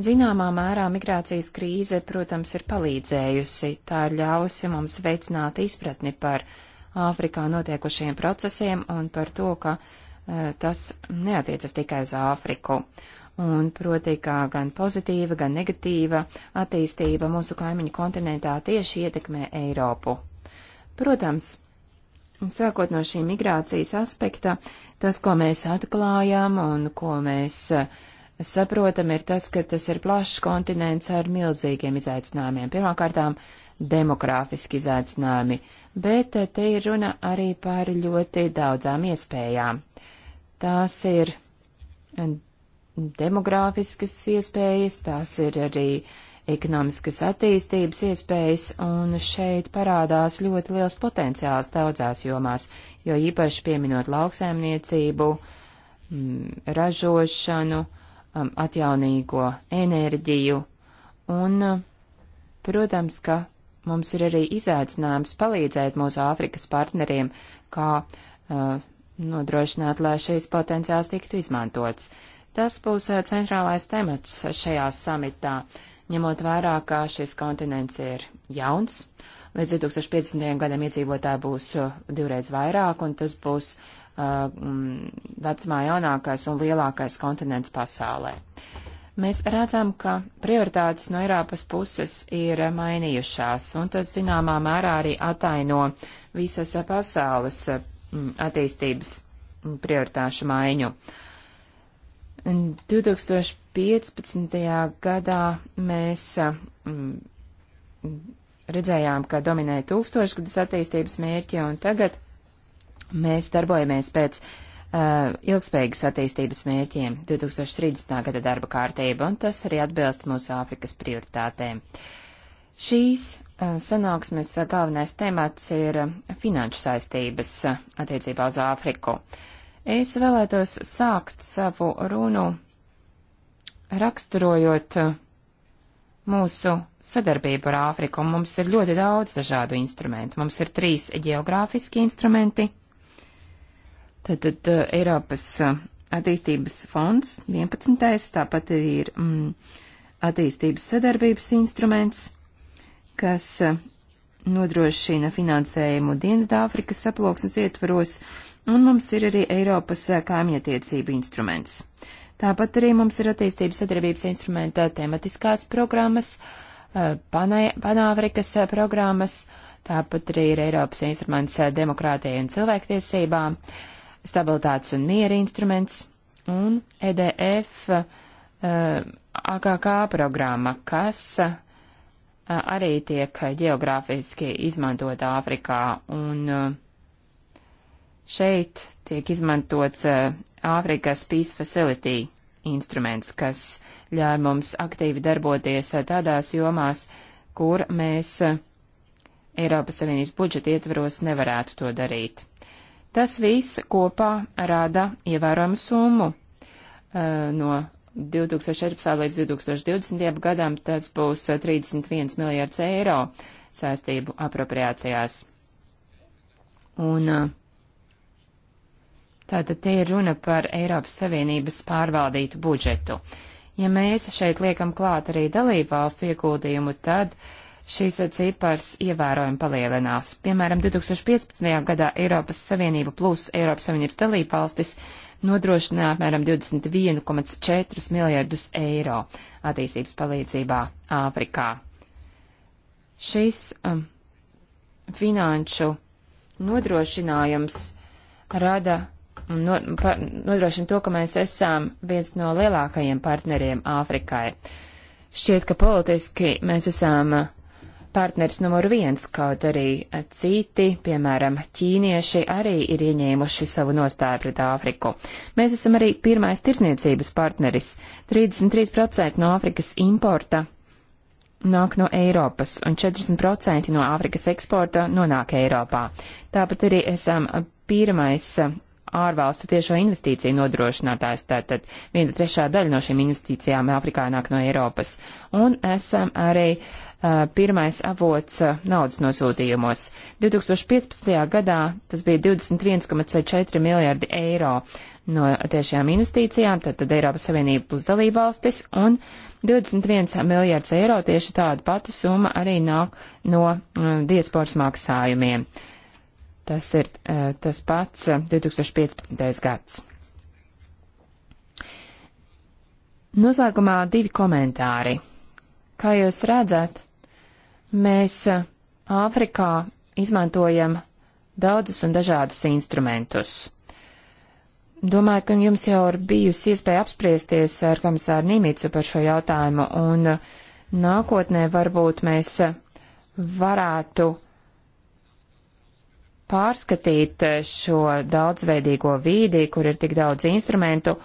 Zināmā mērā migrācijas krīze, protams, ir palīdzējusi, tā ir ļāvusi mums veicināt izpratni par Āfrikā notiekošiem procesiem un par to, ka e, tas neatiecas tikai uz Āfriku un proti, kā gan pozitīva, gan negatīva attīstība mūsu kaimiņu kontinentā tieši ietekmē Eiropu. Protams, sākot no šī migrācijas aspekta, tas, ko mēs atklājām un ko mēs e, saprotam, ir tas, ka tas ir plašs kontinents ar milzīgiem izaicinājumiem. Pirmkārtām, demogrāfiski izaicinājumi, bet eh, te ir runa arī par ļoti daudzām iespējām. Tās ir eh, demogrāfiskas iespējas, tās ir arī ekonomiskas attīstības iespējas, un šeit parādās ļoti liels potenciāls daudzās jomās, jo īpaši pieminot lauksaimniecību, mm, ražošanu, uh, Um, atjaunīgo enerģiju, un, uh, protams, ka mums ir arī izaicinājums palīdzēt mūsu Āfrikas partneriem, kā uh, nodrošināt, lai šīs potenciāls tiktu izmantots. Tas būs uh, centrālais temats šajā samitā, ņemot vērā, ka šis kontinents ir jauns. Līdz 2050. gadam iedzīvotāji būs uh, divreiz vairāk, un tas būs uh, Uh, mm, vecumā jaunākais un lielākais kontinents pasaulē. Mēs redzam, ka prioritātes no Eiropas puses ir mainījušās, un tas zināmā mērā arī ataino visas pasaules mm, attīstības mm, prioritāšu maiņu. 2015. gadā mēs redzējām, ka dominēja tūkstošgadas attīstības mērķi, un tagad Mēs darbojamies pēc uh, ilgspējīgas attīstības mēķiem 2030. gada darba kārtība, un tas arī atbilst mūsu Āfrikas prioritātēm. Šīs uh, sanāksmes uh, galvenais temats ir uh, finanšu saistības uh, attiecībā uz Āfriku. Es vēlētos sākt savu runu raksturojot uh, mūsu sadarbību ar Āfriku. Mums ir ļoti daudz dažādu instrumentu. Mums ir trīs geogrāfiski instrumenti Tātad uh, Eiropas uh, attīstības fonds 11. tāpat arī ir mm, attīstības sadarbības instruments, kas uh, nodrošina finansējumu Dienvidāfrikas saploksnes ietvaros, un mums ir arī Eiropas uh, kaimiņatiecību instruments. Tāpat arī mums ir attīstības sadarbības instrumenta tematiskās programmas, uh, Panāfrikas uh, programmas, tāpat arī ir Eiropas instruments uh, demokrātijai un cilvēktiesībām. Uh, stabilitātes un miera instruments un EDF uh, eh, AKK programma, kas uh, arī tiek geogrāfiski izmantota Āfrikā un uh, šeit tiek izmantots Āfrikas Peace Facility instruments, kas ļauj mums aktīvi darboties tādās jomās, kur mēs Eiropas Savienības budžeta ietveros nevarētu to darīt. Tas viss kopā rāda ievērojumu summu. Eh, no 2014. līdz 2020. gadam tas būs 31 eh, miljārds eiro saistību apropriācijās. Un eh, tātad te ir runa par Eiropas Savienības pārvaldītu budžetu. Ja mēs šeit liekam klāt arī dalību valstu ieguldījumu, tad uh, šīs cipars ievērojami palielinās. Piemēram, 2015. gadā Eiropas Savienība plus Eiropas Savienības dalībvalstis nodrošināja apmēram 21,4 miljardus eiro attīstības palīdzībā Āfrikā. Šis um, finanšu nodrošinājums rada no, pa, nodrošina to, ka mēs esam viens no lielākajiem partneriem Āfrikai. Šķiet, ka politiski mēs esam partners numur viens, kaut arī citi, piemēram, ķīnieši, arī ir ieņēmuši savu nostāju pret Āfriku. Mēs esam arī pirmais tirsniecības partneris. 33% no Āfrikas importa nāk no Eiropas un 40% no Āfrikas eksporta nonāk Eiropā. Tāpat arī esam pirmais ārvalstu tiešo investīciju nodrošinātājs, tātad viena trešā daļa no šīm investīcijām Āfrikā nāk no Eiropas. Un esam arī uh, Uh, pirmais avots uh, naudas nosūtījumos. 2015. gadā tas bija 21,4 miljardi eiro no tiešām investīcijām, tad, tad Eiropas Savienība plus dalībvalstis, un 21 miljards eiro tieši tāda pati summa arī nāk no mm, diasporas maksājumiem. Tas ir tas pats 2015. gads. Noslēgumā divi komentāri. Kā jūs redzat, Mēs eh, Āfrikā izmantojam daudzus un dažādus instrumentus. Domāju, ka jums jau ir bijusi iespēja apspriesties ar komisāru Nīmicu par šo jautājumu, un eh, nākotnē varbūt mēs eh, varētu pārskatīt šo daudzveidīgo vīdi, kur ir tik daudz instrumentu,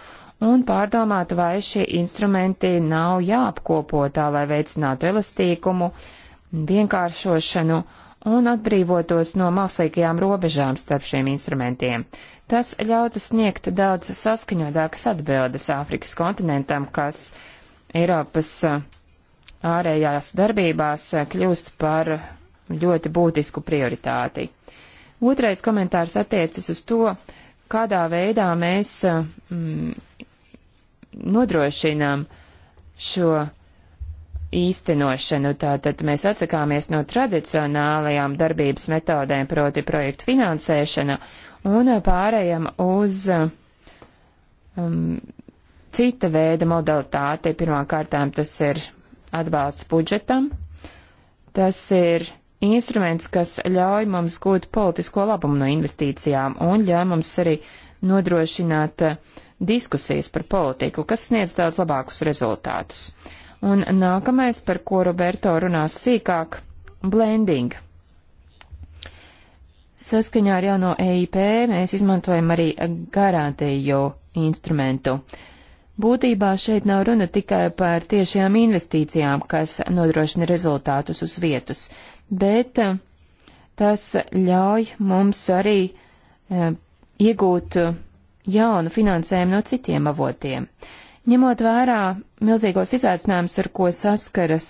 un pārdomāt, vai šie instrumenti nav jāapkopo tā, lai veicinātu elastīkumu, uh, vienkāršošanu un atbrīvotos no mākslīgajām robežām starp šiem instrumentiem. Tas ļautu sniegt daudz saskaņotākas atbildes Āfrikas kontinentam, kas Eiropas uh, ārējās darbībās uh, kļūst par ļoti būtisku prioritāti. Otrais komentārs attiecas uz to, kādā veidā mēs uh, mm, nodrošinām šo īstenošanu. Tātad mēs atsakāmies no tradicionālajām darbības metodēm, proti projektu finansēšanu, un pārējām uz um, cita veida modalitāti. Pirmkārtām tas ir atbalsts budžetam, tas ir instruments, kas ļauj mums gūt politisko labumu no investīcijām un ļauj mums arī nodrošināt uh, diskusijas par politiku, kas sniedz daudz labākus rezultātus. Uh, Un nākamais, par ko Roberto runās sīkāk - blending. Saskaņā ar jauno EIP mēs izmantojam arī garantējo instrumentu. Būtībā šeit nav runa tikai par tiešajām investīcijām, kas nodrošina rezultātus uz vietas, bet eh, tas ļauj mums arī e, iegūt eh, jaunu finansējumu no citiem avotiem. Uh, Ņemot vērā milzīgos izaicinājumus, ar ko saskaras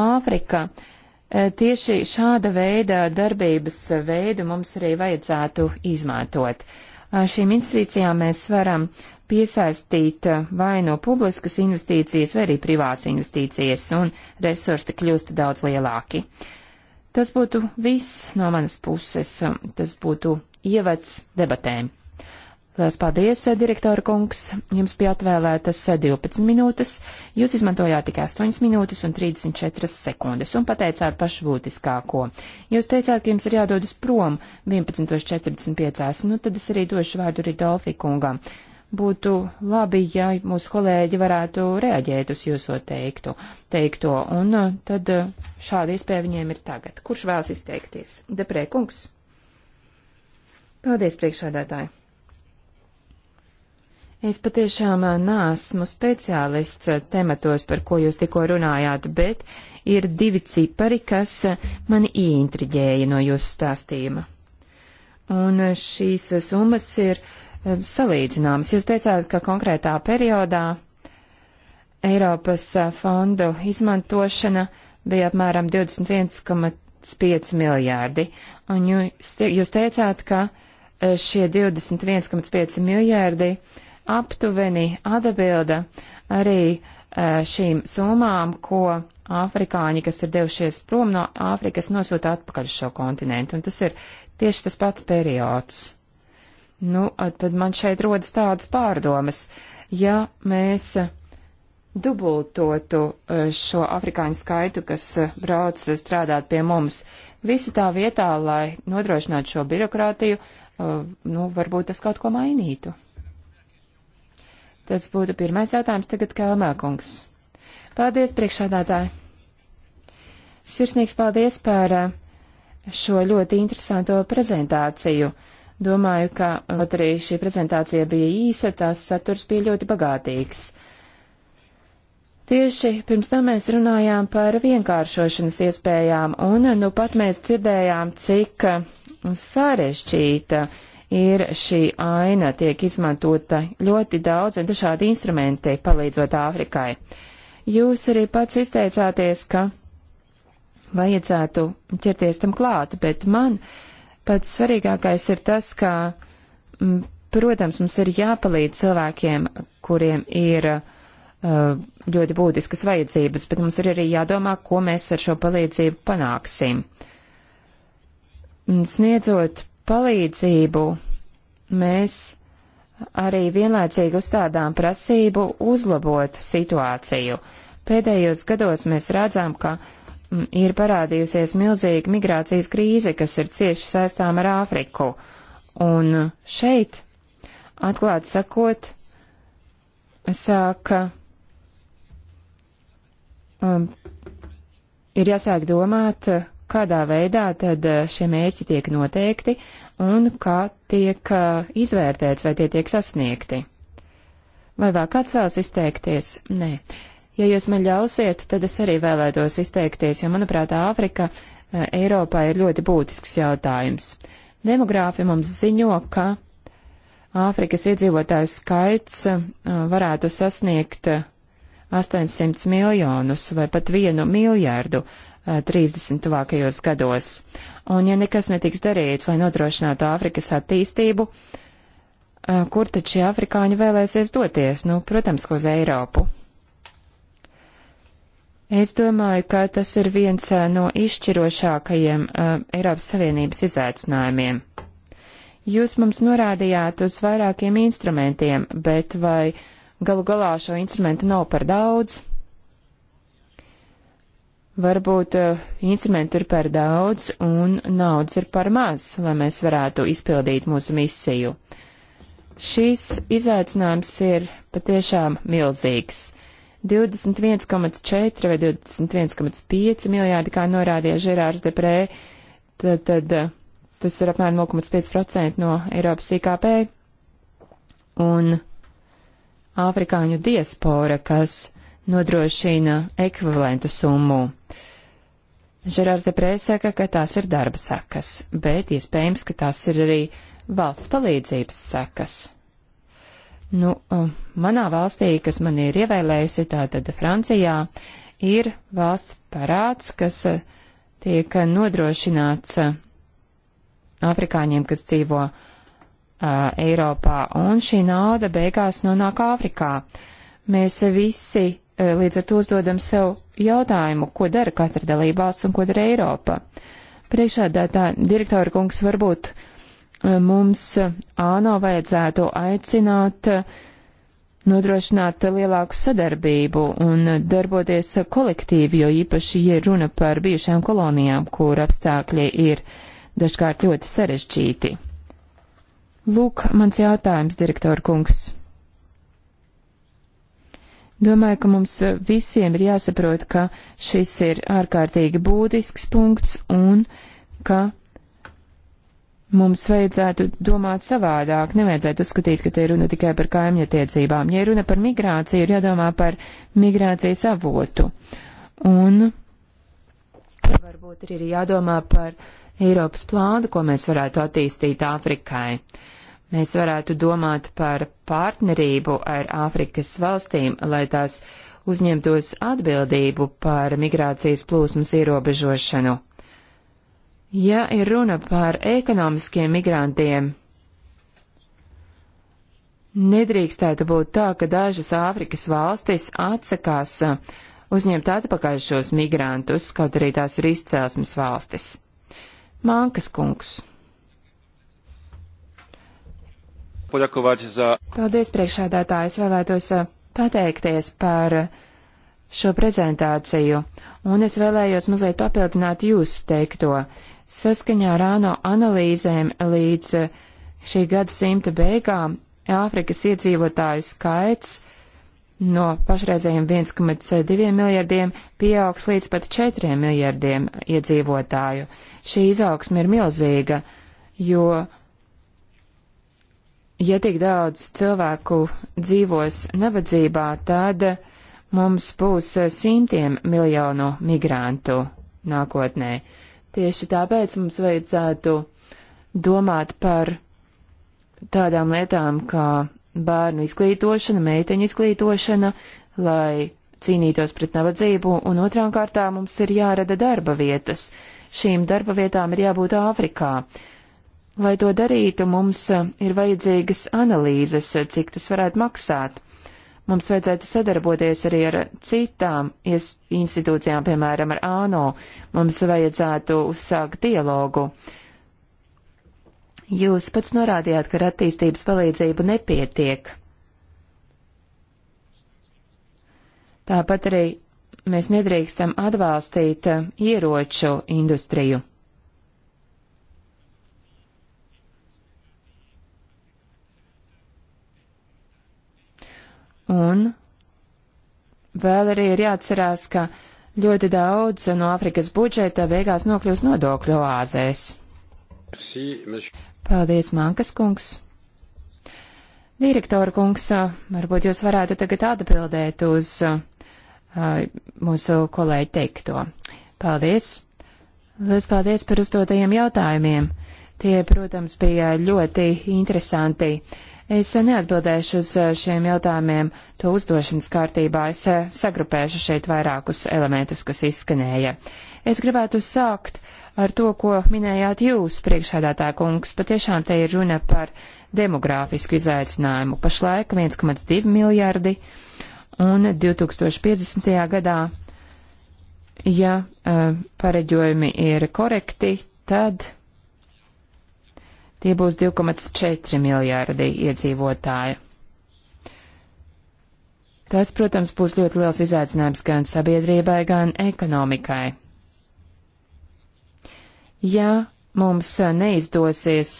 Āfrika, eh, tieši šāda veida darbības veidu mums arī vajadzētu izmantot. Šīm institīcijām mēs varam piesaistīt eh, vai no publiskas investīcijas, vai arī privātas investīcijas, un resursi kļūst daudz lielāki. Tas būtu viss no manas puses, tas būtu ievads debatēm. Lielas paldies, eh, direktora kungs. Jums bija atvēlētas 12 eh, minūtes. Jūs izmantojāt tikai 8 minūtes un 34 sekundes un pateicāt pašu būtiskāko. Jūs teicāt, ka jums ir jādodas prom 11.45. Nu, tad es arī došu vārdu Ridolfi kungam. Būtu labi, ja mūsu kolēģi varētu reaģēt uz jūsu teiktu, teikto, un eh, tad šāda iespēja viņiem ir tagad. Kurš vēlas izteikties? Deprē kungs. Paldies, priekšādātāji! Es patiešām nāsmu speciālists tematos, par ko jūs tikko runājāt, bet ir divi cipari, kas mani ieintriģēja no jūsu stāstījuma. Un šīs summas ir salīdzināmas. Jūs teicāt, ka konkrētā periodā Eiropas fondu izmantošana bija apmēram 21,5 miljārdi, un jūs teicāt, ka šie 21,5 miljārdi uh, aptuveni atbilda arī eh, šīm summām, ko afrikāņi, kas ir devušies prom no Āfrikas, nosūta atpakaļ uz šo kontinentu. Un tas ir tieši tas pats periods. Nu, tad man šeit rodas tādas pārdomas. Ja mēs dubultotu e, šo afrikāņu skaitu, kas e, brauc e, strādāt pie mums, visi tā vietā, lai nodrošinātu šo birokrātiju, nu, varbūt tas kaut ko mainītu. Tas būtu pirmais jautājums tagad Kalmēkungs. Paldies, priekšādātāji! Sirsnīgs paldies par eh, šo ļoti interesanto prezentāciju. Domāju, ka arī šī prezentācija bija īsa, tās saturs bija ļoti bagātīgs. Tieši pirms tam mēs runājām par vienkāršošanas iespējām, un nu pat mēs dzirdējām, cik eh, sarežģīta uh, ir šī aina, tiek izmantota ļoti daudz un dažādi instrumenti, palīdzot Āfrikai. Jūs arī pats izteicāties, ka vajadzētu ķerties tam klāt, bet man pats svarīgākais ir tas, ka, protams, mums ir jāpalīdz cilvēkiem, kuriem ir uh, ļoti būtiskas vajadzības, bet mums ir arī jādomā, ko mēs ar šo palīdzību panāksim. Sniedzot palīdzību mēs arī vienlaicīgi uzstādām prasību uzlabot situāciju. Pēdējos gados mēs redzam, ka mm, ir parādījusies milzīga migrācijas krīze, kas ir cieši saistām ar Āfriku. Un šeit, atklāt sakot, sāka, um, ir jāsāk domāt, kādā veidā tad šie mērķi tiek noteikti un kā tiek uh, izvērtēts, vai tie tiek sasniegti. Vai vēl kāds vēlas izteikties? Nē. Ja jūs man ļausiet, tad es arī vēlētos izteikties, jo, manuprāt, Āfrika uh, Eiropā ir ļoti būtisks jautājums. Demogrāfi mums ziņo, ka Āfrikas iedzīvotāju skaits uh, varētu sasniegt 800 miljonus vai pat vienu miljārdu 30 tuvākajos gados. Un ja nekas netiks darīts, lai nodrošinātu Āfrikas attīstību, kur tad šie afrikāņi vēlēsies doties? Nu, protams, uz Eiropu. Es domāju, ka tas ir viens no izšķirošākajiem uh, Eiropas Savienības izaicinājumiem. Jūs mums norādījāt uz vairākiem instrumentiem, bet vai galu galā šo instrumentu nav par daudz? varbūt eh, instrumentu ir par daudz un naudas ir par maz, lai mēs varētu izpildīt mūsu misiju. Šīs izaicinājums ir patiešām milzīgs. 21,4 vai 21,5 miljārdi, kā norādīja Žerārs Deprē, tad, tad eh, tas ir apmēram 0,5% no Eiropas IKP. Un afrikāņu diaspora, kas nodrošina ekvivalentu summu. Žerārs Deprē saka, ka tās ir darba sakas, bet iespējams, ka tās ir arī valsts palīdzības sakas. Nu, um, manā valstī, kas man ir ievēlējusi, tātad Francijā, ir valsts parāds, kas uh, tiek nodrošināts uh, afrikāņiem, kas dzīvo uh, Eiropā, un šī nauda beigās nonāk Āfrikā. Mēs visi Eh, līdz ar to uzdodam sev jautājumu, ko dara katra dalībvalsts un ko dara Eiropa. Priekšādātā direktora kungs varbūt eh, mums eh, āno vajadzētu aicināt nodrošināt lielāku sadarbību un darboties kolektīvi, jo īpaši, ja runa par bijušām kolonijām, kur apstākļi ir dažkārt ļoti sarežģīti. Lūk, mans jautājums, direktora kungs. Domāju, ka mums eh, visiem ir jāsaprot, ka šis ir ārkārtīgi būtisks punkts un ka mums vajadzētu domāt savādāk, nevajadzētu uzskatīt, ka te ir runa tikai par kaimiņatiecībām. Ja runa par migrāciju, ir jādomā par migrācijas avotu. Un varbūt ir jādomā par Eiropas plānu, ko mēs varētu attīstīt Āfrikai. Uh, Mēs varētu domāt par partnerību ar Āfrikas valstīm, lai tās uzņemtos atbildību par migrācijas plūsmas ierobežošanu. Ja ir runa par ekonomiskiem migrantiem, nedrīkstētu būt tā, ka dažas Āfrikas valstis atsakās uh, uzņemt atpakaļ šos migrantus, kaut arī tās ir izcelsmes valstis. Mankas kungs. Paldies, priekšādātāji. Es vēlētos eh, pateikties par eh, šo prezentāciju, un es vēlējos mazliet papildināt jūsu teikto. Saskaņā ar ANO analīzēm līdz eh, šī gada simta beigām Āfrikas iedzīvotāju skaits no pašreizējiem 1,2 miljardiem pieaugs līdz pat 4 miljardiem iedzīvotāju. Šī izaugsme ir milzīga, jo ja tik daudz cilvēku dzīvos nabadzībā, tad mums būs simtiem miljonu migrantu nākotnē. Tieši tāpēc mums vajadzētu domāt par tādām lietām kā bērnu izglītošana, meiteņu izglītošana, lai cīnītos pret nabadzību, un otrām kārtām mums ir jārada darba vietas. Šīm darba vietām ir jābūt Āfrikā. Lai to darītu, mums eh, ir vajadzīgas analīzes, eh, cik tas varētu maksāt. Mums vajadzētu sadarboties arī ar citām institūcijām, piemēram, ar ANO. Mums vajadzētu uzsākt dialogu. Jūs pats norādījāt, ka ar attīstības palīdzību nepietiek. Tāpat arī mēs nedrīkstam atbalstīt eh, ieroču industriju. Un vēl arī ir jāatcerās, ka ļoti daudz no Afrikas budžeta beigās nokļūs nodokļu oāzēs. Paldies, Mankas kungs! Direktora kungs, varbūt jūs varētu tagad atbildēt uz uh, mūsu kolēģi teikto. Paldies! Lielas paldies par uzdotajiem jautājumiem! Tie, protams, bija ļoti interesanti. Uh, Es neatbildēšu uz eh, šiem jautājumiem to uzdošanas kārtībā. Es eh, sagrupēšu šeit vairākus elementus, kas izskanēja. Es gribētu sākt ar to, ko minējāt jūs, priekšādātā kungs. Patiešām te ir runa par demogrāfisku izaicinājumu. Pašlaik 1,2 miljardi un 2050. gadā ja uh, pareģojumi ir korekti, tad Tie būs 2,4 miljārdi iedzīvotāju. Tas, protams, būs ļoti liels izaicinājums gan sabiedrībai, gan ekonomikai. Ja mums neizdosies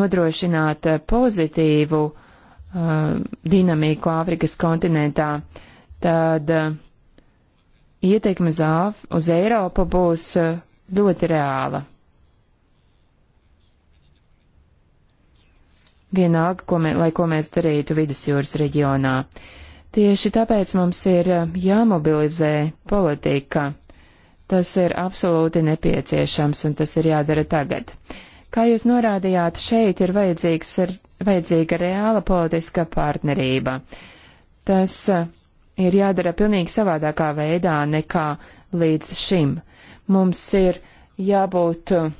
nodrošināt pozitīvu uh, dinamiku Āfrikas kontinentā, tad uh, ietekme uz, uz Eiropu būs uh, ļoti reāla. vienalga, ko mē, lai ko mēs darītu vidusjūras reģionā. Tieši tāpēc mums ir eh, jāmobilizē politika. Tas ir absolūti nepieciešams un tas ir jādara tagad. Kā jūs norādījāt, šeit ir vajadzīgs, ir vajadzīga reāla politiska partnerība. Tas eh, ir jādara pilnīgi savādākā veidā nekā līdz šim. Mums ir jābūt uh,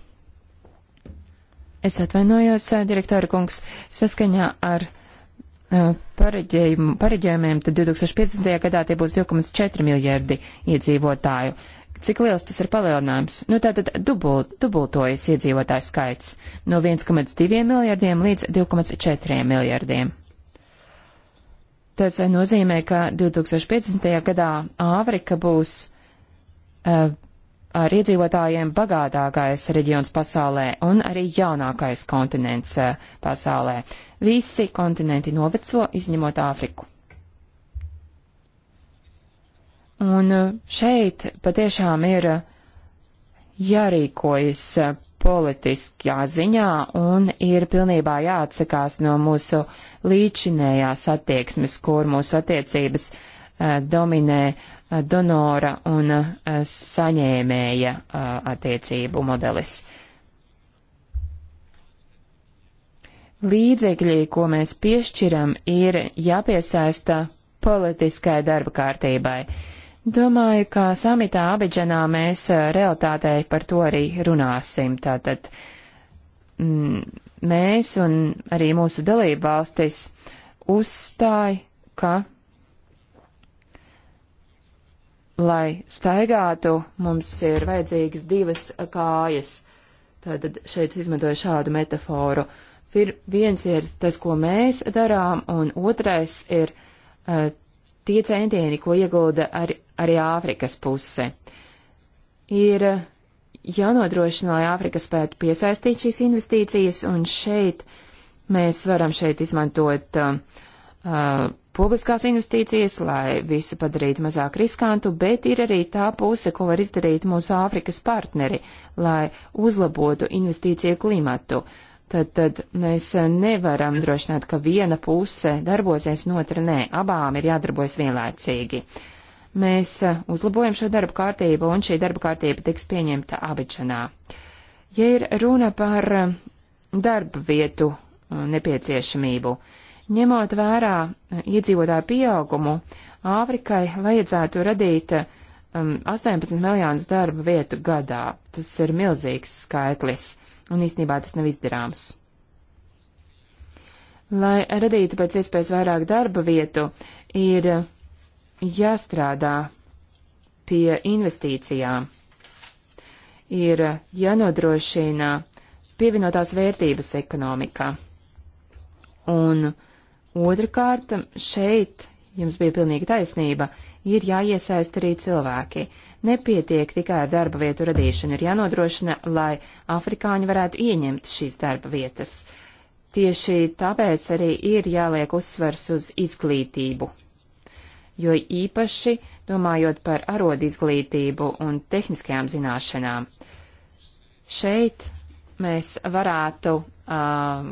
Es atvainojos, direktora kungs, saskaņā ar pareģējumiem, tad 2050. gadā tie būs 2,4 miljardi iedzīvotāju. Cik liels tas ir palielinājums? Nu, tātad dubul, dubultojas iedzīvotāju skaits no 1,2 miljardiem līdz 2,4 miljardiem. Tas nozīmē, ka 2050. gadā Āfrika būs uh, ar iedzīvotājiem bagātākais reģions pasaulē un arī jaunākais kontinents eh, pasaulē. Visi kontinenti noveco, izņemot Āfriku. Un eh, šeit patiešām ir eh, jārīkojas politiskā ziņā un ir pilnībā jāatsakās no mūsu līdzinējās attieksmes, kur mūsu attiecības eh, dominē donora un eh, saņēmēja eh, attiecību modelis. Līdzekļi, ko mēs piešķiram, ir jāpiesaista politiskai darba kārtībai. Domāju, ka samitā Abidžanā mēs eh, realitātei par to arī runāsim. Tātad mm, mēs un arī mūsu dalība valstis uzstāja, ka Lai staigātu, mums ir vajadzīgas divas kājas. Tātad šeit izmantoju šādu metaforu. Pir, viens ir tas, ko mēs darām, un otrais ir uh, tie centieni, ko iegulda ar, arī Āfrikas puse. Ir jānodrošina, lai Āfrika spētu piesaistīt šīs investīcijas, un šeit mēs varam šeit izmantot uh, uh, publiskās investīcijas, lai visu padarītu mazāk riskantu, bet ir arī tā puse, ko var izdarīt mūsu Āfrikas partneri, lai uzlabotu investīciju klimatu. Tad, tad mēs nevaram drošināt, ka viena puse darbosies un otra nē. Abām ir jādarbojas vienlaicīgi. Mēs eh, uzlabojam šo darba kārtību, un šī darba kārtība tiks pieņemta Abidžanā. Ja ir runa par eh, darba vietu eh, nepieciešamību, uh, Ņemot vērā eh, iedzīvotāju pieaugumu, Āfrikai vajadzētu radīt 18 um, miljonus darba vietu gadā. Tas ir milzīgs skaitlis, un īsnībā tas nav izdarāms. Lai radītu pēc iespējas vairāk darba vietu, ir jāstrādā pie investīcijām, ir jānodrošina pievienotās vērtības ekonomikā. Un Otrakārt, šeit jums bija pilnīga taisnība, ir jāiesaist arī cilvēki. Nepietiek tikai ar darba vietu radīšanu, ir jānodrošina, lai afrikāņi varētu ieņemt šīs darba vietas. Tieši tāpēc arī ir jāliek uzsvers uz izglītību. Jo īpaši domājot par arodu izglītību un tehniskajām zināšanām. Šeit mēs varētu um,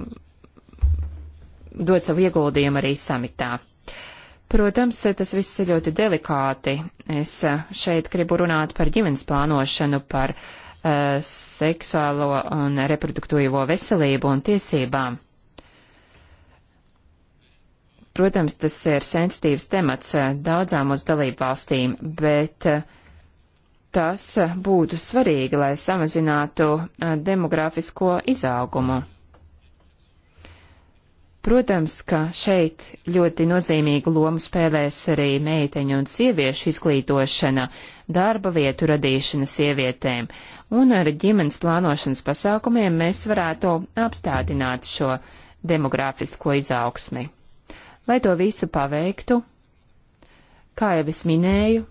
dod savu ieguldījumu arī samitā. Protams, tas viss ir ļoti delikāti. Es eh, šeit gribu runāt par ģimenes plānošanu, par uh, seksuālo un reproduktīvo veselību un tiesībām. Protams, tas ir sensitīvs temats eh, daudzām uz dalību valstīm, bet tas būtu svarīgi, lai samazinātu demografisko izaugumu. Protams, ka šeit ļoti nozīmīgu lomu spēlēs arī meiteņu un sieviešu izglītošana, darba vietu radīšana sievietēm, un ar ģimenes plānošanas pasākumiem mēs varētu apstādināt šo demogrāfisko izaugsmi. Lai to visu paveiktu, kā jau es minēju,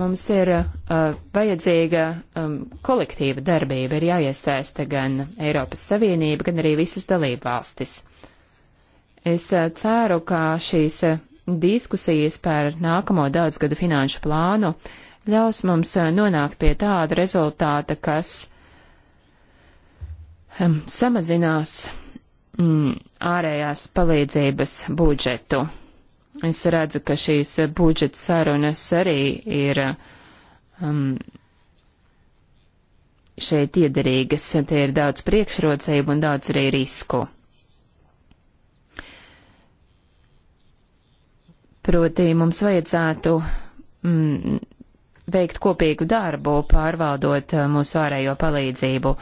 Mums ir uh, vajadzīga um, kolektīva darbība, ir jāiesaista gan Eiropas Savienība, gan arī visas dalībvalstis. Es uh, ceru, ka šīs uh, diskusijas par nākamo daudzgadu finanšu plānu ļaus mums uh, nonākt pie tāda rezultāta, kas um, samazinās mm, ārējās palīdzības budžetu. Es redzu, ka šīs budžeta sarunas arī ir um, šeit iederīgas. Te ir daudz priekšrocību un daudz arī risku. Proti, mums vajadzētu mm, veikt kopīgu darbu, pārvaldot uh, mūsu ārējo palīdzību,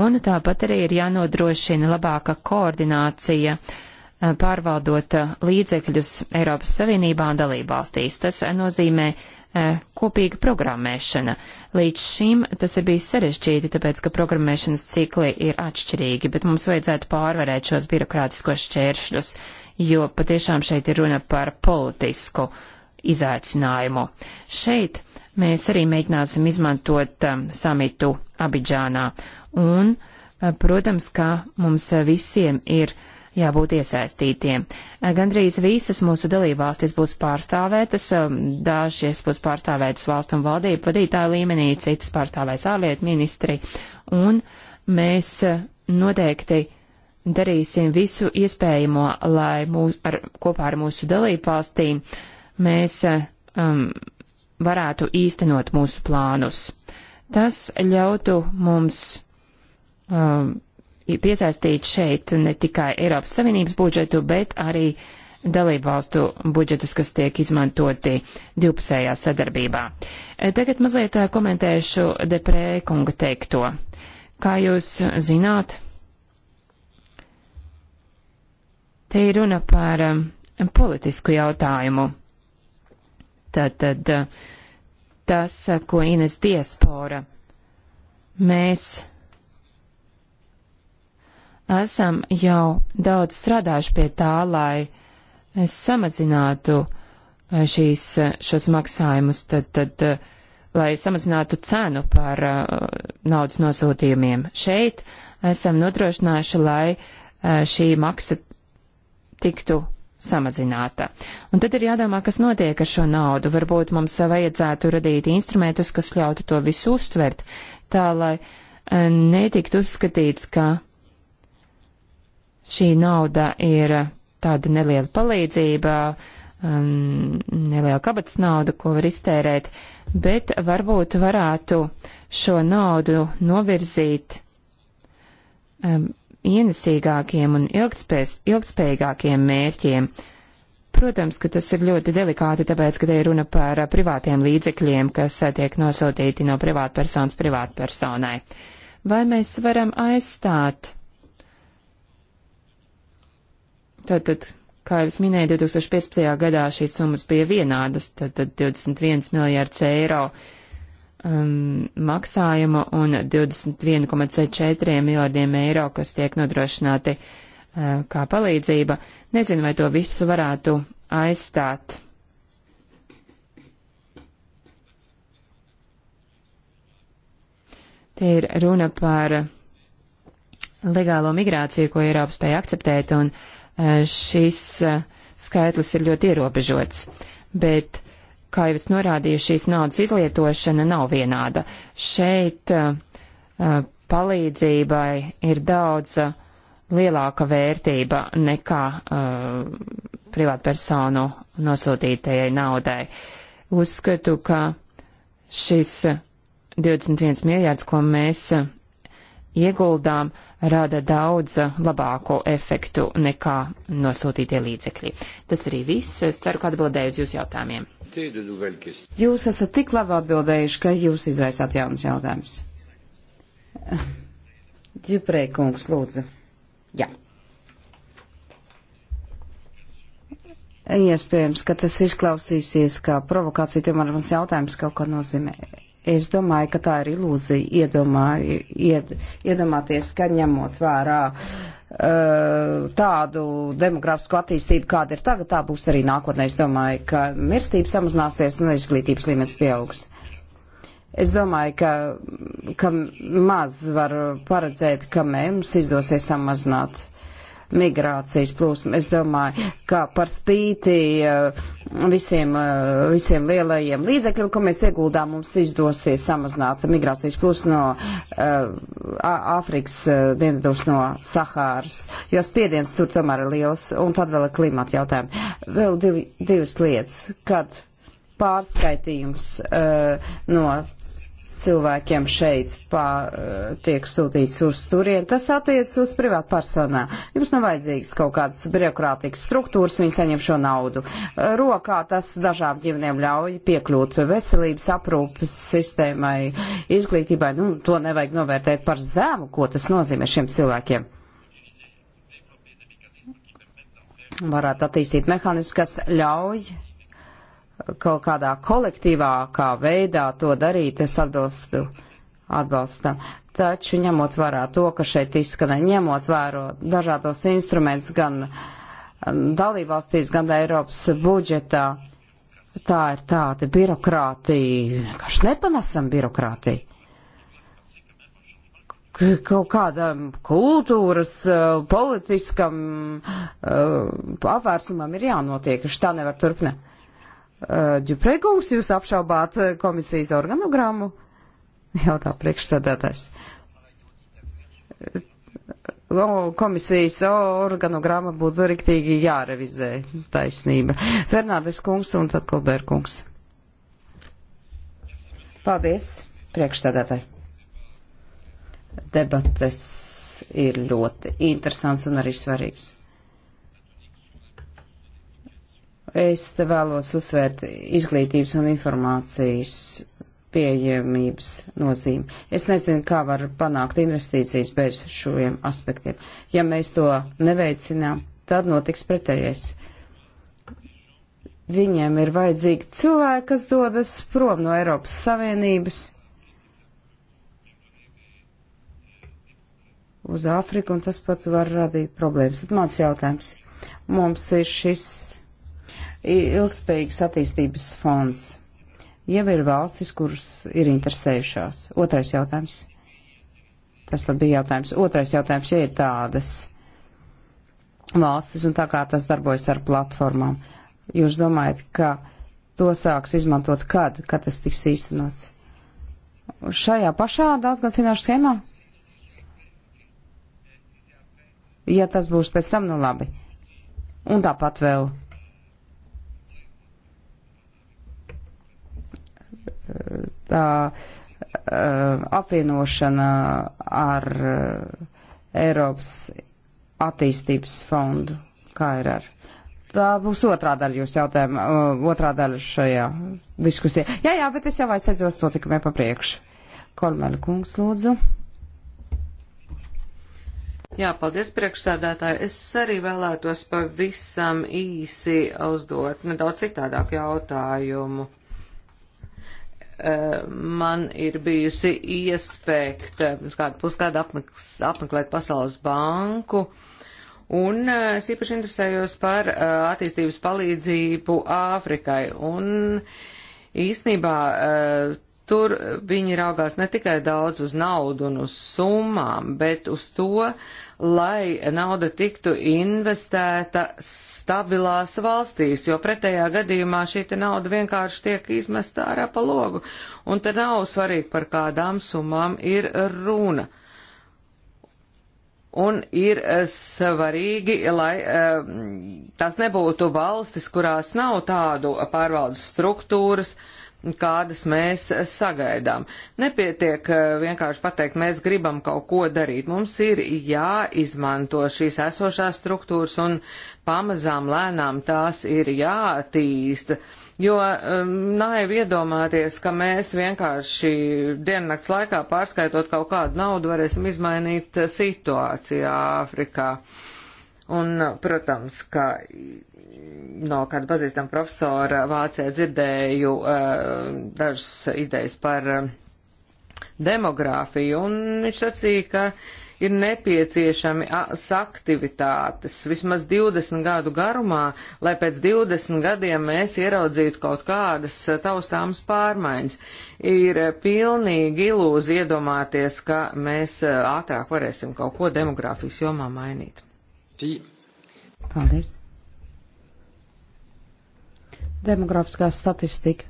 un tāpat arī ir jānodrošina labāka koordinācija uh, Eh, pārvaldot eh, līdzekļus Eiropas Savienībā un dalībvalstīs. Tas eh, nozīmē kopīga programmēšana. Līdz šim tas ir bijis sarežģīti, tāpēc, ka programmēšanas cikli ir atšķirīgi, bet mums vajadzētu pārvarēt šos birokrātiskos šķēršļus, jo patiešām šeit ir runa par politisku izaicinājumu. Šeit mēs arī mēģināsim izmantot um, samitu Abidžānā un, protams, ka mums visiem ir uh, jābūt iesaistītiem. Eh, gandrīz visas mūsu dalībvalstis būs pārstāvētas, um, dažies būs pārstāvētas valstu un valdību vadītāju līmenī, citas pārstāvēs ārlietu ministri, un mēs eh, noteikti darīsim visu iespējamo, lai mūs, ar, kopā ar mūsu dalībvalstīm mēs eh, um, varētu īstenot mūsu plānus. Tas ļautu mums um, piesaistīt šeit ne tikai Eiropas Savienības budžetu, bet arī dalībvalstu budžetus, kas tiek izmantoti divpusējā sadarbībā. E, tagad mazliet e, komentēšu Deprē kunga teikto. Kā jūs zināt, te ir runa par e, politisku jautājumu. Tātad tas, ko Ines Diaspora mēs esam jau daudz strādājuši pie tā, lai samazinātu eh, šīs, eh, šos maksājumus, tad, tad, eh, lai samazinātu cenu par uh, naudas nosūtījumiem. Šeit esam nodrošinājuši, lai uh, šī maksa tiktu samazināta. Un tad ir jādomā, kas notiek ar šo naudu. Varbūt mums vajadzētu radīt instrumentus, kas ļautu to visu uztvert, tā lai uh, netiktu uzskatīts, ka Šī nauda ir tāda neliela palīdzība, um, neliela kabatas nauda, ko var iztērēt, bet varbūt varētu šo naudu novirzīt um, ienesīgākiem un ilgspēs, ilgspējīgākiem mērķiem. Protams, ka tas ir ļoti delikāti, tāpēc, ka te ir runa par privātiem līdzekļiem, kas tiek nosūtīti no privātpersonas privātpersonai. Vai mēs varam aizstāt Tātad, kā jau es minēju, 2015. gadā šīs summas bija vienādas, tātad 21 miljārds eiro um, maksājuma un 21,4 miljārdiem eiro, kas tiek nodrošināti uh, kā palīdzība. Nezinu, vai to visu varētu aizstāt. Te ir runa par legālo migrāciju, ko Eiropa spēja akceptēt, un uh, Eh, šis eh, skaitlis ir ļoti ierobežots, bet, kā jau es norādīju, šīs naudas izlietošana nav vienāda. Šeit eh, palīdzībai ir daudz lielāka vērtība nekā privātpersonu nosūtītajai naudai. Uzskatu, ka šis 21 miljārds, ko mēs ieguldām, rada daudz labāko efektu nekā nosūtītie līdzekļi. Tas arī viss. Es ceru, ka atbildēju uz jūsu jautājumiem. Jūs esat tik labi atbildējuši, ka jūs izraisāt jaunas jautājumus. Ģiprē kungs, lūdzu. Jā. Iespējams, ka tas izklausīsies kā provokācija, tomēr mans jautājums kaut ko nozīmē. Es domāju, ka tā ir ilūzija iedomāju, ied, iedomāties, ka ņemot vērā uh, tādu demografisku attīstību, kāda ir tagad, tā būs arī nākotnē. Es domāju, ka mirstība samazināsies un izglītības līmenis pieaugs. Es domāju, ka, ka maz var paredzēt, ka mums izdosies samazināt uh, migrācijas plūsmu. Es domāju, ka par spīti eh, visiem, eh, visiem lielajiem līdzekļiem, ko mēs ieguldām, mums izdosies samazināt migrācijas plūsmu no eh, Āfrikas uh, dienvidos no Sahāras, jo spiediens tur tomēr ir liels, un tad vēl ir klimata jautājumi. Vēl div, divas lietas, kad pārskaitījums uh, no cilvēkiem šeit pā, tiek sūtīts uz turien, tas attiec uz privātu personā. Jums nav vajadzīgs kaut kādas birokrātīgas struktūras, viņi saņem šo naudu. Rokā tas dažām ģimenēm ļauj piekļūt veselības aprūpas sistēmai, izglītībai. Nu, to nevajag novērtēt par zēmu, ko tas nozīmē šiem cilvēkiem. Varētu attīstīt mehānismus, kas ļauj kaut kādā kolektīvākā veidā to darīt, es atbilstu atbalstam. Taču ņemot vērā to, ka šeit izskanē, ņemot vērā dažādos instrumentus gan dalībvalstīs, gan Eiropas budžetā, tā ir tāda birokrātija, kaž nepanesam birokrātiju. Kaut kādam kultūras, politiskam apvērsumam ir jānotiek, ka šitā nevar turpināt. Ģupregungs, eh, jūs apšaubāt eh, komisijas organogramu? Jautā priekšsēdētājs. Eh, komisijas organogramma būtu riktīgi jārevizē taisnība. Fernandes kungs un tad Kolbēr kungs. Paldies, priekšstādātāji. Debates ir ļoti interesants un arī svarīgs. Es te vēlos uzsvērt izglītības un informācijas pieejamības nozīmi. Es nezinu, kā var panākt investīcijas bez šiem aspektiem. Ja mēs to neveicinām, tad notiks pretējais. Viņiem ir vajadzīgi cilvēki, kas dodas prom no Eiropas Savienības uz Āfriku, un tas pat var radīt problēmas. Tad mans jautājums. Mums ir šis ilgspējīgas attīstības fonds. Jau ir valstis, kuras ir interesējušās. Otrais jautājums. Tas tad bija jautājums. Otrais jautājums, ja ir tādas valstis un tā kā tas darbojas ar platformām, jūs domājat, ka to sāks izmantot kad, kad tas tiks īstenots? Šajā pašā daudzgad finanšu schēmā? Ja tas būs pēc tam, nu labi. Un tāpat vēl tā eh, apvienošana ar eh, Eiropas attīstības fondu, kā ir ar. Tā būs otrā daļa jūsu jautājuma, eh, otrā daļa šajā diskusijā. Jā, jā, bet es jau aizsteidzos to tikai papriekš. Kolmēļa kungs, lūdzu. Jā, paldies priekšsādātāji. Es arī vēlētos pavisam īsi uzdot nedaudz citādāku jautājumu. Eh, man ir bijusi iespēja eh, kādu pusgadu apmeklēt Pasaules banku, un eh, es īpaši interesējos par attīstības palīdzību Āfrikai. Un īsnībā tur viņi raugās ne tikai daudz uz naudu un uz summām, bet uz to, lai nauda tiktu investēta stabilās valstīs, jo pretējā gadījumā šī nauda vienkārši tiek izmesta ārā pa logu, un te nav svarīgi, par kādām summām ir runa. Un ir svarīgi, lai eh, tās nebūtu valstis, kurās nav tādu pārvaldes struktūras, uh, kādas mēs sagaidām. Nepietiek eh, vienkārši pateikt, mēs gribam kaut ko darīt. Mums ir jāizmanto šīs esošās struktūras un pamazām lēnām tās ir jātīsta. Jo um, naivi iedomāties, ka mēs vienkārši diennakts laikā pārskaitot kaut kādu naudu varēsim izmainīt situāciju Āfrikā. Un, protams, ka no kāda pazīstama profesora Vācijā dzirdēju eh, dažas idejas par eh, demogrāfiju, un viņš sacīja, ka ir nepieciešami aktivitātes vismaz 20 gadu garumā, lai pēc 20 gadiem mēs ieraudzītu kaut kādas eh, taustāmas pārmaiņas. Ir pilnīgi ilūzi iedomāties, ka mēs ātrāk varēsim kaut ko demogrāfijas jomā mainīt. Paldies! demografiskā statistika.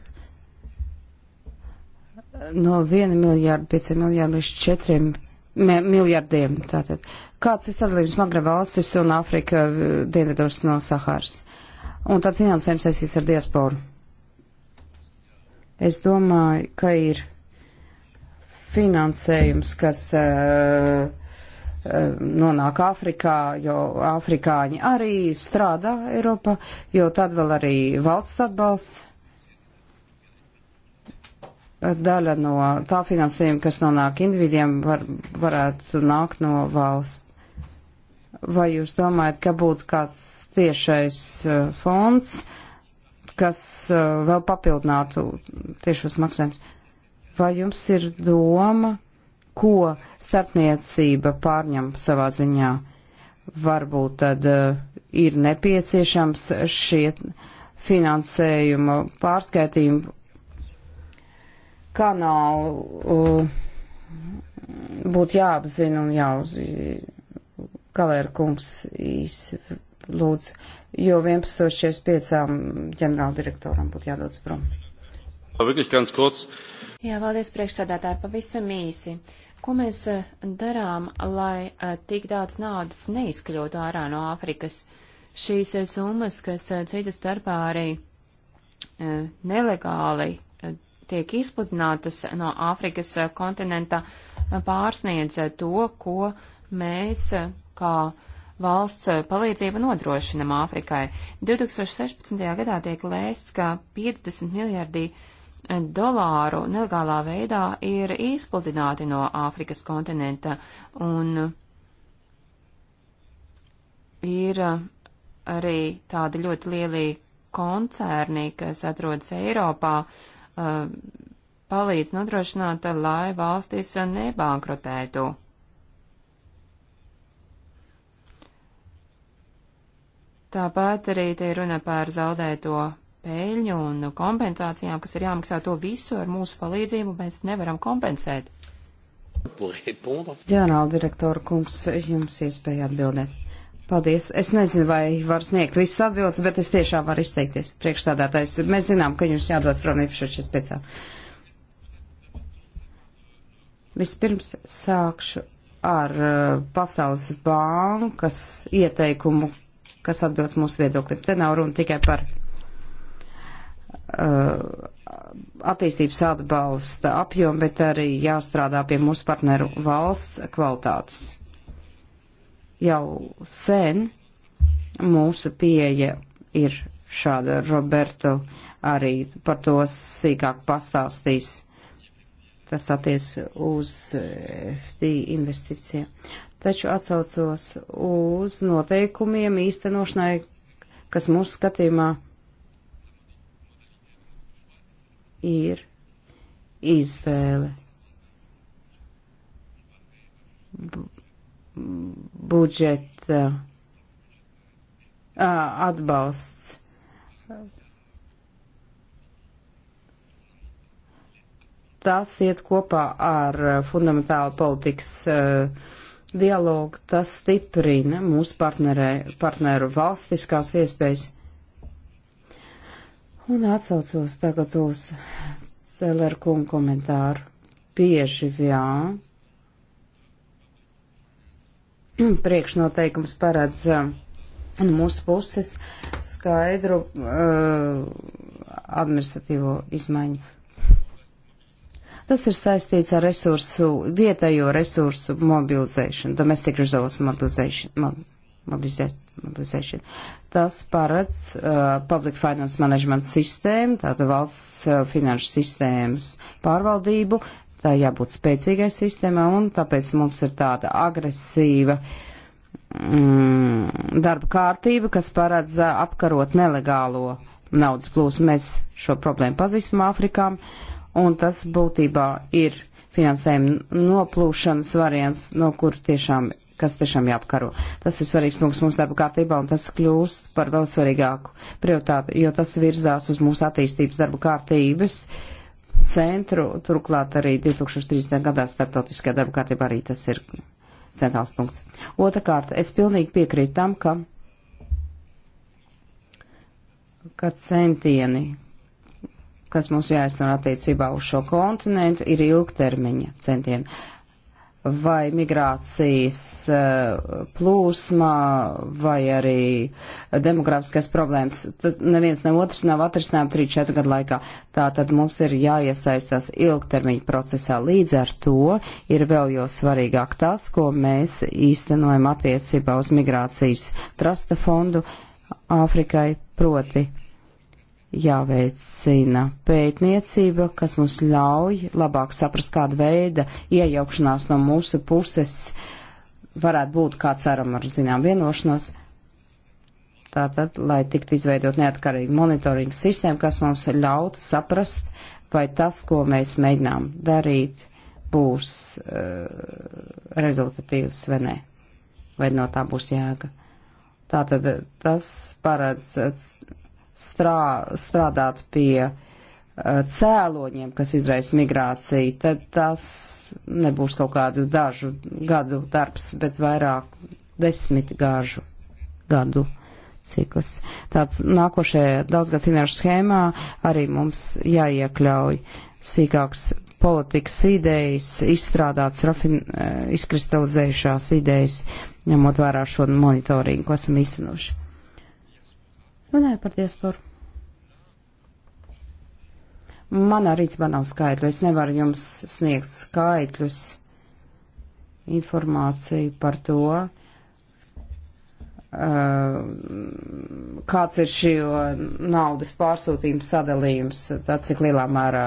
No 1 miljārda 5 miljārdu līdz 4 miljārdiem. Tātad. Kāds ir sadalījums Magreba valstis un Āfrika eh, dienvidos no Sahāras? Un tad finansējums saistīts ar diasporu. Es domāju, ka ir finansējums, kas. Uh, nonāk Āfrikā, jo afrikāņi arī strādā Eiropā, jo tad vēl arī valsts atbalsts. Daļa no tā finansējuma, kas nonāk individiem, var, varētu nākt no valsts. Vai jūs domājat, ka būtu kāds tiešais uh, fonds, kas uh, vēl papildinātu tiešos maksājumus? Vai jums ir doma? ko starpniecība pārņem savā ziņā. Varbūt tad uh, ir nepieciešams šie finansējuma pārskaitījuma kanāli uh, eh, būtu jāapzina un jāuz. Kalēra kungs īsi lūdzu, jo 11.45 ģenerāldirektoram būtu jādodas prom. Jā, valdies priekšstādātāji, pavisam īsi. Uh, Ko mēs eh, darām, lai eh, tik daudz naudas neizkļūtu ārā no Āfrikas? Šīs eh, summas, kas citas starpā arī nelegāli tiek izpludinātas no Āfrikas kontinenta, pārsniedz to, ko mēs kā valsts palīdzība nodrošinam Āfrikai. 2016. gadā tiek lēsts, ka 50 miljardi uh, dolāru nelegālā veidā ir izpludināti no Āfrikas kontinenta un ir arī tādi ļoti lieli koncerni, kas atrodas Eiropā, eh, palīdz nodrošināt, lai valstis nebankrotētu. Tāpat arī te runa par zaudēto pēļņu un kompensācijām, kas ir jāmaksā to visu ar mūsu palīdzību, mēs nevaram kompensēt. Ģenerāla direktora kungs, jums iespēja atbildēt. Paldies. Es nezinu, vai varu sniegt visas atbildes, bet es tiešām varu izteikties. Priekšstādātais, mēs zinām, ka jums jādodas prom īpašošies piecām. Vispirms sākšu ar uh, Pasaules bankas ieteikumu, kas atbilst mūsu viedoklim. Te nav runa tikai par Uh, attīstības atbalsta apjomu, bet arī jāstrādā pie mūsu partneru valsts kvalitātes. Jau sen mūsu pieeja ir šāda. Roberto arī par to sīkāk pastāstīs. Tas attiec uz FT investīcijām. Taču atsaucos uz noteikumiem īstenošanai, kas mūsu skatījumā ir izvēle. B budžeta atbalsts. Tas iet kopā ar fundamentālu politikas dialogu, tas stiprina mūsu partnerē, partneru valstiskās iespējas. Un atsaucos tagad uz Celera kungu komentāru. Bieži jā. Priekšnoteikums paredz uh, no mūsu puses skaidru uh, administratīvo izmaiņu. Tas ir saistīts ar resursu, vietējo resursu mobilizēšanu, domestic resource mobilization. Mobilization tas paredz uh, public finance management sistēmu, tāda valsts uh, finanšu sistēmas pārvaldību, tā jābūt spēcīgai sistēmai, un tāpēc mums ir tāda agresīva mm, darba kārtība, kas paredz uh, apkarot nelegālo naudas plūsmu. Mēs šo problēmu pazīstam Āfrikām, un tas būtībā ir finansējuma noplūšanas variants, no kur tiešām kas tiešām jāapkaro. Tas ir svarīgs punkts mūsu darba kārtībā, un tas kļūst par vēl svarīgāku prioritāti, jo tas virzās uz mūsu attīstības darba kārtības centru, turklāt arī 2030. gadā starptautiskajā darba kārtībā arī tas ir centrāls punkts. Otrakārt, es pilnīgi piekrītu tam, ka, ka centieni, kas mums jāizstāv attiecībā uz šo kontinentu, ir ilgtermiņa centieni vai migrācijas eh, plūsmā, vai arī demografiskās problēmas. Tas neviens ne otrs nav atrisinājums 3-4 gadu laikā. Tātad mums ir jāiesaistās ilgtermiņa procesā. Līdz ar to ir vēl jau svarīgāk tas, ko mēs īstenojam attiecībā uz migrācijas trasta fondu Āfrikai proti jāveicina pētniecība, kas mums ļauj labāk saprast, kāda veida iejaukšanās no mūsu puses varētu būt, kā ceram, ar zinām vienošanos. Tātad, lai tiktu izveidot neatkarīgu monitoringu sistēmu, kas mums ļautu saprast, vai tas, ko mēs mēģinām darīt, būs uh, rezultatīvs vai nē, vai no tā būs jēga. Tātad tas paredz strā, strādāt pie eh, cēloņiem, kas izraisa migrāciju, tad tas nebūs kaut kādu dažu gadu darbs, bet vairāk desmit gāžu gadu cikls. Tāds nākošajā daudzgad finanšu schēmā arī mums jāiekļauj sīkāks politikas idejas, izstrādāts, rafin, eh, izkristalizējušās idejas, ņemot vērā šo monitoringu, ko esam īstenoši. Runājot par diasporu. Manā rīcībā nav skaidru, es nevaru jums sniegt skaitļus, informāciju par to, kāds ir šī naudas pārsūtījuma sadalījums, tad cik lielā mērā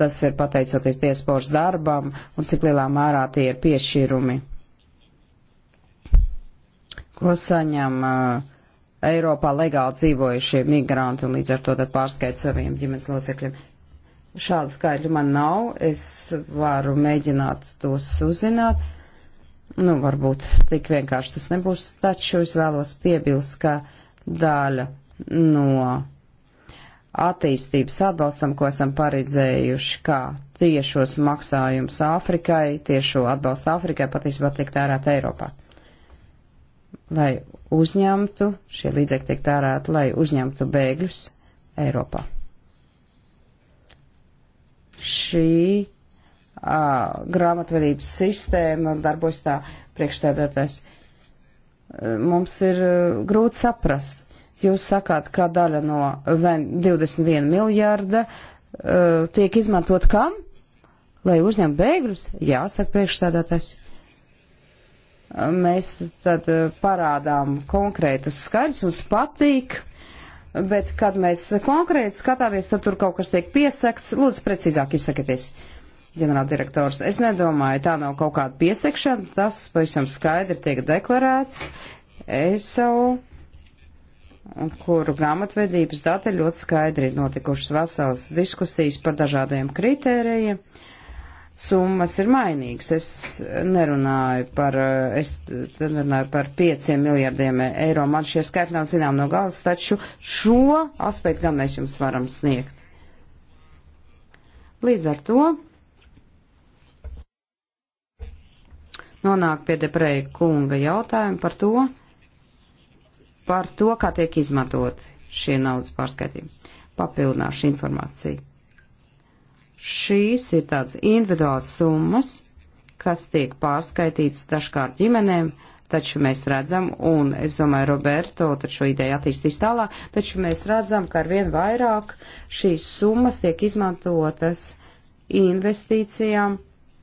tas ir pateicoties diasporas darbam un cik lielā mērā tie ir piešķīrumi, ko saņem uh, Eiropā legāli dzīvojušie migranti un līdz ar to tad pārskait saviem ģimenes locekļiem. Šādu skaidru man nav, es varu mēģināt tos uzzināt. Nu, varbūt tik vienkārši tas nebūs, taču es vēlos piebilst, ka daļa no attīstības atbalstam, ko esam paredzējuši, kā tiešos maksājumus Āfrikai, tiešo atbalstu Āfrikai, patiesībā tiek tērēt Eiropā. Lai uzņemtu, šie līdzekļi tiek tērēti, lai uzņemtu bēgļus Eiropā. Šī uh, grāmatvedības sistēma darbojas tā priekšstādātais. Mums ir uh, grūti saprast. Jūs sakāt, ka daļa no 21 miljārda uh, tiek izmantot kam? Lai uzņemtu bēgļus? Jā, saka priekšstādātais. Mēs tad eh, parādām konkrētus skaļus, mums patīk, bet, kad mēs konkrēti skatāmies, tad tur kaut kas tiek piesakts. Lūdzu, precīzāk izsakieties, ģenerāldirektors. Es nedomāju, tā nav kaut kāda piesakšana, tas pavisam skaidri tiek deklarēts. Es savu kuru grāmatvedības dati ļoti skaidri ir notikušas veselas diskusijas par dažādiem kritērijiem. Uh, summas ir mainīgas. Es nerunāju par, eh, es nerunāju par 5 miljardiem eiro. Man šie skaitļi nav zinām no galas, taču šo aspektu gan mēs jums varam sniegt. Līdz ar to nonāk pie depreja kunga jautājuma par to, par to, kā tiek izmantot šie naudas pārskaitījumi. Papildināšu informāciju Šīs ir tādas individuālas summas, kas tiek pārskaitītas dažkārt ģimenēm, taču mēs redzam, un es domāju, Roberto, taču šo ideju attīstīs tālāk, taču mēs redzam, ka arvien vairāk šīs summas tiek izmantotas investīcijām,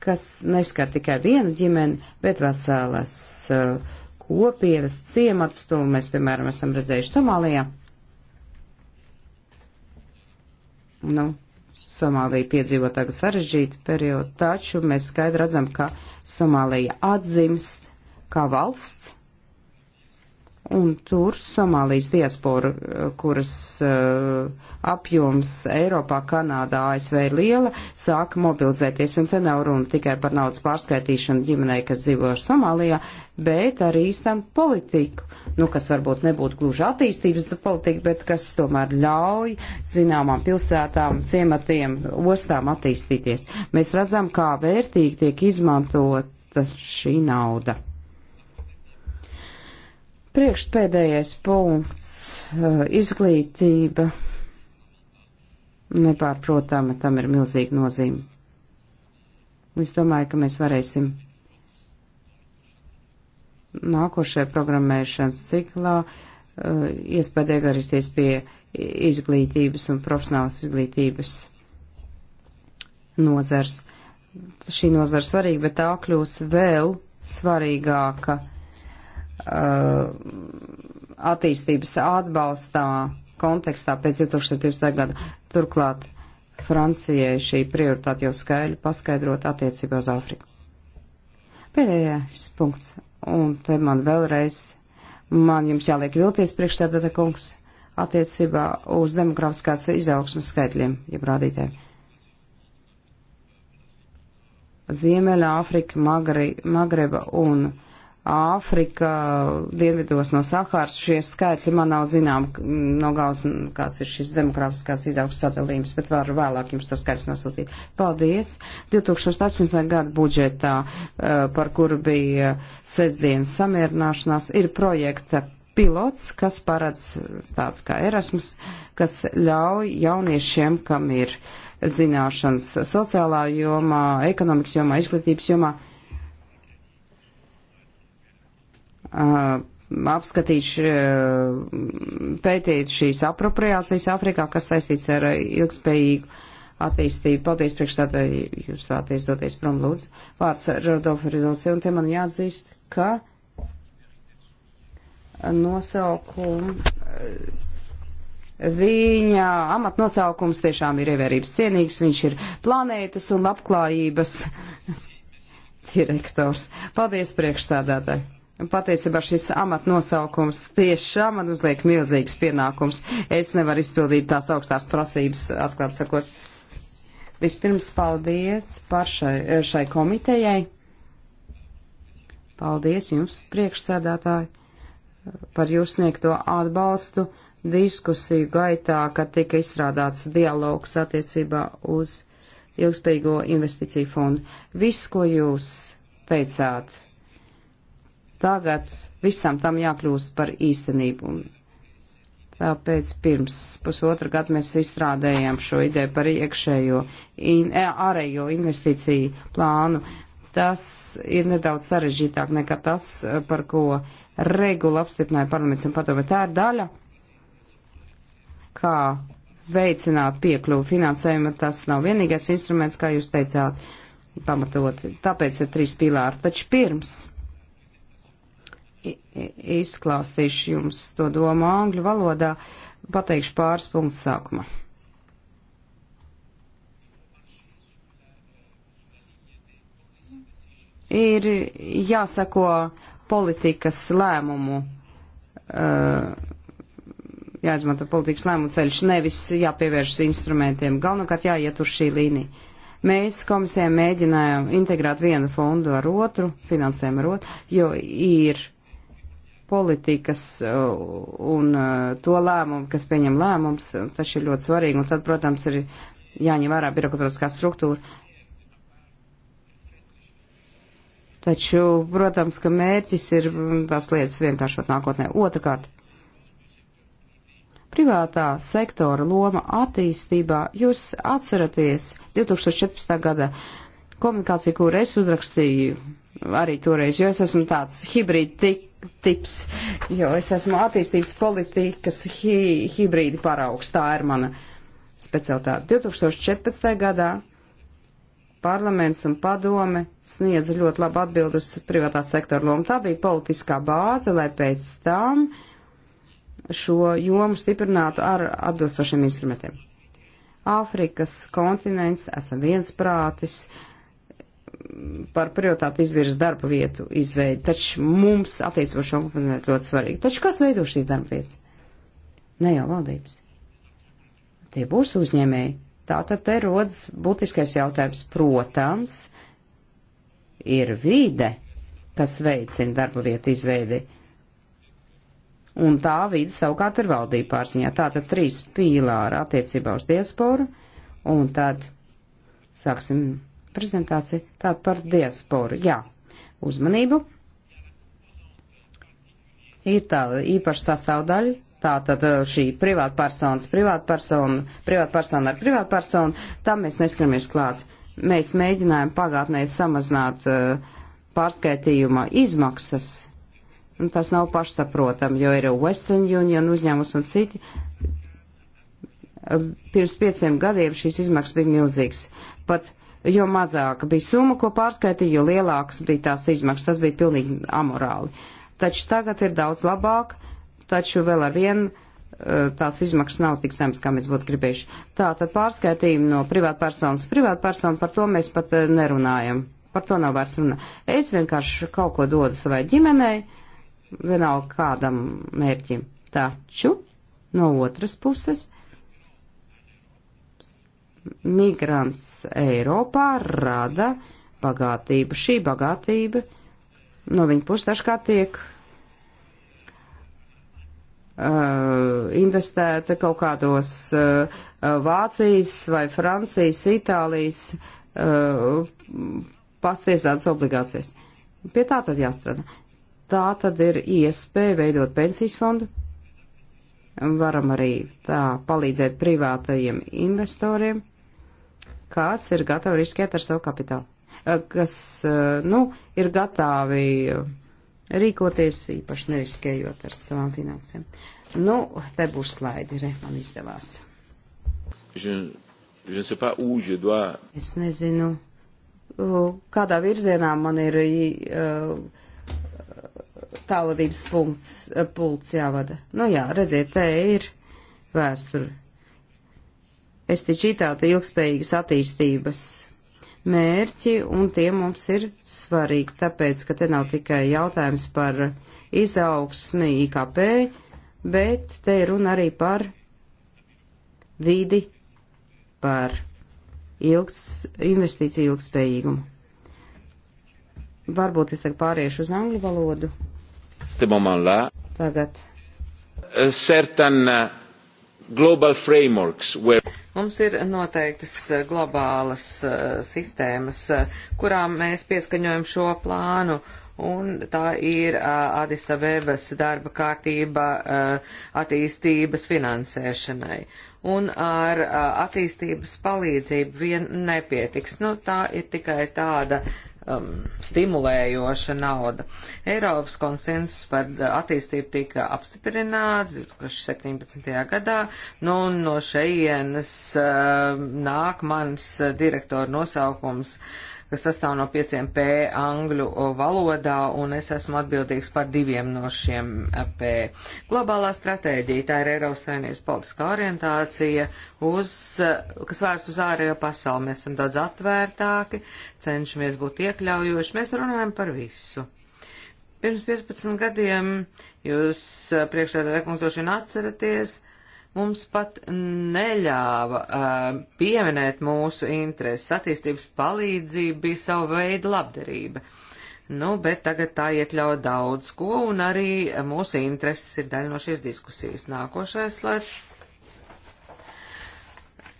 kas neskar tikai vienu ģimeni, bet veselas uh, kopienas, ciemats, to mēs, piemēram, esam redzējuši Somālijā. Nu, Somālija piedzīvo tagad sarežģītu periodu, taču mēs skaidri redzam, ka Somālija atzimst kā valsts Un tur Somālijas diaspora, kuras uh, apjoms Eiropā, Kanādā, ASV ir liela, sāka mobilizēties. Un te nav runa tikai par naudas pārskaitīšanu ģimenei, kas dzīvo ar Somālijā, bet arī īstam politiku, nu, kas varbūt nebūtu gluži attīstības politika, bet kas tomēr ļauj zināmām pilsētām, ciematiem, ostām attīstīties. Mēs redzam, kā vērtīgi tiek izmantota šī nauda. Priekšpēdējais punkts eh, - izglītība. Nepārprotama, tam ir milzīga nozīme. Es domāju, ka mēs varēsim nākošajā programmēšanas ciklā eh, iespēja iegārīties pie izglītības un profesionālas izglītības nozars. Šī nozara svarīga, bet tā kļūs vēl svarīgāka Uh, attīstības atbalstā kontekstā pēc 2020. gada. Turklāt Francijai šī prioritāte jau skaidri paskaidrot attiecībā uz Āfriku. Pēdējais punkts, un te man vēlreiz, man jums jāliek vilties priekšstādāta kungs attiecībā uz demografiskās izaugsmas skaitļiem, jeb rādītēm. Ziemeļa Āfrika, Magri, Magreba un Āfrika, dienvidos no Sahāras, šie skaitļi man nav zinām no galvas, kāds ir šis demokrāfiskās izaugsmas sadalījums, bet varu vēlāk jums to skaits nosūtīt. Paldies! 2018. gada budžetā, eh, par kuru bija sestdienas samierināšanās, ir projekta pilots, kas paredz tāds kā Erasmus, kas ļauj jauniešiem, kam ir zināšanas sociālā jomā, ekonomikas jomā, izglītības jomā, Uh, apskatīt, uh, pētīt šīs apropriācijas Afrikā, kas saistīts ar ilgspējīgu attīstību. Paldies priekšstādāji, jūs vēlaties doties prom, lūdzu. Vārds Rodolfa Ridolce, un te man jāatzīst, ka nosaukumu. Viņa amat nosaukums tiešām ir ievērības cienīgs. Viņš ir planētas un labklājības direktors. Paldies priekšstādātāji! Patiesībā šis amat nosaukums tiešām man uzliek milzīgs pienākums. Es nevaru izpildīt tās augstās prasības, atklāt sakot. Vispirms paldies par šai, šai komitejai. Paldies jums, priekšsēdētāji, par jūs sniegto atbalstu diskusiju gaitā, kad tika izstrādāts dialogs attiecībā uz ilgspējīgo investīciju fondu. Viss, ko jūs teicāt, Tagad visam tam jākļūst par īstenību. Tāpēc pirms pusotra gada mēs izstrādējām šo ideju par iekšējo, in, e, ārējo investīciju plānu. Tas ir nedaudz sarežģītāk nekā tas, par ko regula apstiprināja parlaments un padomē. Tā ir daļa, kā veicināt piekļuvu finansējumu. Tas nav vienīgais instruments, kā jūs teicāt, pamatot. Tāpēc ir trīs pilāri. Taču pirms izklāstīšu jums to domu angļu valodā, pateikšu pāris punktus sākumā. Ir jāsako politikas lēmumu, uh, jāizmanto politikas lēmumu ceļš, nevis jāpievēršas instrumentiem. Galvenokārt jāiet uz šī līnija. Mēs komisijai mēģinājām integrēt vienu fondu ar otru, finansējumu ar otru, jo ir politikas uh, un uh, to lēmumu, kas pieņem lēmums, tas ir ļoti svarīgi. Un tad, protams, ir jāņem vērā birokratiskā struktūra. Taču, protams, ka mērķis ir tās lietas vienkāršot nākotnē. Otrakārt, privātā sektora loma attīstībā. Jūs atceraties 2014. gada komunikāciju, kur es uzrakstīju arī toreiz, jo es esmu tāds hibrīd tik tips, jo es esmu attīstības politikas hi hibrīdi paraugs. Tā ir mana specialitāte. 2014. gadā parlaments un padome sniedza ļoti labu atbildu uz privātā sektora lomu. Tā bija politiskā bāze, lai pēc tam šo jomu stiprinātu ar atbilstošiem instrumentiem. Āfrikas kontinents, esam viensprātis, uh, par prioritāti izvirs darba vietu izveidi, taču mums attiecībošo komponentu ļoti svarīgi. Taču kas veido šīs darba vietas? Ne jau valdības. Tie būs uzņēmēji. Tātad te rodas būtiskais jautājums. Protams, ir vide, kas veicina darba vietu izveidi. Un tā vide savukārt ir valdība pārziņā. Tātad trīs pīlāri attiecībā uz diasporu un tad, sāksim, prezentāciju. Tātad par diasporu. Jā, uzmanību. Ir tā īpaša sastāvdaļa. Tātad uh, šī privātpersonas, privātpersona, privātpersona ar privātpersonu, tam mēs neskaramies klāt. Mēs mēģinājām pagātnē samazināt uh, pārskaitījuma izmaksas. Un tas nav pašsaprotam, jo ir Western Union uzņēmums un citi. Uh, pirms pieciem gadiem šīs izmaksas bija milzīgas. Pat jo mazāka bija summa, ko pārskaitīja, jo lielākas bija tās izmaksas. Tas bija pilnīgi amorāli. Taču tagad ir daudz labāk, taču vēl ar vienu e, tās izmaksas nav tik zemas, kā mēs būtu gribējuši. Tā tad pārskaitījumi no privātpersonas privātpersonu, par to mēs pat e, nerunājam. Par to nav vairs runa. Es vienkārši kaut ko dodu savai ģimenei, vienalga kādam mērķim. Taču no otras puses migrants Eiropā rada bagātību. Šī bagātība no viņa puses dažkārt tiek uh, investēta kaut kādos uh, Vācijas vai Francijas, Itālijas uh, pastiestādas obligācijas. Pie tā tad jāstrādā. Tā tad ir iespēja veidot pensijas fondu. Varam arī tā palīdzēt privātajiem investoriem kas ir gatavi riskēt ar savu kapitālu, eh, kas, eh, nu, ir gatavi eh, rīkoties īpaši neriskējot ar savām finansēm. Nu, te būs slaidi, re, man izdevās. Je, je sais pas où je dois... Es nezinu, kādā virzienā man ir e, tālvadības punkts, e, pults jāvada. Nu jā, redziet, te ir vēsture. SDG tāda ilgspējīgas attīstības mērķi, un tie mums ir svarīgi, tāpēc, ka te nav tikai jautājums par izaugsmi IKP, bet te ir runa arī par vidi, par ilgs, investīciju ilgspējīgumu. Varbūt es tagad pāriešu uz angļu valodu. Tagad. Certain uh, global frameworks where Mums ir noteiktas eh, globālas uh, sistēmas, uh, kurām mēs pieskaņojam šo plānu, un tā ir uh, Adisa Bebas darba kārtība attīstības finansēšanai. Un ar attīstības palīdzību vien nepietiks. Nu, tā ir tikai tāda uh, um, stimulējoša nauda. Eiropas konsensus par attīstību tika apstiprināts 2017. gadā, nu un no šeienes uh, nāk mans direktora nosaukums. Uh, kas sastāv no pieciem P angļu valodā, un es esmu atbildīgs par diviem no šiem P. Globālā stratēģija, tā ir Eiropas saimnieks politiskā orientācija, uz, kas vērst uz ārējo pasauli. Mēs esam daudz atvērtāki, cenšamies būt iekļaujoši, mēs runājam par visu. Pirms 15 gadiem jūs priekšsēdētāji kungs droši vien atceraties, mums pat neļāva uh, pieminēt mūsu intereses. Attīstības palīdzība bija sava veida labdarība. Nu, bet tagad tā iekļauj daudz ko, un arī mūsu intereses ir daļa no šīs diskusijas. Nākošais slaids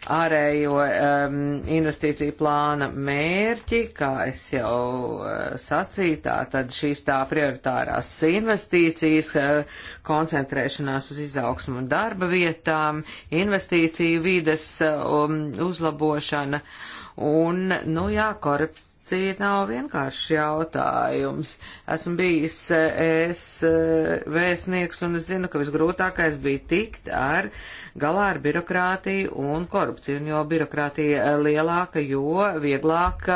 ārējo um, investīciju plāna mērķi, kā es jau uh, sacīju, tā tad šīs tā prioritārās investīcijas, uh, koncentrēšanās uz izaugsmu un darba vietām, investīciju vides uh, um, uzlabošana un, nu jā, korupcija Genocīda nav vienkāršs jautājums. Esmu bijis eh, es eh, vēstnieks un es zinu, ka visgrūtākais bija tikt ar galā ar birokrātiju un korupciju. Un jo birokrātija eh, lielāka, jo vieglāk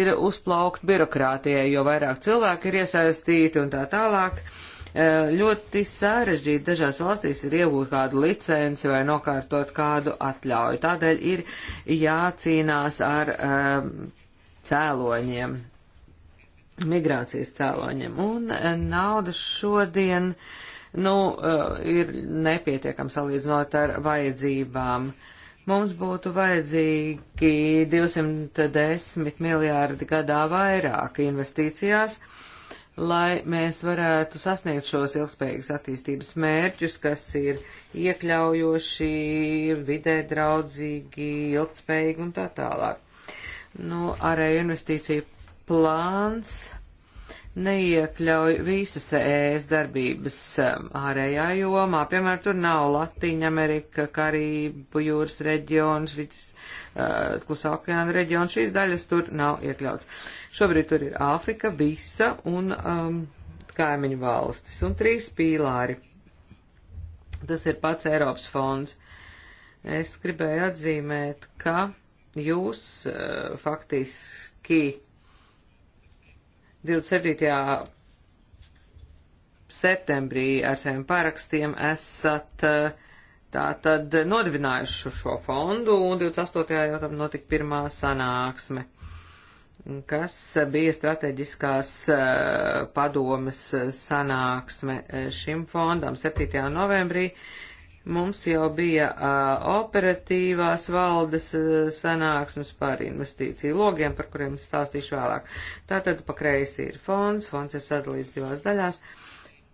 ir uzplaukt birokrātijai, jo vairāk cilvēki ir iesaistīti un tā tālāk ļoti sarežģīti dažās valstīs ir iegūt kādu licenci vai nokārtot kādu atļauju. Tādēļ ir jācīnās ar um, cēloņiem, migrācijas cēloņiem. Un eh, nauda šodien, nu, eh, ir nepietiekama salīdzinot ar vajadzībām. Mums būtu vajadzīgi 210 miljārdi gadā vairāk investīcijās, lai mēs varētu sasniegt šos ilgspējīgas attīstības mērķus, kas ir iekļaujoši, vidē draudzīgi, ilgspējīgi un tā tālāk. Nu, ārēju investīciju plāns neiekļauj visas ES darbības um, ārējā jomā. Piemēram, tur nav Latīņa Amerika, Karību jūras reģions, vidus, uh, klusā okeāna reģions, šīs daļas tur nav iekļauts. Šobrīd tur ir Āfrika, visa un um, kaimiņu valstis un trīs pīlāri. Tas ir pats Eiropas fonds. Es gribēju atzīmēt, ka jūs eh, faktiski 27. septembrī ar saviem parakstiem esat eh, tātad nodibinājuši šo fondu un 28. jau tam notika pirmā sanāksme kas bija strateģiskās eh, padomas sanāksme šim fondam 7. novembrī. Mums jau bija uh, operatīvās valdes uh, sanāksmes par investīciju logiem, par kuriem stāstīšu vēlāk. Tātad pa kreisi ir fonds, fonds ir sadalīts divās daļās.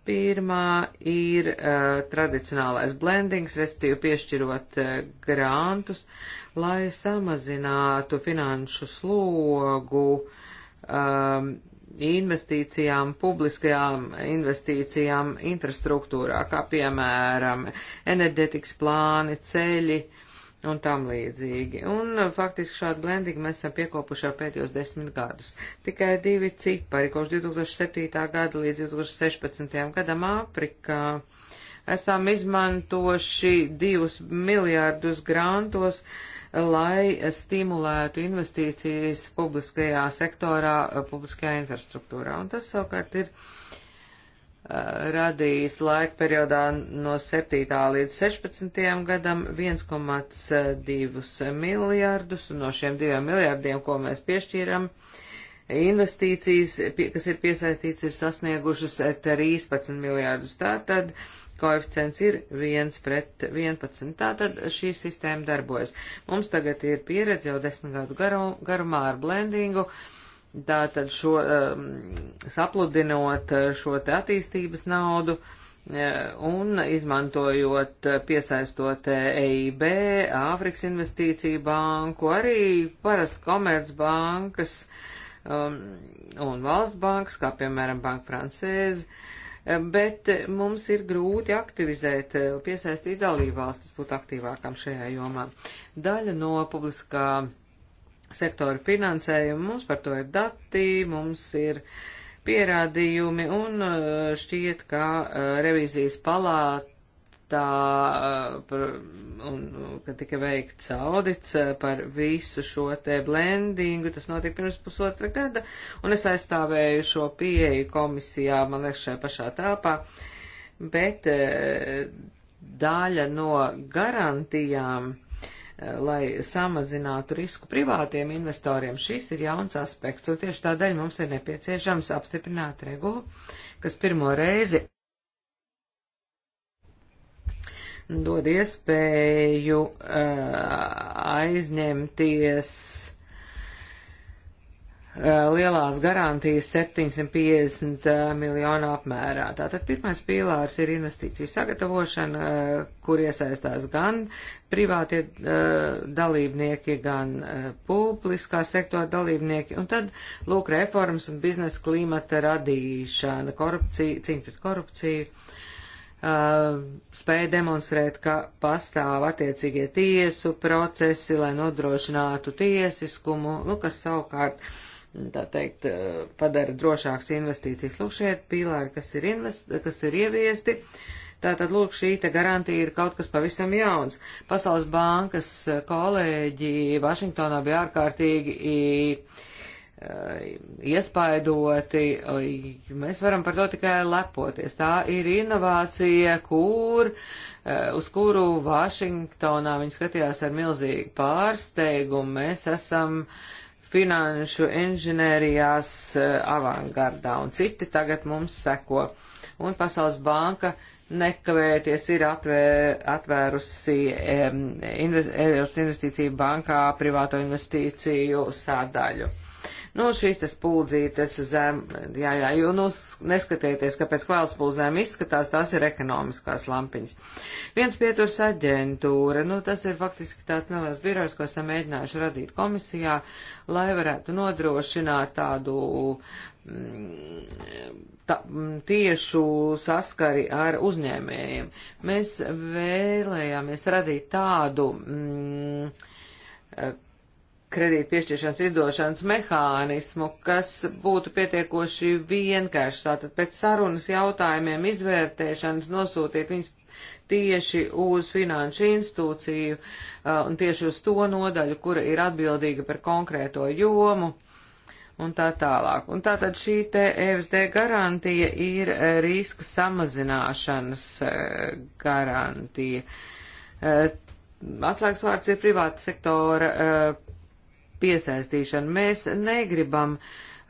Pirmā ir uh, tradicionālais blendings, respektīvi piešķirot uh, grantus, lai samazinātu finanšu slogu um, investīcijām, publiskajām investīcijām infrastruktūrā, kā piemēram enerģetikas plāni, ceļi un tam līdzīgi. Un uh, faktiski šādu blendingu mēs esam piekopuši jau pēdējos desmit gadus. Tikai divi cipari, kopš 2007. gada līdz 2016. gadam Āfrikā esam izmantoši divus miljārdus grantos, uh, lai stimulētu investīcijas publiskajā sektorā, publiskajā infrastruktūrā. Un tas savukārt ir radījis laika periodā no 7. līdz 16. gadam 1,2 miljārdus, un no šiem 2 miljārdiem, ko mēs piešķīram, investīcijas, kas ir piesaistīts, ir sasniegušas 13 miljārdus. Tātad koeficients ir 1 pret 11. Tātad šī sistēma darbojas. Mums tagad ir pieredze jau desmit gadu garu, garumā ar blendingu. Tātad šo, um, sapludinot uh, šo te attīstības naudu uh, un izmantojot, uh, piesaistot EIB, Āfrikas investīciju banku, arī parasti komercbankas um, un valsts bankas, kā piemēram Banka Francēzi, uh, bet mums ir grūti aktivizēt, piesaistīt dalībvalstis būt aktīvākam šajā jomā. Daļa no publiskā sektora finansējuma, mums par to ir dati, mums ir pierādījumi un eh, šķiet, ka eh, revīzijas palāta tā, par, un, kad tika veikts audits par visu šo te blendingu, tas notika pirms pusotra gada, un es aizstāvēju šo pieeju komisijā, man liekas, šajā pašā tāpā, bet daļa no garantijām, lai samazinātu risku privātiem investoriem, šis ir jauns aspekts, un tieši tādēļ mums ir nepieciešams apstiprināt regulu, kas pirmo reizi dod iespēju uh, aizņemties uh, lielās garantijas 750 uh, miljonu apmērā. Tātad pirmais pīlārs ir investīcija sagatavošana, uh, kur iesaistās gan privātie uh, dalībnieki, gan uh, publiskā sektora dalībnieki, un tad lūk reformas un biznesa klimata radīšana, korupcija, cīņa pret korupciju Uh, spēja demonstrēt, ka pastāv attiecīgie tiesu procesi, lai nodrošinātu tiesiskumu, nu, kas savukārt, tā teikt, uh, padara drošāks investīcijas. Lūk, šie pīlāri, kas ir, invest, kas ir ieviesti, tātad, lūk, šī te garantija ir kaut kas pavisam jauns. Pasaules bankas uh, kolēģi Vašingtonā bija ārkārtīgi Eh, iespaidoti, eh, mēs varam par to tikai lepoties. Tā ir inovācija, kur, eh, uz kuru Vašingtonā viņi skatījās ar milzīgu pārsteigumu. Mēs esam finanšu inženērijās avangardā un citi tagad mums seko. Un Pasaules banka nekavēties ir atvēr, atvērusi Eiropas invest, investīciju bankā privāto investīciju sādaļu. Nu, šīs tas pūldzītes zem, jā, jā, jo, nu, neskatieties, ka pēc kvēlspulzēm izskatās, tās ir ekonomiskās lampiņas. Viens pieturs aģentūra, nu, tas ir faktiski tāds neliels birojs, ko esam mēģinājuši radīt komisijā, lai varētu nodrošināt tādu mm, ta, mm, tiešu saskari ar uzņēmējiem. Mēs vēlējāmies radīt tādu mm, kredīta piešķiršanas izdošanas mehānismu, kas būtu pietiekoši vienkāršs. Tātad pēc sarunas jautājumiem izvērtēšanas nosūtīt viņus tieši uz finanšu institūciju uh, un tieši uz to nodaļu, kura ir atbildīga par konkrēto jomu un tā tālāk. Un tātad šī te EFSD garantija ir uh, riska samazināšanas uh, garantija. Atslēgas vārds ir privāta sektora piesaistīšanu. Mēs negribam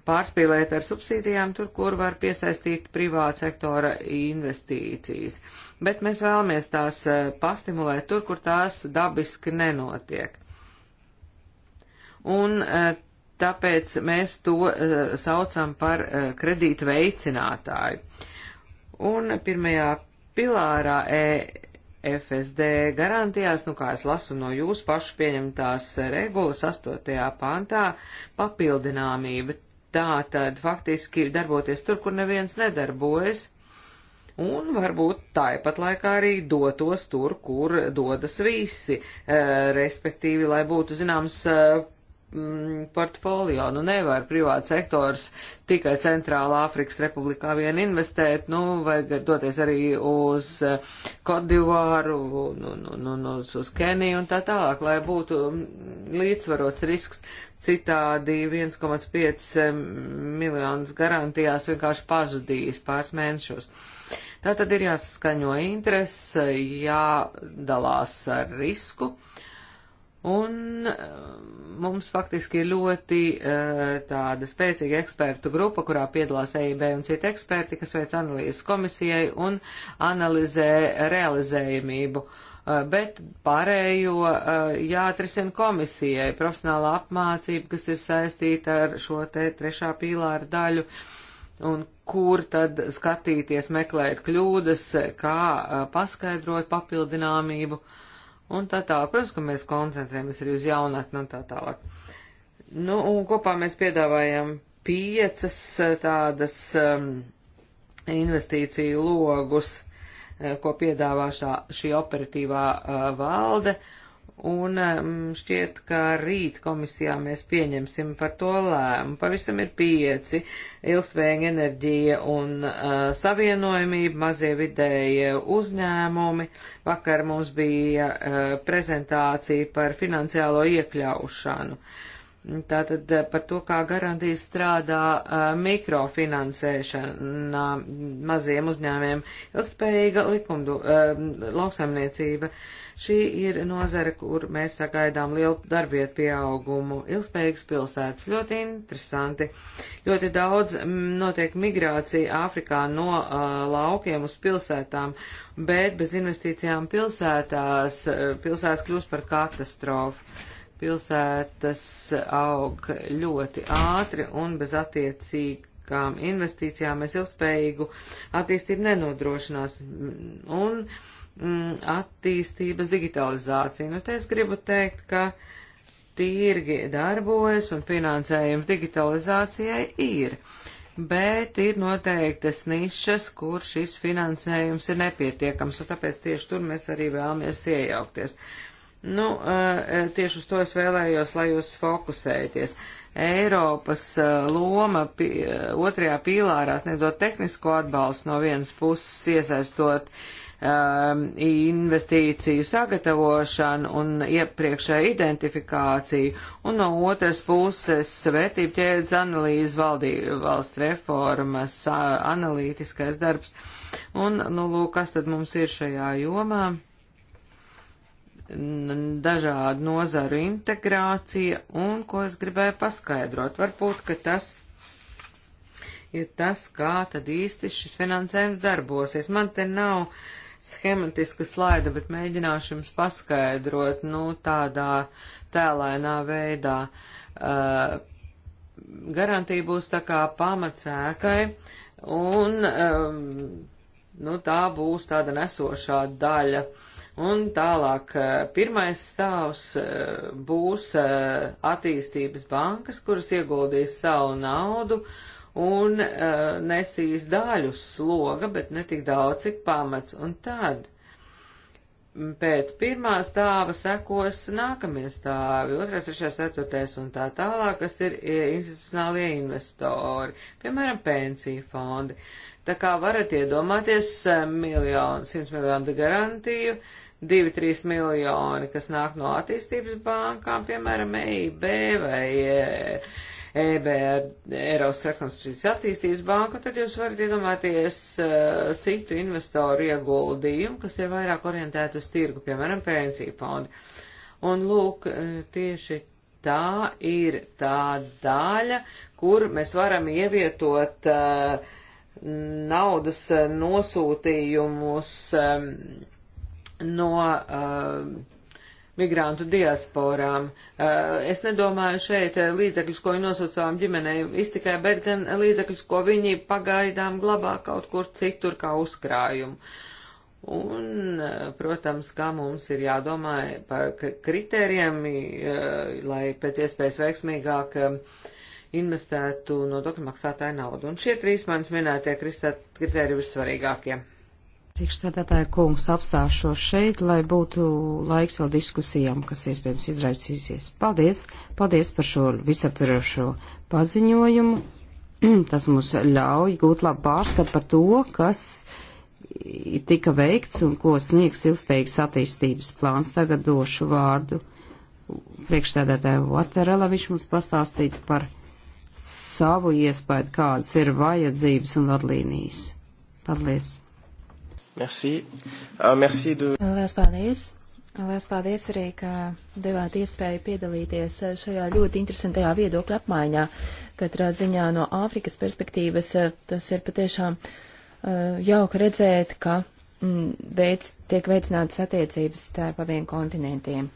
pārspīlēt ar subsīdijām tur, kur var piesaistīt privāta sektora investīcijas, bet mēs vēlamies tās eh, pastimulēt tur, kur tās dabiski nenotiek. Un eh, tāpēc mēs to eh, saucam par kredīta veicinātāju. Un pirmajā pilārā e FSD garantijās, nu kā es lasu no jūsu pašu pieņemtās regulas 8. pāntā, papildināmība. Tā tad faktiski darboties tur, kur neviens nedarbojas, un varbūt tāpat laikā arī dotos tur, kur dodas visi, eh, respektīvi, lai būtu zināms eh, mm, portfolio. Nu, nevar privāts sektors tikai Centrāla Āfrikas Republikā vien investēt, nu, vajag doties arī uz Kodivāru, nu, nu, nu, nu, uz Keniju un tā tālāk, lai būtu mm, līdzsvarots risks. Citādi 1,5 eh, miljonus garantijās vienkārši pazudīs pāris mēnešus. Tā tad ir jāsaskaņo intereses, jādalās ar risku. Uh, Un eh, mums faktiski ir ļoti eh, tāda spēcīga ekspertu grupa, kurā piedalās EIB un citi eksperti, kas veic analīzes komisijai un analizē realizējumību. Eh, bet pārējo jāatrisina komisijai profesionālā apmācība, kas ir saistīta ar šo te trešā pīlāra daļu un kur tad skatīties, meklēt kļūdas, kā paskaidrot papildināmību. Uh, un tā tālāk. Protams, ka mēs koncentrējamies arī uz jaunatni un tā tālāk. Nu, un kopā mēs piedāvājam piecas eh, tādas um, investīciju logus, eh, ko piedāvā šā, šī operatīvā uh, valde. Uh, Un šķiet, ka rīt komisijā mēs pieņemsim par to lēmu. Pavisam ir pieci - ilgspējīga enerģija un uh, eh, savienojumība, mazie vidējie uzņēmumi. Vakar mums bija uh, prezentācija par finansiālo iekļaušanu. Uh, Tātad eh, par to, kā garantīs strādā eh, mikrofinansēšana maziem uzņēmiem, ilgspējīga likumdu, eh, lauksaimniecība. Šī ir nozara, kur mēs sagaidām lielu darbietu pieaugumu, ilgspējīgas pilsētas, ļoti interesanti. Ļoti daudz mm, notiek migrācija Āfrikā no uh, laukiem uz pilsētām, bet bez investīcijām pilsētās, pilsētas kļūst par katastrofu Pilsētas aug ļoti ātri un bez attiecīgām investīcijām mēs ilgspējīgu attīstību nenodrošinās. Un mm, attīstības digitalizācija. Nu, te es gribu teikt, ka tīrgi darbojas un finansējums digitalizācijai ir bet ir noteiktas nišas, kur šis finansējums ir nepietiekams, un tāpēc tieši tur mēs arī vēlamies iejaukties. Nu, eh, tieši uz to es vēlējos, lai jūs fokusēties. Eiropas eh, loma pie, eh, otrajā pīlārā sniedzot tehnisko atbalstu no vienas puses, iesaistot um, investīciju sagatavošanu un iepriekšēju identifikāciju, un no otras puses vērtību ķēdes analīzes valdību valsts reformas analītiskais darbs. Un, nu, lūk, kas tad mums ir šajā jomā? dažādu nozaru integrācija un ko es gribēju paskaidrot. Varbūt, ka tas ir tas, kā tad īsti šis finansējums darbosies. Man te nav schematiska slaida, bet mēģināšu jums paskaidrot, nu, tādā tēlainā veidā. Uh, garantija būs tā kā pamatsēkai un, um, nu, tā būs tāda nesošā daļa. Uh, Un tālāk eh, pirmais stāvs eh, būs eh, attīstības bankas, kuras ieguldīs savu naudu un nesīs daļu sloga, bet ne tik daudz, cik pamats. Un tad mm, pēc pirmā stāva sekos nākamie stāvi, otrais, trešais, ceturtais un tā tālāk, kas ir institucionālie investori, piemēram, pensiju fondi. Tā kā varat iedomāties miljonu, simts miljonu garantiju, uh, 2-3 miljoni, kas nāk no attīstības bankām, piemēram, EIB vai EBR, e Eiropas rekonstrukcijas attīstības banka, tad jūs varat iedomāties e, citu investoru ieguldījumu, kas ir vairāk orientēti uz tirgu, piemēram, pensiju fondi. Un lūk, e, tieši tā ir tā daļa, kur mēs varam ievietot uh, naudas nosūtījumus um, no uh, migrantu diasporām. Uh, es nedomāju šeit līdzekļus, ko viņi nosūta savām ģimenēm iztikai, bet gan līdzekļus, ko viņi pagaidām glabā kaut kur citur kā uzkrājumu. Un, uh, protams, kā mums ir jādomā par kritērijiem, uh, lai pēc iespējas veiksmīgāk um, investētu nodokļu maksātāju naudu. Un šie trīs manis minētie kritēriji ir svarīgākie. Priekšstādātāja kungs apstāšos šeit, lai būtu laiks vēl diskusijām, kas iespējams izraisīsies. Paldies! Paldies par šo visaptverošo paziņojumu. Tas mums ļauj gūt labu pārskatu par to, kas tika veikts un ko sniegs ilgspējīgas attīstības plāns. Tagad došu vārdu priekšstādātāju Vatarela. Viņš mums pastāstīja par savu iespēju, kādas ir vajadzības un vadlīnijas. Paldies! Merci. Uh, merci de... Lielas paldies. Lielas paldies arī, ka devāt iespēju piedalīties eh, šajā ļoti interesantajā viedokļa apmaiņā. Katrā ziņā no Āfrikas perspektīvas eh, tas ir patiešām uh, eh, jauka redzēt, ka mm, veic, tiek veicinātas attiecības starp abiem kontinentiem.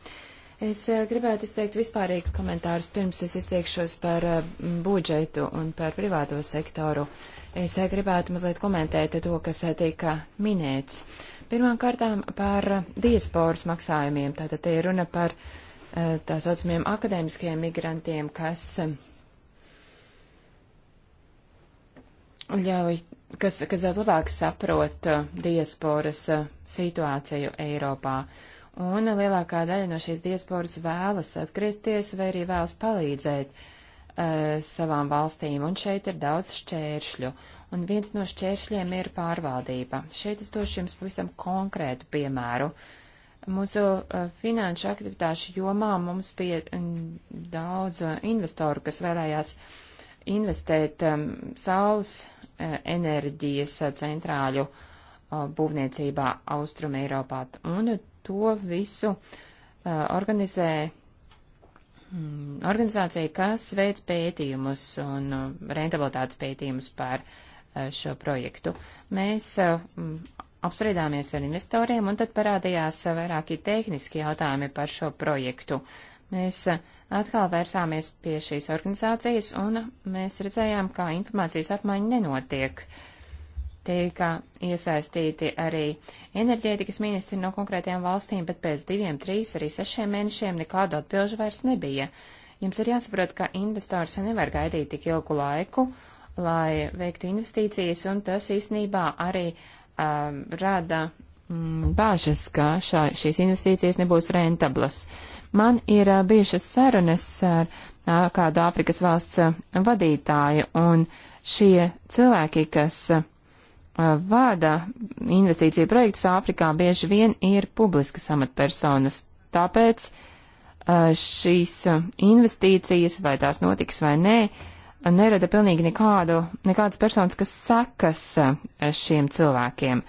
Es uh, gribētu izteikt vispārīgus komentārus pirms es izteikšos par budžetu un par privāto sektoru. Uh, Es gribētu mazliet komentēt to, kas tika minēts. Pirmām kārtām par diasporas maksājumiem. Tātad te ir runa par eh, tā saucamiem akadēmiskajiem migrantiem, kas ļauj, kas, kas daudz labāk saprot eh, diasporas eh, situāciju Eiropā. Un lielākā daļa no šīs diasporas vēlas atgriezties vai arī vēlas palīdzēt uh, Eh, savām valstīm, un šeit ir daudz šķēršļu. Un viens no šķēršļiem ir pārvaldība. Šeit es došu jums pavisam konkrētu piemēru. Mūsu eh, finanšu aktivitāšu jomā mums bija mm, daudz eh, investoru, kas vēlējās investēt um, saules enerģijas centrāļu uh, būvniecībā Austrum Eiropā. Un to visu uh, organizē Mm, organizācija, kas veic pētījumus un uh, rentabilitātes pētījumus par uh, šo projektu. Mēs uh, mm, apspriedāmies ar investoriem, un tad parādījās vairāki tehniski jautājumi par šo projektu. Mēs atkal vērsāmies pie šīs organizācijas, un mēs redzējām, kā informācijas apmaiņa nenotiek. Uh, tika iesaistīti arī enerģētikas ministri no konkrētajām valstīm, bet pēc diviem, trīs, arī sešiem mēnešiem nekādu atbilžu vairs nebija. Jums ir jāsaprot, ka investors nevar gaidīt tik ilgu laiku, lai veiktu investīcijas, un tas īsnībā arī um, rada mm, bāžas, ka šā, šīs investīcijas nebūs rentablas. Man ir uh, bijušas sarunas ar uh, kādu Āfrikas valsts uh, vadītāju, un šie cilvēki, kas uh, Uh, vada investīciju projektus Āfrikā bieži vien ir publiskas amatpersonas. Tāpēc uh, šīs uh, investīcijas, vai tās notiks vai nē, nerada pilnīgi nekādu, nekādas personas, kas sekas šiem cilvēkiem.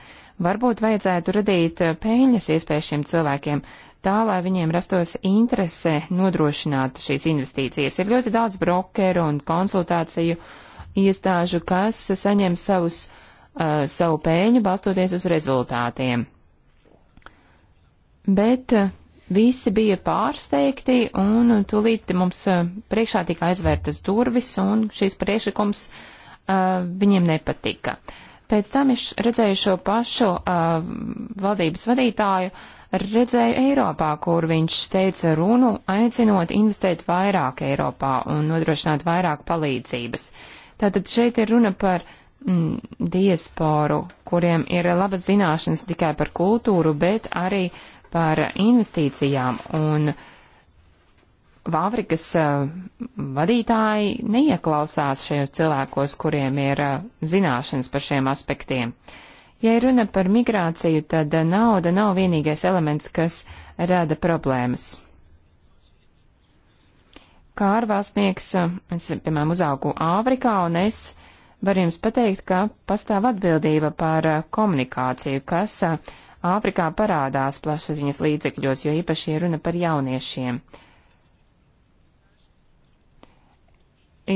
Varbūt vajadzētu radīt peļņas iespējas šiem cilvēkiem, tā lai viņiem rastos interese nodrošināt šīs investīcijas. Ir ļoti daudz brokeru un konsultāciju iestāžu, kas saņem savus uh, uh, savu pēļņu balstoties uz rezultātiem. Bet uh, visi bija pārsteigti un tūlīt mums uh, priekšā tika aizvērtas durvis un šīs priekšlikums uh, viņiem nepatika. Pēc tam es redzēju šo pašu uh, valdības vadītāju, redzēju Eiropā, kur viņš teica runu, aicinot investēt vairāk Eiropā un nodrošināt vairāk palīdzības. Tātad šeit ir runa par uh, mm, diasporu, kuriem ir labas zināšanas tikai par kultūru, bet arī par investīcijām. Un Vāfrikas eh, vadītāji neieklausās šajos cilvēkos, kuriem ir eh, zināšanas par šiem aspektiem. Ja ir runa par migrāciju, tad eh, nauda nav vienīgais elements, kas rada problēmas. Kā ārvalstnieks, es, piemēram, uzaugu Āfrikā un es var jums pateikt, ka pastāv atbildība par uh, komunikāciju, kas uh, Āfrikā parādās plašsaziņas līdzekļos, jo īpaši ir runa par jauniešiem.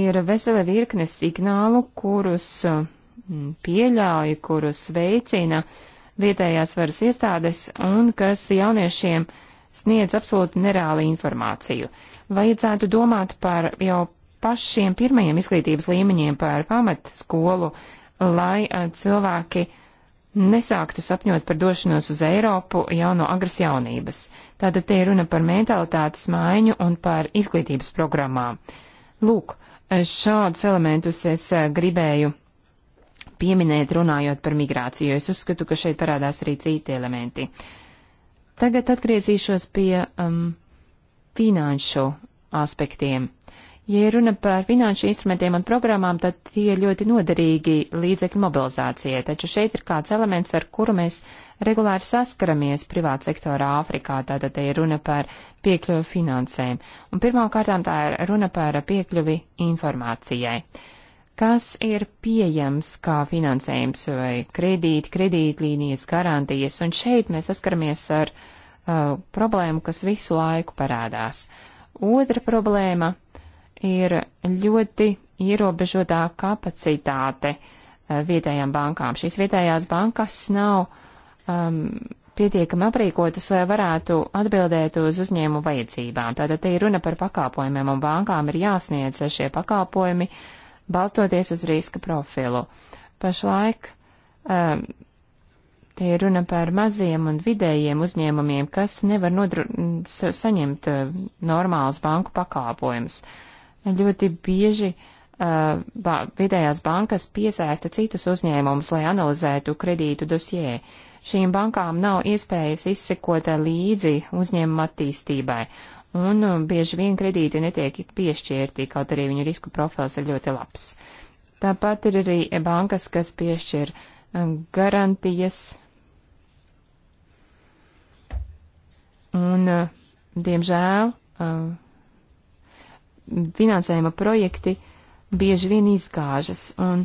Ir vesela virkne signālu, kurus mm, pieļauj, kurus veicina vietējās varas iestādes un kas jauniešiem sniedz absolūti nereāli informāciju. Vajadzētu domāt par jau pašiem pirmajiem izglītības līmeņiem par pamatskolu, lai eh, cilvēki nesāktu sapņot par došanos uz Eiropu jau no agras jaunības. Tātad te ir runa par mentalitātes maiņu un par izglītības programmām. Lūk, eh, šādus elementus es eh, gribēju pieminēt runājot par migrāciju, jo es uzskatu, ka šeit parādās arī citi elementi. Tagad atgriezīšos pie um, finanšu aspektiem. Ja runa par finanšu instrumentiem un programmām, tad tie ir ļoti noderīgi līdzekļu mobilizācijai, taču šeit ir kāds elements, ar kuru mēs regulāri saskaramies privāta sektora Āfrikā, tātad te ir runa par piekļuvi finansēm. Un pirmkārtām tā ir runa par piekļuvi informācijai. Kas ir pieejams kā finansējums vai kredīti, kredītlīnijas, garantijas, un šeit mēs saskaramies ar uh, problēmu, kas visu laiku parādās. Otra problēma ir ļoti ierobežotā kapacitāte eh, vietējām bankām. Šīs vietējās bankas nav um, pietiekami aprīkotas, lai varētu atbildēt uz uzņēmu vajadzībām. Tātad te ir runa par pakāpojumiem, un bankām ir jāsniedz šie pakāpojumi, balstoties uz riska profilu. Pašlaik um, te ir runa par maziem un vidējiem uzņēmumiem, kas nevar nodru, sa saņemt eh, normālus banku pakāpojumus. Uh, Ļoti bieži uh, ba vidējās bankas piesaista citus uzņēmumus, lai analizētu kredītu dosjē. Šīm bankām nav iespējas izsekot līdzi uzņēmuma attīstībai, un uh, bieži vien kredīti netiek piešķirti, kaut arī viņu risku profils ir ļoti labs. Tāpat ir arī bankas, kas piešķir um, garantijas. Un, uh, diemžēl, uh, finansējuma projekti bieži vien izgāžas. Un,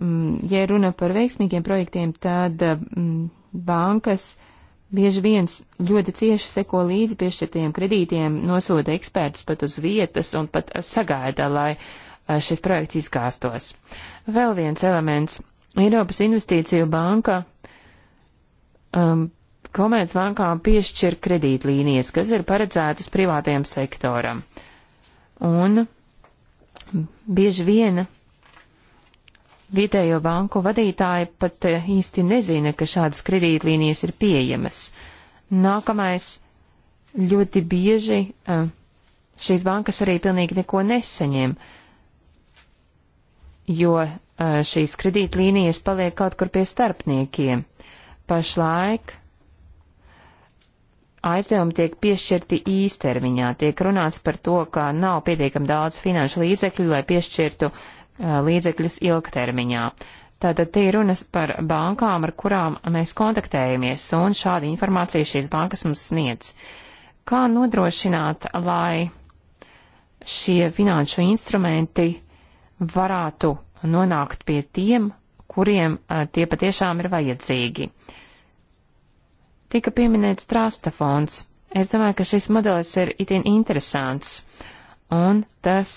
mm, ja runa par veiksmīgiem projektiem, tad mm, bankas bieži viens ļoti cieši seko līdzi piešķirtajiem kredītiem, nosūta ekspertus pat uz vietas un pat eh, sagaida, lai eh, šis projekts izgāstos. Vēl viens elements. Eiropas investīciju banka um, komercbankām piešķir kredītlīnijas, kas ir paredzētas privātajam sektoram. Uh, Un bieži vien vietējo banku vadītāji pat eh, īsti nezina, ka šādas kredītlīnijas ir pieejamas. Nākamais ļoti bieži eh, šīs bankas arī pilnīgi neko nesaņem, jo eh, šīs kredītlīnijas paliek kaut kur pie starpniekiem. Pašlaik aizdevumi tiek piešķirti īstermiņā. Tiek runāts par to, ka nav pietiekam daudz finanšu līdzekļu, lai piešķirtu uh, līdzekļus ilgtermiņā. Tātad te ir runas par bankām, ar kurām mēs kontaktējamies, un šādu informāciju šīs bankas mums sniedz. Kā nodrošināt, lai šie finanšu instrumenti varētu nonākt pie tiem, kuriem uh, tie patiešām ir vajadzīgi? Uh, Tika pieminēts trasta fonds. Es domāju, ka šis modelis ir itin interesants, un tas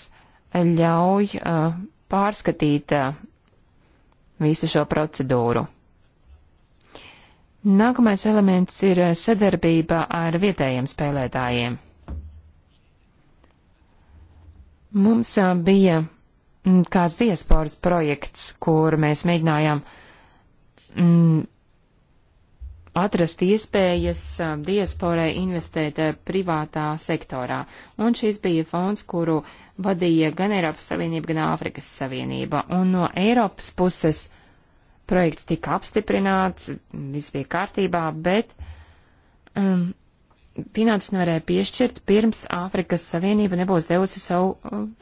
ļauj uh, pārskatīt uh, visu šo procedūru. Nākamais elements ir uh, sadarbība ar vietējiem spēlētājiem. Mums uh, bija mm, kāds diasporas projekts, kur mēs mēģinājām mm, atrast iespējas diasporai investēt privātā sektorā. Un šis bija fonds, kuru vadīja gan Eiropas Savienība, gan Āfrikas Savienība. Un no Eiropas puses projekts tika apstiprināts, viss bija kārtībā, bet um, finanses nevarēja piešķirt, pirms Āfrikas Savienība nebūs devusi savu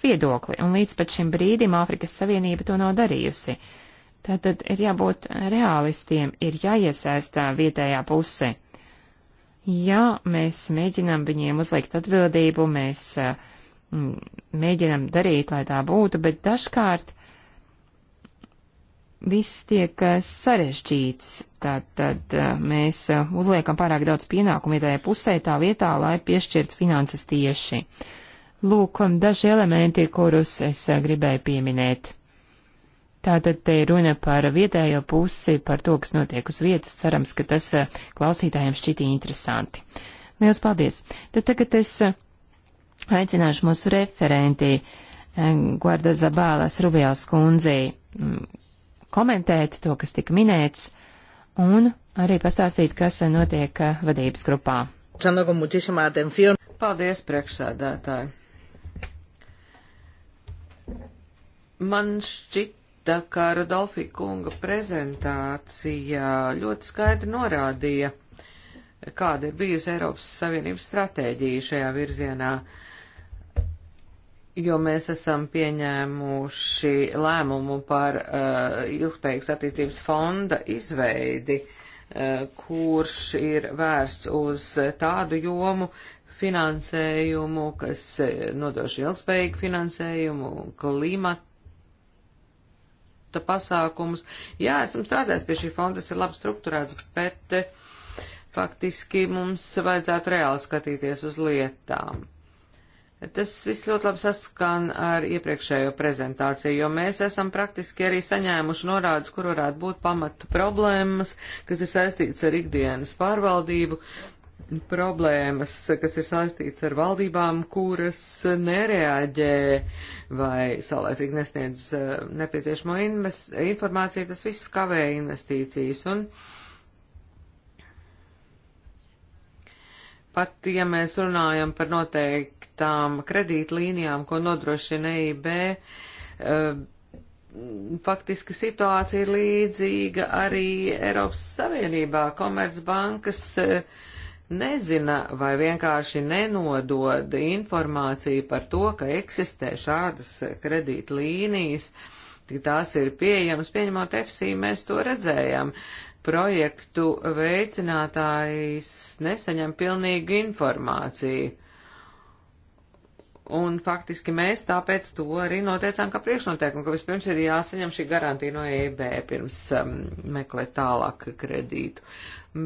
viedokli. Un līdz pat šim brīdim Āfrikas Savienība to nav darījusi. Uh, Tātad ir jābūt realistiem, ir jāiesaistā vietējā puse. Ja mēs mēģinām viņiem uzlikt atbildību, mēs mm, mēģinām darīt, lai tā būtu, bet dažkārt viss tiek eh, sarežģīts. Tātad eh, mēs eh, uzliekam pārāk daudz pienākumu vietējai pusē tā vietā, lai piešķirtu finanses tieši. Lūk, daži elementi, kurus es gribēju pieminēt. Tātad te runa par vietējo pusi, par to, kas notiek uz vietas. Cerams, ka tas eh, klausītājiem šķitīja interesanti. Liels paldies! Tad tagad es eh, aicināšu mūsu referentī eh, Guarda Zabālas Rubijās kundzī mm, komentēt to, kas tika minēts, un arī pastāstīt, kas notiek vadības grupā. Paldies, priekšsēdētāji! Man šķiet, Tā kā Rodolfi kunga prezentācija ļoti skaidri norādīja, kāda ir bijusi Eiropas Savienības stratēģija šajā virzienā, jo mēs esam pieņēmuši lēmumu par uh, ilgspējīgas attīstības fonda izveidi, uh, kurš ir vērsts uz tādu jomu finansējumu, kas eh, nodošu ilgspējīgu finansējumu, klimata atbalsta pasākumus. Jā, esam strādājis pie šī fonda, tas ir labi strukturēts, bet eh, faktiski mums vajadzētu reāli skatīties uz lietām. Tas viss ļoti labi saskan ar iepriekšējo prezentāciju, jo mēs esam praktiski arī saņēmuši norādes, kur varētu būt pamatu problēmas, kas ir saistīts ar ikdienas pārvaldību, problēmas, kas ir saistīts ar valdībām, kuras nereaģē vai saulēcīgi nesniedz eh, nepieciešamo informāciju, tas viss kavē investīcijas. Un pat, ja mēs runājam par noteiktām kredītlīnijām, ko nodrošina EIB, eh, faktiski situācija ir līdzīga arī Eiropas Savienībā. Komercbankas uh, nezina vai vienkārši nenodod informāciju par to, ka eksistē šādas kredīta līnijas, tik tās ir pieejamas, pieņemot FSI, mēs to redzējām. Projektu veicinātājs nesaņem pilnīgu informāciju. Un faktiski mēs tāpēc to arī noteicām kā priekšnoteikumu, ka vispirms ir jāsaņem šī garantija no EIB pirms um, meklēt tālāk kredītu.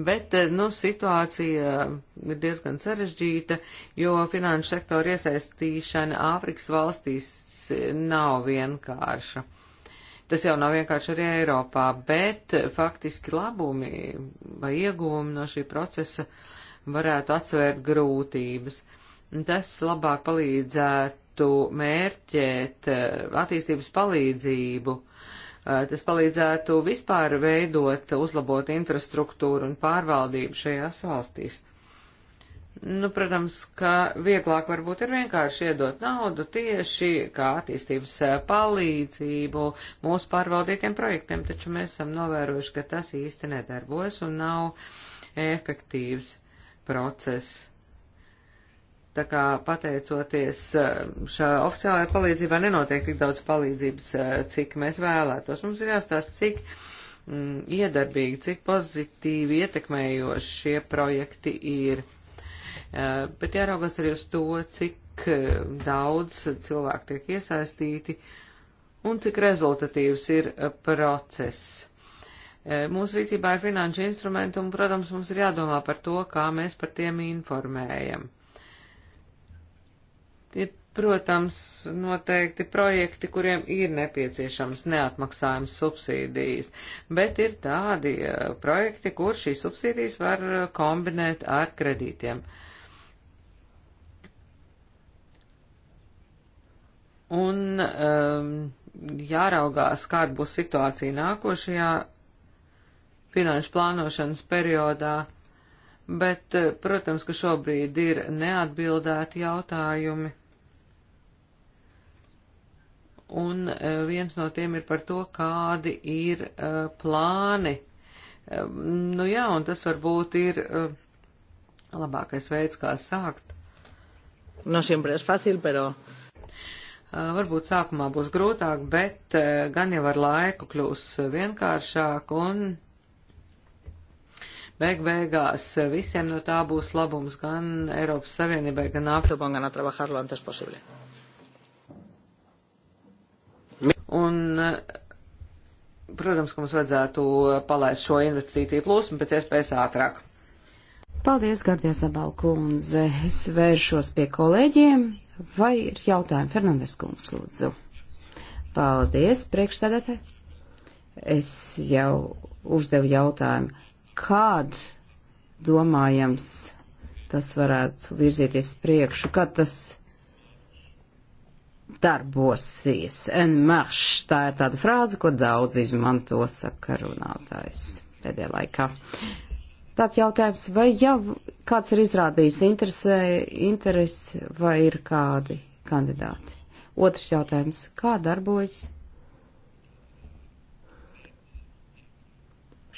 Bet, eh, nu, situācija eh, ir diezgan sarežģīta, jo finanšu sektora iesaistīšana Āfrikas valstīs eh, nav vienkārša. Tas jau nav vienkārši arī Eiropā, bet faktiski labumi vai ieguvumi no šī procesa varētu atsvērt grūtības. Tas labāk palīdzētu mērķēt attīstības palīdzību Eh, tas palīdzētu vispār veidot, uzlabot infrastruktūru un pārvaldību šajās valstīs. Nu, protams, ka vieglāk varbūt ir vienkārši iedot naudu tieši kā attīstības eh, palīdzību mūsu pārvaldītiem projektiem, taču mēs esam novērojuši, ka tas īsti nedarbojas un nav efektīvs process Tā kā pateicoties eh, šā oficiālajā palīdzībā nenotiek tik daudz palīdzības, eh, cik mēs vēlētos. Mums ir jāstāsta, cik mm, iedarbīgi, cik pozitīvi ietekmējoši šie projekti ir. Eh, bet jāraugās arī uz to, cik daudz cilvēku tiek iesaistīti un cik rezultatīvs ir process. Mūsu rīcībā ir finanšu instrumenti, un, protams, mums ir jādomā par to, kā mēs par tiem informējam. Protams, noteikti projekti, kuriem ir nepieciešams neatmaksājums subsīdijas, bet ir tādi eh, projekti, kur šīs subsīdijas var eh, kombinēt ar kredītiem. Un um, jāraugās, kāda būs situācija nākošajā finanšu plānošanas periodā, bet, eh, protams, ka šobrīd ir neatbildēti jautājumi un e, viens no tiem ir par to, kādi ir e, plāni. E, nu jā, un tas varbūt ir labākais veids, kā sākt. No siempre es fácil, pero. Varbūt sākumā būs grūtāk, bet gan jau ar laiku kļūs vienkāršāk un beig beigās visiem no tā būs labums gan Eiropas Savienībai, gan Āfrikai. Un, protams, ka mums vajadzētu palaist šo investīciju plūsmu pēc iespējas ātrāk. Paldies, Gardie Zabalkundze. Es vēršos pie kolēģiem. Vai ir jautājumi? Fernandes kungs, lūdzu. Paldies, priekšstādātāji. Es jau uzdevu jautājumu, kād domājams tas varētu virzīties priekšu, kad tas darbosies. En marš, tā ir tāda frāze, ko daudz izmanto saka runātājs pēdējā laikā. Tāds jautājums, vai jau kāds ir izrādījis interesē, interesi vai ir kādi kandidāti? Otrs jautājums, kā darbojas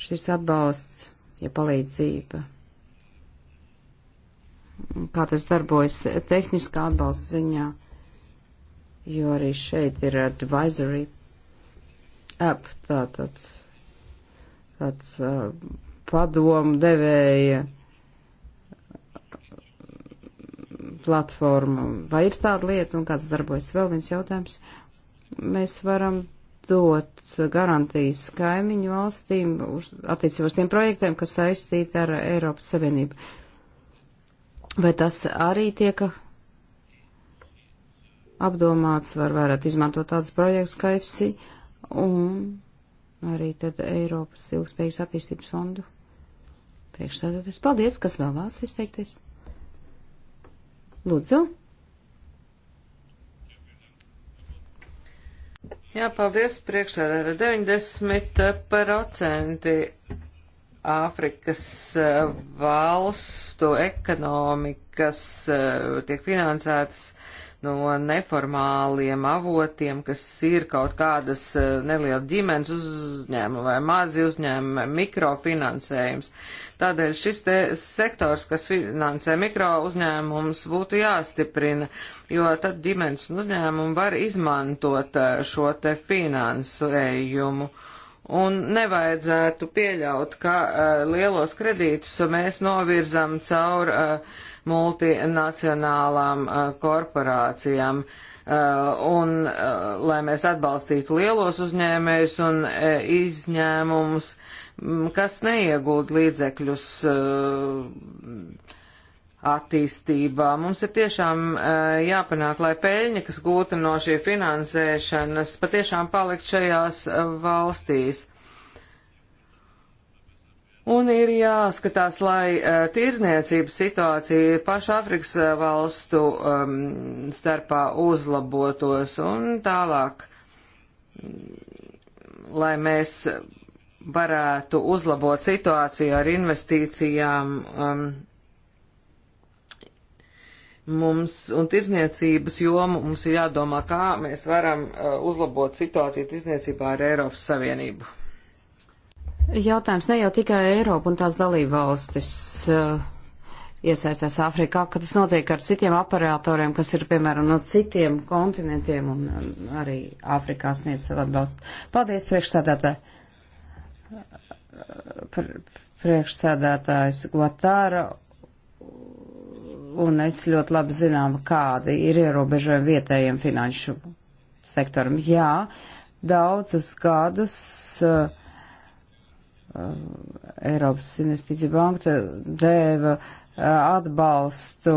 šis atbalsts, ja palīdzība? Kā tas darbojas tehniskā atbalsta ziņā? jo arī šeit ir advisory app, tātad tāds uh, padomu devēja platforma. Vai ir tāda lieta un kāds darbojas? Vēl viens jautājums. Mēs varam dot garantijas kaimiņu valstīm attiecībā uz tiem projektiem, kas saistīti ar Eiropas Savienību. Vai tas arī tiek apdomāts, var varat izmantot tāds projekts kā FC un arī tad Eiropas ilgspējas attīstības fondu. Priekšsēdētājs, paldies, kas vēl vēlas izteikties? Lūdzu. Jā, paldies, priekšsēdētāji. 90% Āfrikas eh, valstu ekonomikas eh, tiek finansētas no neformāliem avotiem, kas ir kaut kādas eh, neliela ģimenes uzņēmuma vai mazi uzņēmuma mikrofinansējums. Tādēļ šis te sektors, kas finansē mikro uzņēmumus, būtu jāstiprina, jo tad ģimenes un uzņēmumi var izmantot eh, šo te finansējumu. Un nevajadzētu pieļaut, ka uh, lielos kredītus mēs novirzam caur uh, multinacionālām uh, korporācijām. Uh, un, uh, lai mēs atbalstītu lielos uzņēmējus un izņēmumus, mm, kas neiegūd līdzekļus attīstībā. Mums ir tiešām jāpanāk, lai peļņa, kas gūta no šī finansēšanas, patiešām palikt šajās valstīs. Un ir jāskatās, lai uh, tirzniecības situācija pašu Afrikas uh, eh, valstu um, starpā uzlabotos un tālāk, mm, lai mēs varētu uzlabot situāciju ar investīcijām um, mums un tirzniecības jomu. Mums ir jādomā, kā mēs varam uh, uzlabot situāciju tirzniecībā ar Eiropas Savienību. Jautājums ne jau tikai Eiropa un tās dalībvalstis eh, iesaistās Āfrikā, ka tas notiek ar citiem operatoriem, kas ir, piemēram, no citiem kontinentiem un arī Āfrikā sniedz savu atbalstu. Paldies, priekšsēdētāji! Priekšsēdētājs Guatāra un es ļoti labi zinām, kādi ir ierobežojumi vietējiem finanšu sektoram. Jā, daudzus gadus. Uh, Eiropas Investīcija Banka dēva atbalstu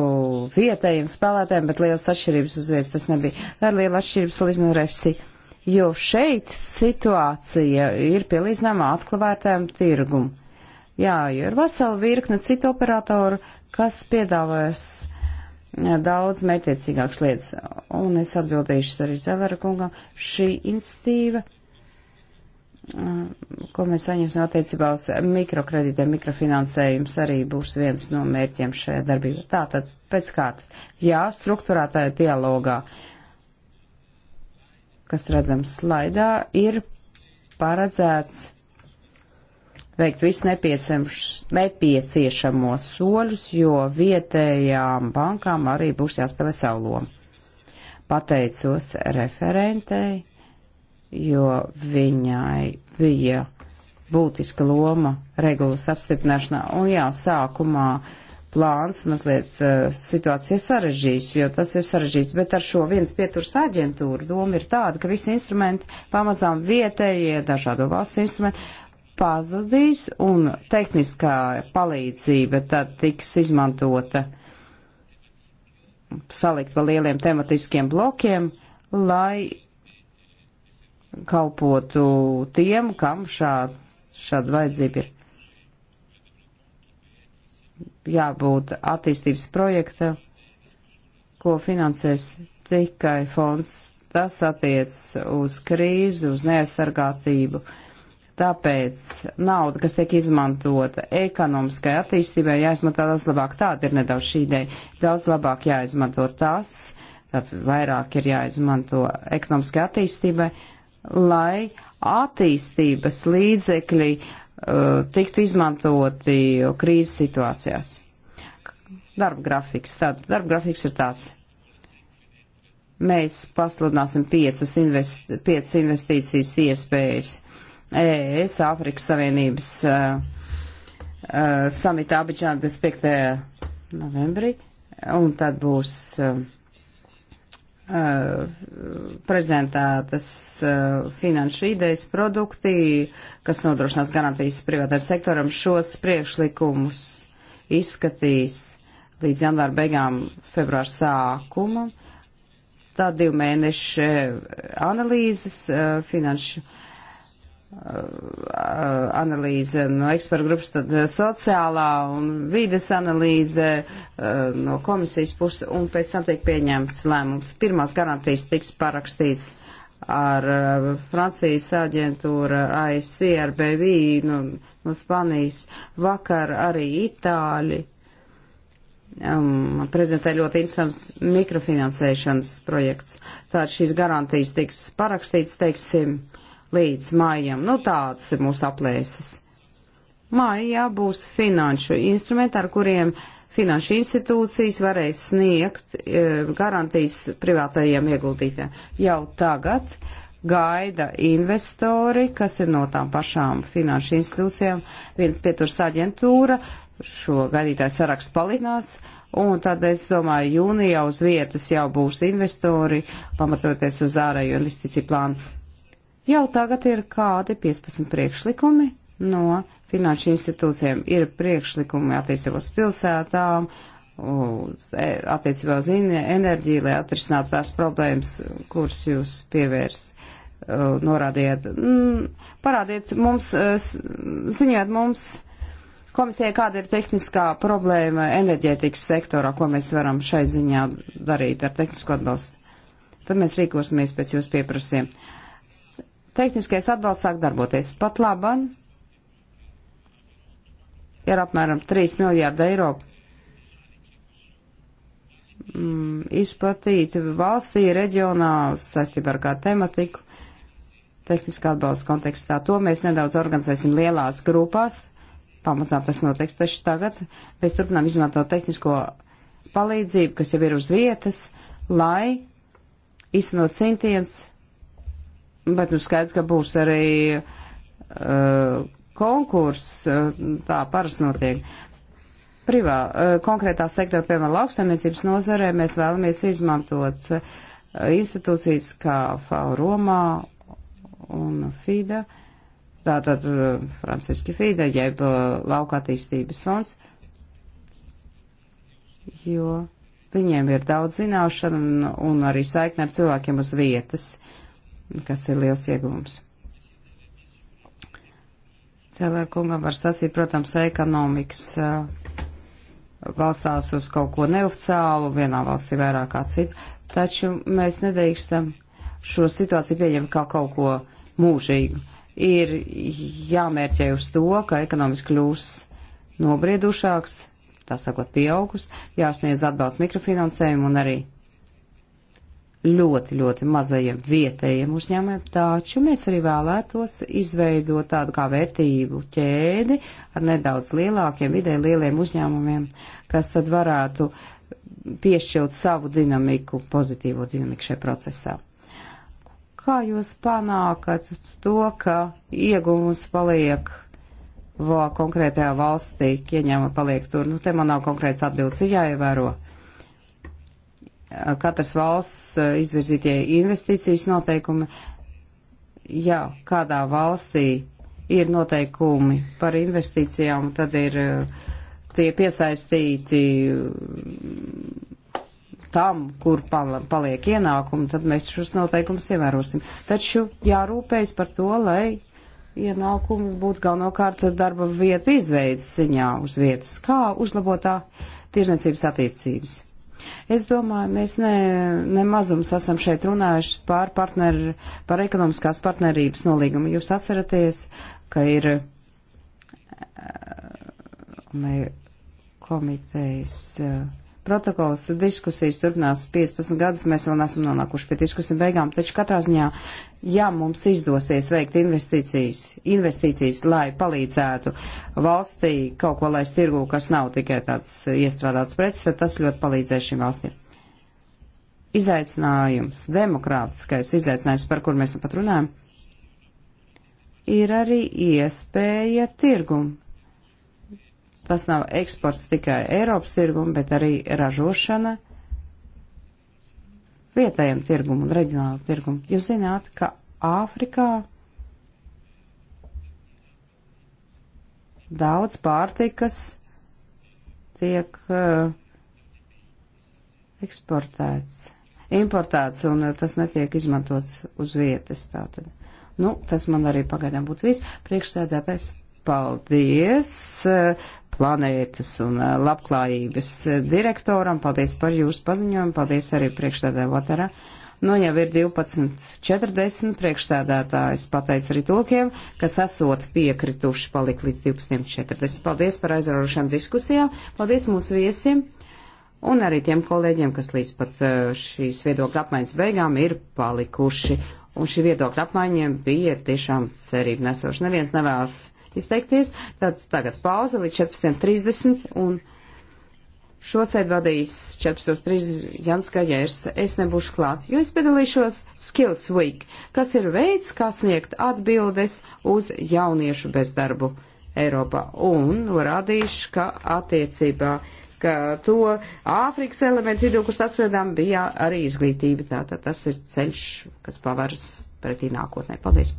vietējiem spēlētājiem, bet liels atšķirības uz vietas tas nebija. Ar lielu atšķirības līdz no refsi. Jo šeit situācija ir pielīdzināma atklātājiem tirgumu. Jā, jo ir vesela virkne citu operatoru, kas piedāvās daudz mērķiecīgākas lietas. Un es atbildīšu arī Zelera kungam. Šī institīva Uh, ko mēs saņemsim attiecībā uz mikrokredītiem, mikrofinansējums arī būs viens no mērķiem šajā darbībā. Tātad, pēc kārtas, jā, struktūrētāja dialogā, kas redzams slaidā, ir paredzēts veikt visus nepieciešamos soļus, jo vietējām bankām arī būs jāspēlē savu lomu. Pateicos referentei jo viņai bija būtiska loma regulas apstiprināšanā. Un jā, sākumā plāns mazliet uh, situācija sarežģīs, jo tas ir sarežģīts, bet ar šo viens pieturs aģentūru doma ir tāda, ka visi instrumenti pamazām vietējie dažādo valsts instrumenti pazudīs un tehniskā palīdzība tad tiks izmantota salikt pa lieliem tematiskiem blokiem, lai kalpotu tiem, kam šā, šāda vajadzība ir. Jābūt attīstības projekta, ko finansēs tikai fonds. Tas attiec uz krīzi, uz neaizsargātību. Tāpēc nauda, kas tiek izmantota ekonomiskai attīstībai, jāizmanto daudz labāk. Tāda ir nedaudz šī ideja. Daudz labāk jāizmanto tas, tad vairāk ir jāizmanto ekonomiskai attīstībai lai attīstības līdzekļi uh, tiktu izmantoti krīzes situācijās. Darba grafiks. Tad, darba grafiks ir tāds. Mēs pasludināsim piecus invest, piecas investīcijas iespējas ES Āfrikas Savienības uh, uh, samitā Abidžāna 5. novembrī, un tad būs uh, Eh, prezentētas eh, finanšu idejas produkti, kas nodrošinās garantijas privātajam sektoram, šos priekšlikumus izskatīs līdz janvāra beigām februāra sākuma. Tā divu mēnešu analīzes eh, finanšu Uh, analīze no eksperta grupas, tad uh, sociālā un vides analīze uh, no komisijas puses, un pēc tam tiek pieņemts lēmums. Pirmās garantijas tiks parakstīts ar Francijas aģentūru, ASC, ar BVI, nu, no, no Spanijas, vakar arī Itāļi. Um, prezentē ļoti interesants mikrofinansēšanas projekts. Tātad šīs garantijas tiks parakstīts, teiksim, līdz maijam. Nu, tāds ir mūsu aplēses. Maijā būs finanšu instrumenti, ar kuriem finanšu institūcijas varēs sniegt e, garantijas privātajiem ieguldītājiem. Jau tagad gaida investori, kas ir no tām pašām finanšu institūcijām, viens pieturs aģentūra, šo gaidītāju saraksts palinās, un tad es domāju, jūnijā uz vietas jau būs investori, pamatoties uz ārēju investīciju plānu. Jau tagad ir kādi 15 priekšlikumi no finanšu institūcijiem. Ir priekšlikumi attiecībā uz pilsētām, uz, e, attiecībā uz enerģiju, lai atrisinātu tās problēmas, kuras jūs pievērs. E, Norādiet, mm, parādiet mums, e, ziņojiet mums, komisijai, kāda ir tehniskā problēma enerģētikas sektorā, ko mēs varam šai ziņā darīt ar tehnisko atbalstu. Tad mēs rīkosimies pēc jūsu pieprasījuma tehniskais atbalsts sāk darboties. Pat laban ir apmēram 3 miljārdi eiro mm, izplatīti valstī, reģionā saistībā ar kā tematiku, tehniskā atbalsta kontekstā. To mēs nedaudz organizēsim lielās grupās, pamazām tas notiks, taču tagad mēs turpinām izmantot tehnisko palīdzību, kas jau ir uz vietas, lai īstenot centienus Bet nu skaidrs, ka būs arī uh, konkurss, uh, tā parasti notiek. Privā, uh, konkrētā sektora, piemēram, lauksaimniecības nozarē, mēs vēlamies izmantot uh, institūcijas kā FAU Romā un FIDA, tātad uh, Franciski FIDA, jeb uh, Lauka attīstības fonds, jo viņiem ir daudz zināšanu un, un arī saikni ar cilvēkiem uz vietas. Uh, kas ir liels iegūms. Cēlēr kungam var sacīt, protams, ekonomikas uh, balstās uz kaut ko neoficiālu, vienā valstī vairāk kā cita, taču mēs nedrīkstam šo situāciju pieņemt kā kaut ko mūžīgu. Ir jāmērķē uz to, ka ekonomiski kļūs nobriedušāks, tā sakot, pieaugus, jāsniedz atbalsts mikrofinansējumu un arī ļoti, ļoti mazajiem vietējiem uzņēmumiem, taču mēs arī vēlētos izveidot tādu kā vērtību ķēdi ar nedaudz lielākiem, vidē lieliem uzņēmumiem, kas tad varētu piešķilt savu dinamiku, pozitīvo dinamiku šajā procesā. Kā jūs panākat to, ka ieguvums paliek konkrētajā valstī, ieņēmumi paliek tur? Nu, te man nav konkrēts atbildes, jāievēro. Ja katras valsts eh, izvirzītie investīcijas noteikumi. Jā, kādā valstī ir noteikumi par investīcijām, tad ir eh, tie piesaistīti mm, tam, kur paliek ienākumi, tad mēs šos noteikumus ievērosim. Taču jārūpējas par to, lai ienākumi būtu galvenokārt darba vietu izveidas ziņā uz vietas, kā uzlabotā tiešniecības attiecības. Es domāju, mēs ne, ne mazums esam šeit runājuši par, partner, par ekonomiskās partnerības nolīgumu. Jūs atceraties, ka ir eh, komitejas. Uh, protokols diskusijas turpinās 15 gadus, mēs vēl nesam nonākuši pie diskusiju beigām, taču katrā ziņā, ja mums izdosies veikt investīcijas, investīcijas, lai palīdzētu valstī kaut ko laist tirgū, kas nav tikai tāds iestrādāts preces, tad tas ļoti palīdzēs šīm valstīm. Izaicinājums, demokrātiskais izaicinājums, par kur mēs nu pat runājam, ir arī iespēja tirgumu tas nav eksports tikai Eiropas tirgumu, bet arī ražošana vietējiem tirgumu un reģionālu tirgumu. Jūs zināt, ka Āfrikā daudz pārtikas tiek uh, eksportēts, importēts, un uh, tas netiek izmantots uz vietas. Tātad. Nu, tas man arī pagaidām būtu viss. Priekšsēdētais, paldies! Uh, planētas un labklājības direktoram. Paldies par jūsu paziņojumu, paldies arī priekšstādēvotara. Nu, jau ir 12.40, priekšstādētājs pateica arī tūkiem, kas esot piekrituši palikt līdz 12.40. Paldies par aizraujošām diskusijām, paldies mūsu viesiem un arī tiem kolēģiem, kas līdz pat šīs viedokļa apmaiņas beigām ir palikuši. Un šī viedokļa apmaiņiem bija tiešām cerība nesoša. Neviens nevēlas izteikties. Tad tagad pauze līdz 14.30 un šo sēdu vadīs 14.30 Jans Gajers. Es nebūšu klāt, jo es piedalīšos Skills Week, kas ir veids, kā sniegt atbildes uz jauniešu bezdarbu Eiropā. Un norādīšu, ka attiecībā ka to Āfrikas elementu vidū, kurš apsvērdām, bija arī izglītība. Tātad tas ir ceļš, kas pavars pretī nākotnē. Paldies!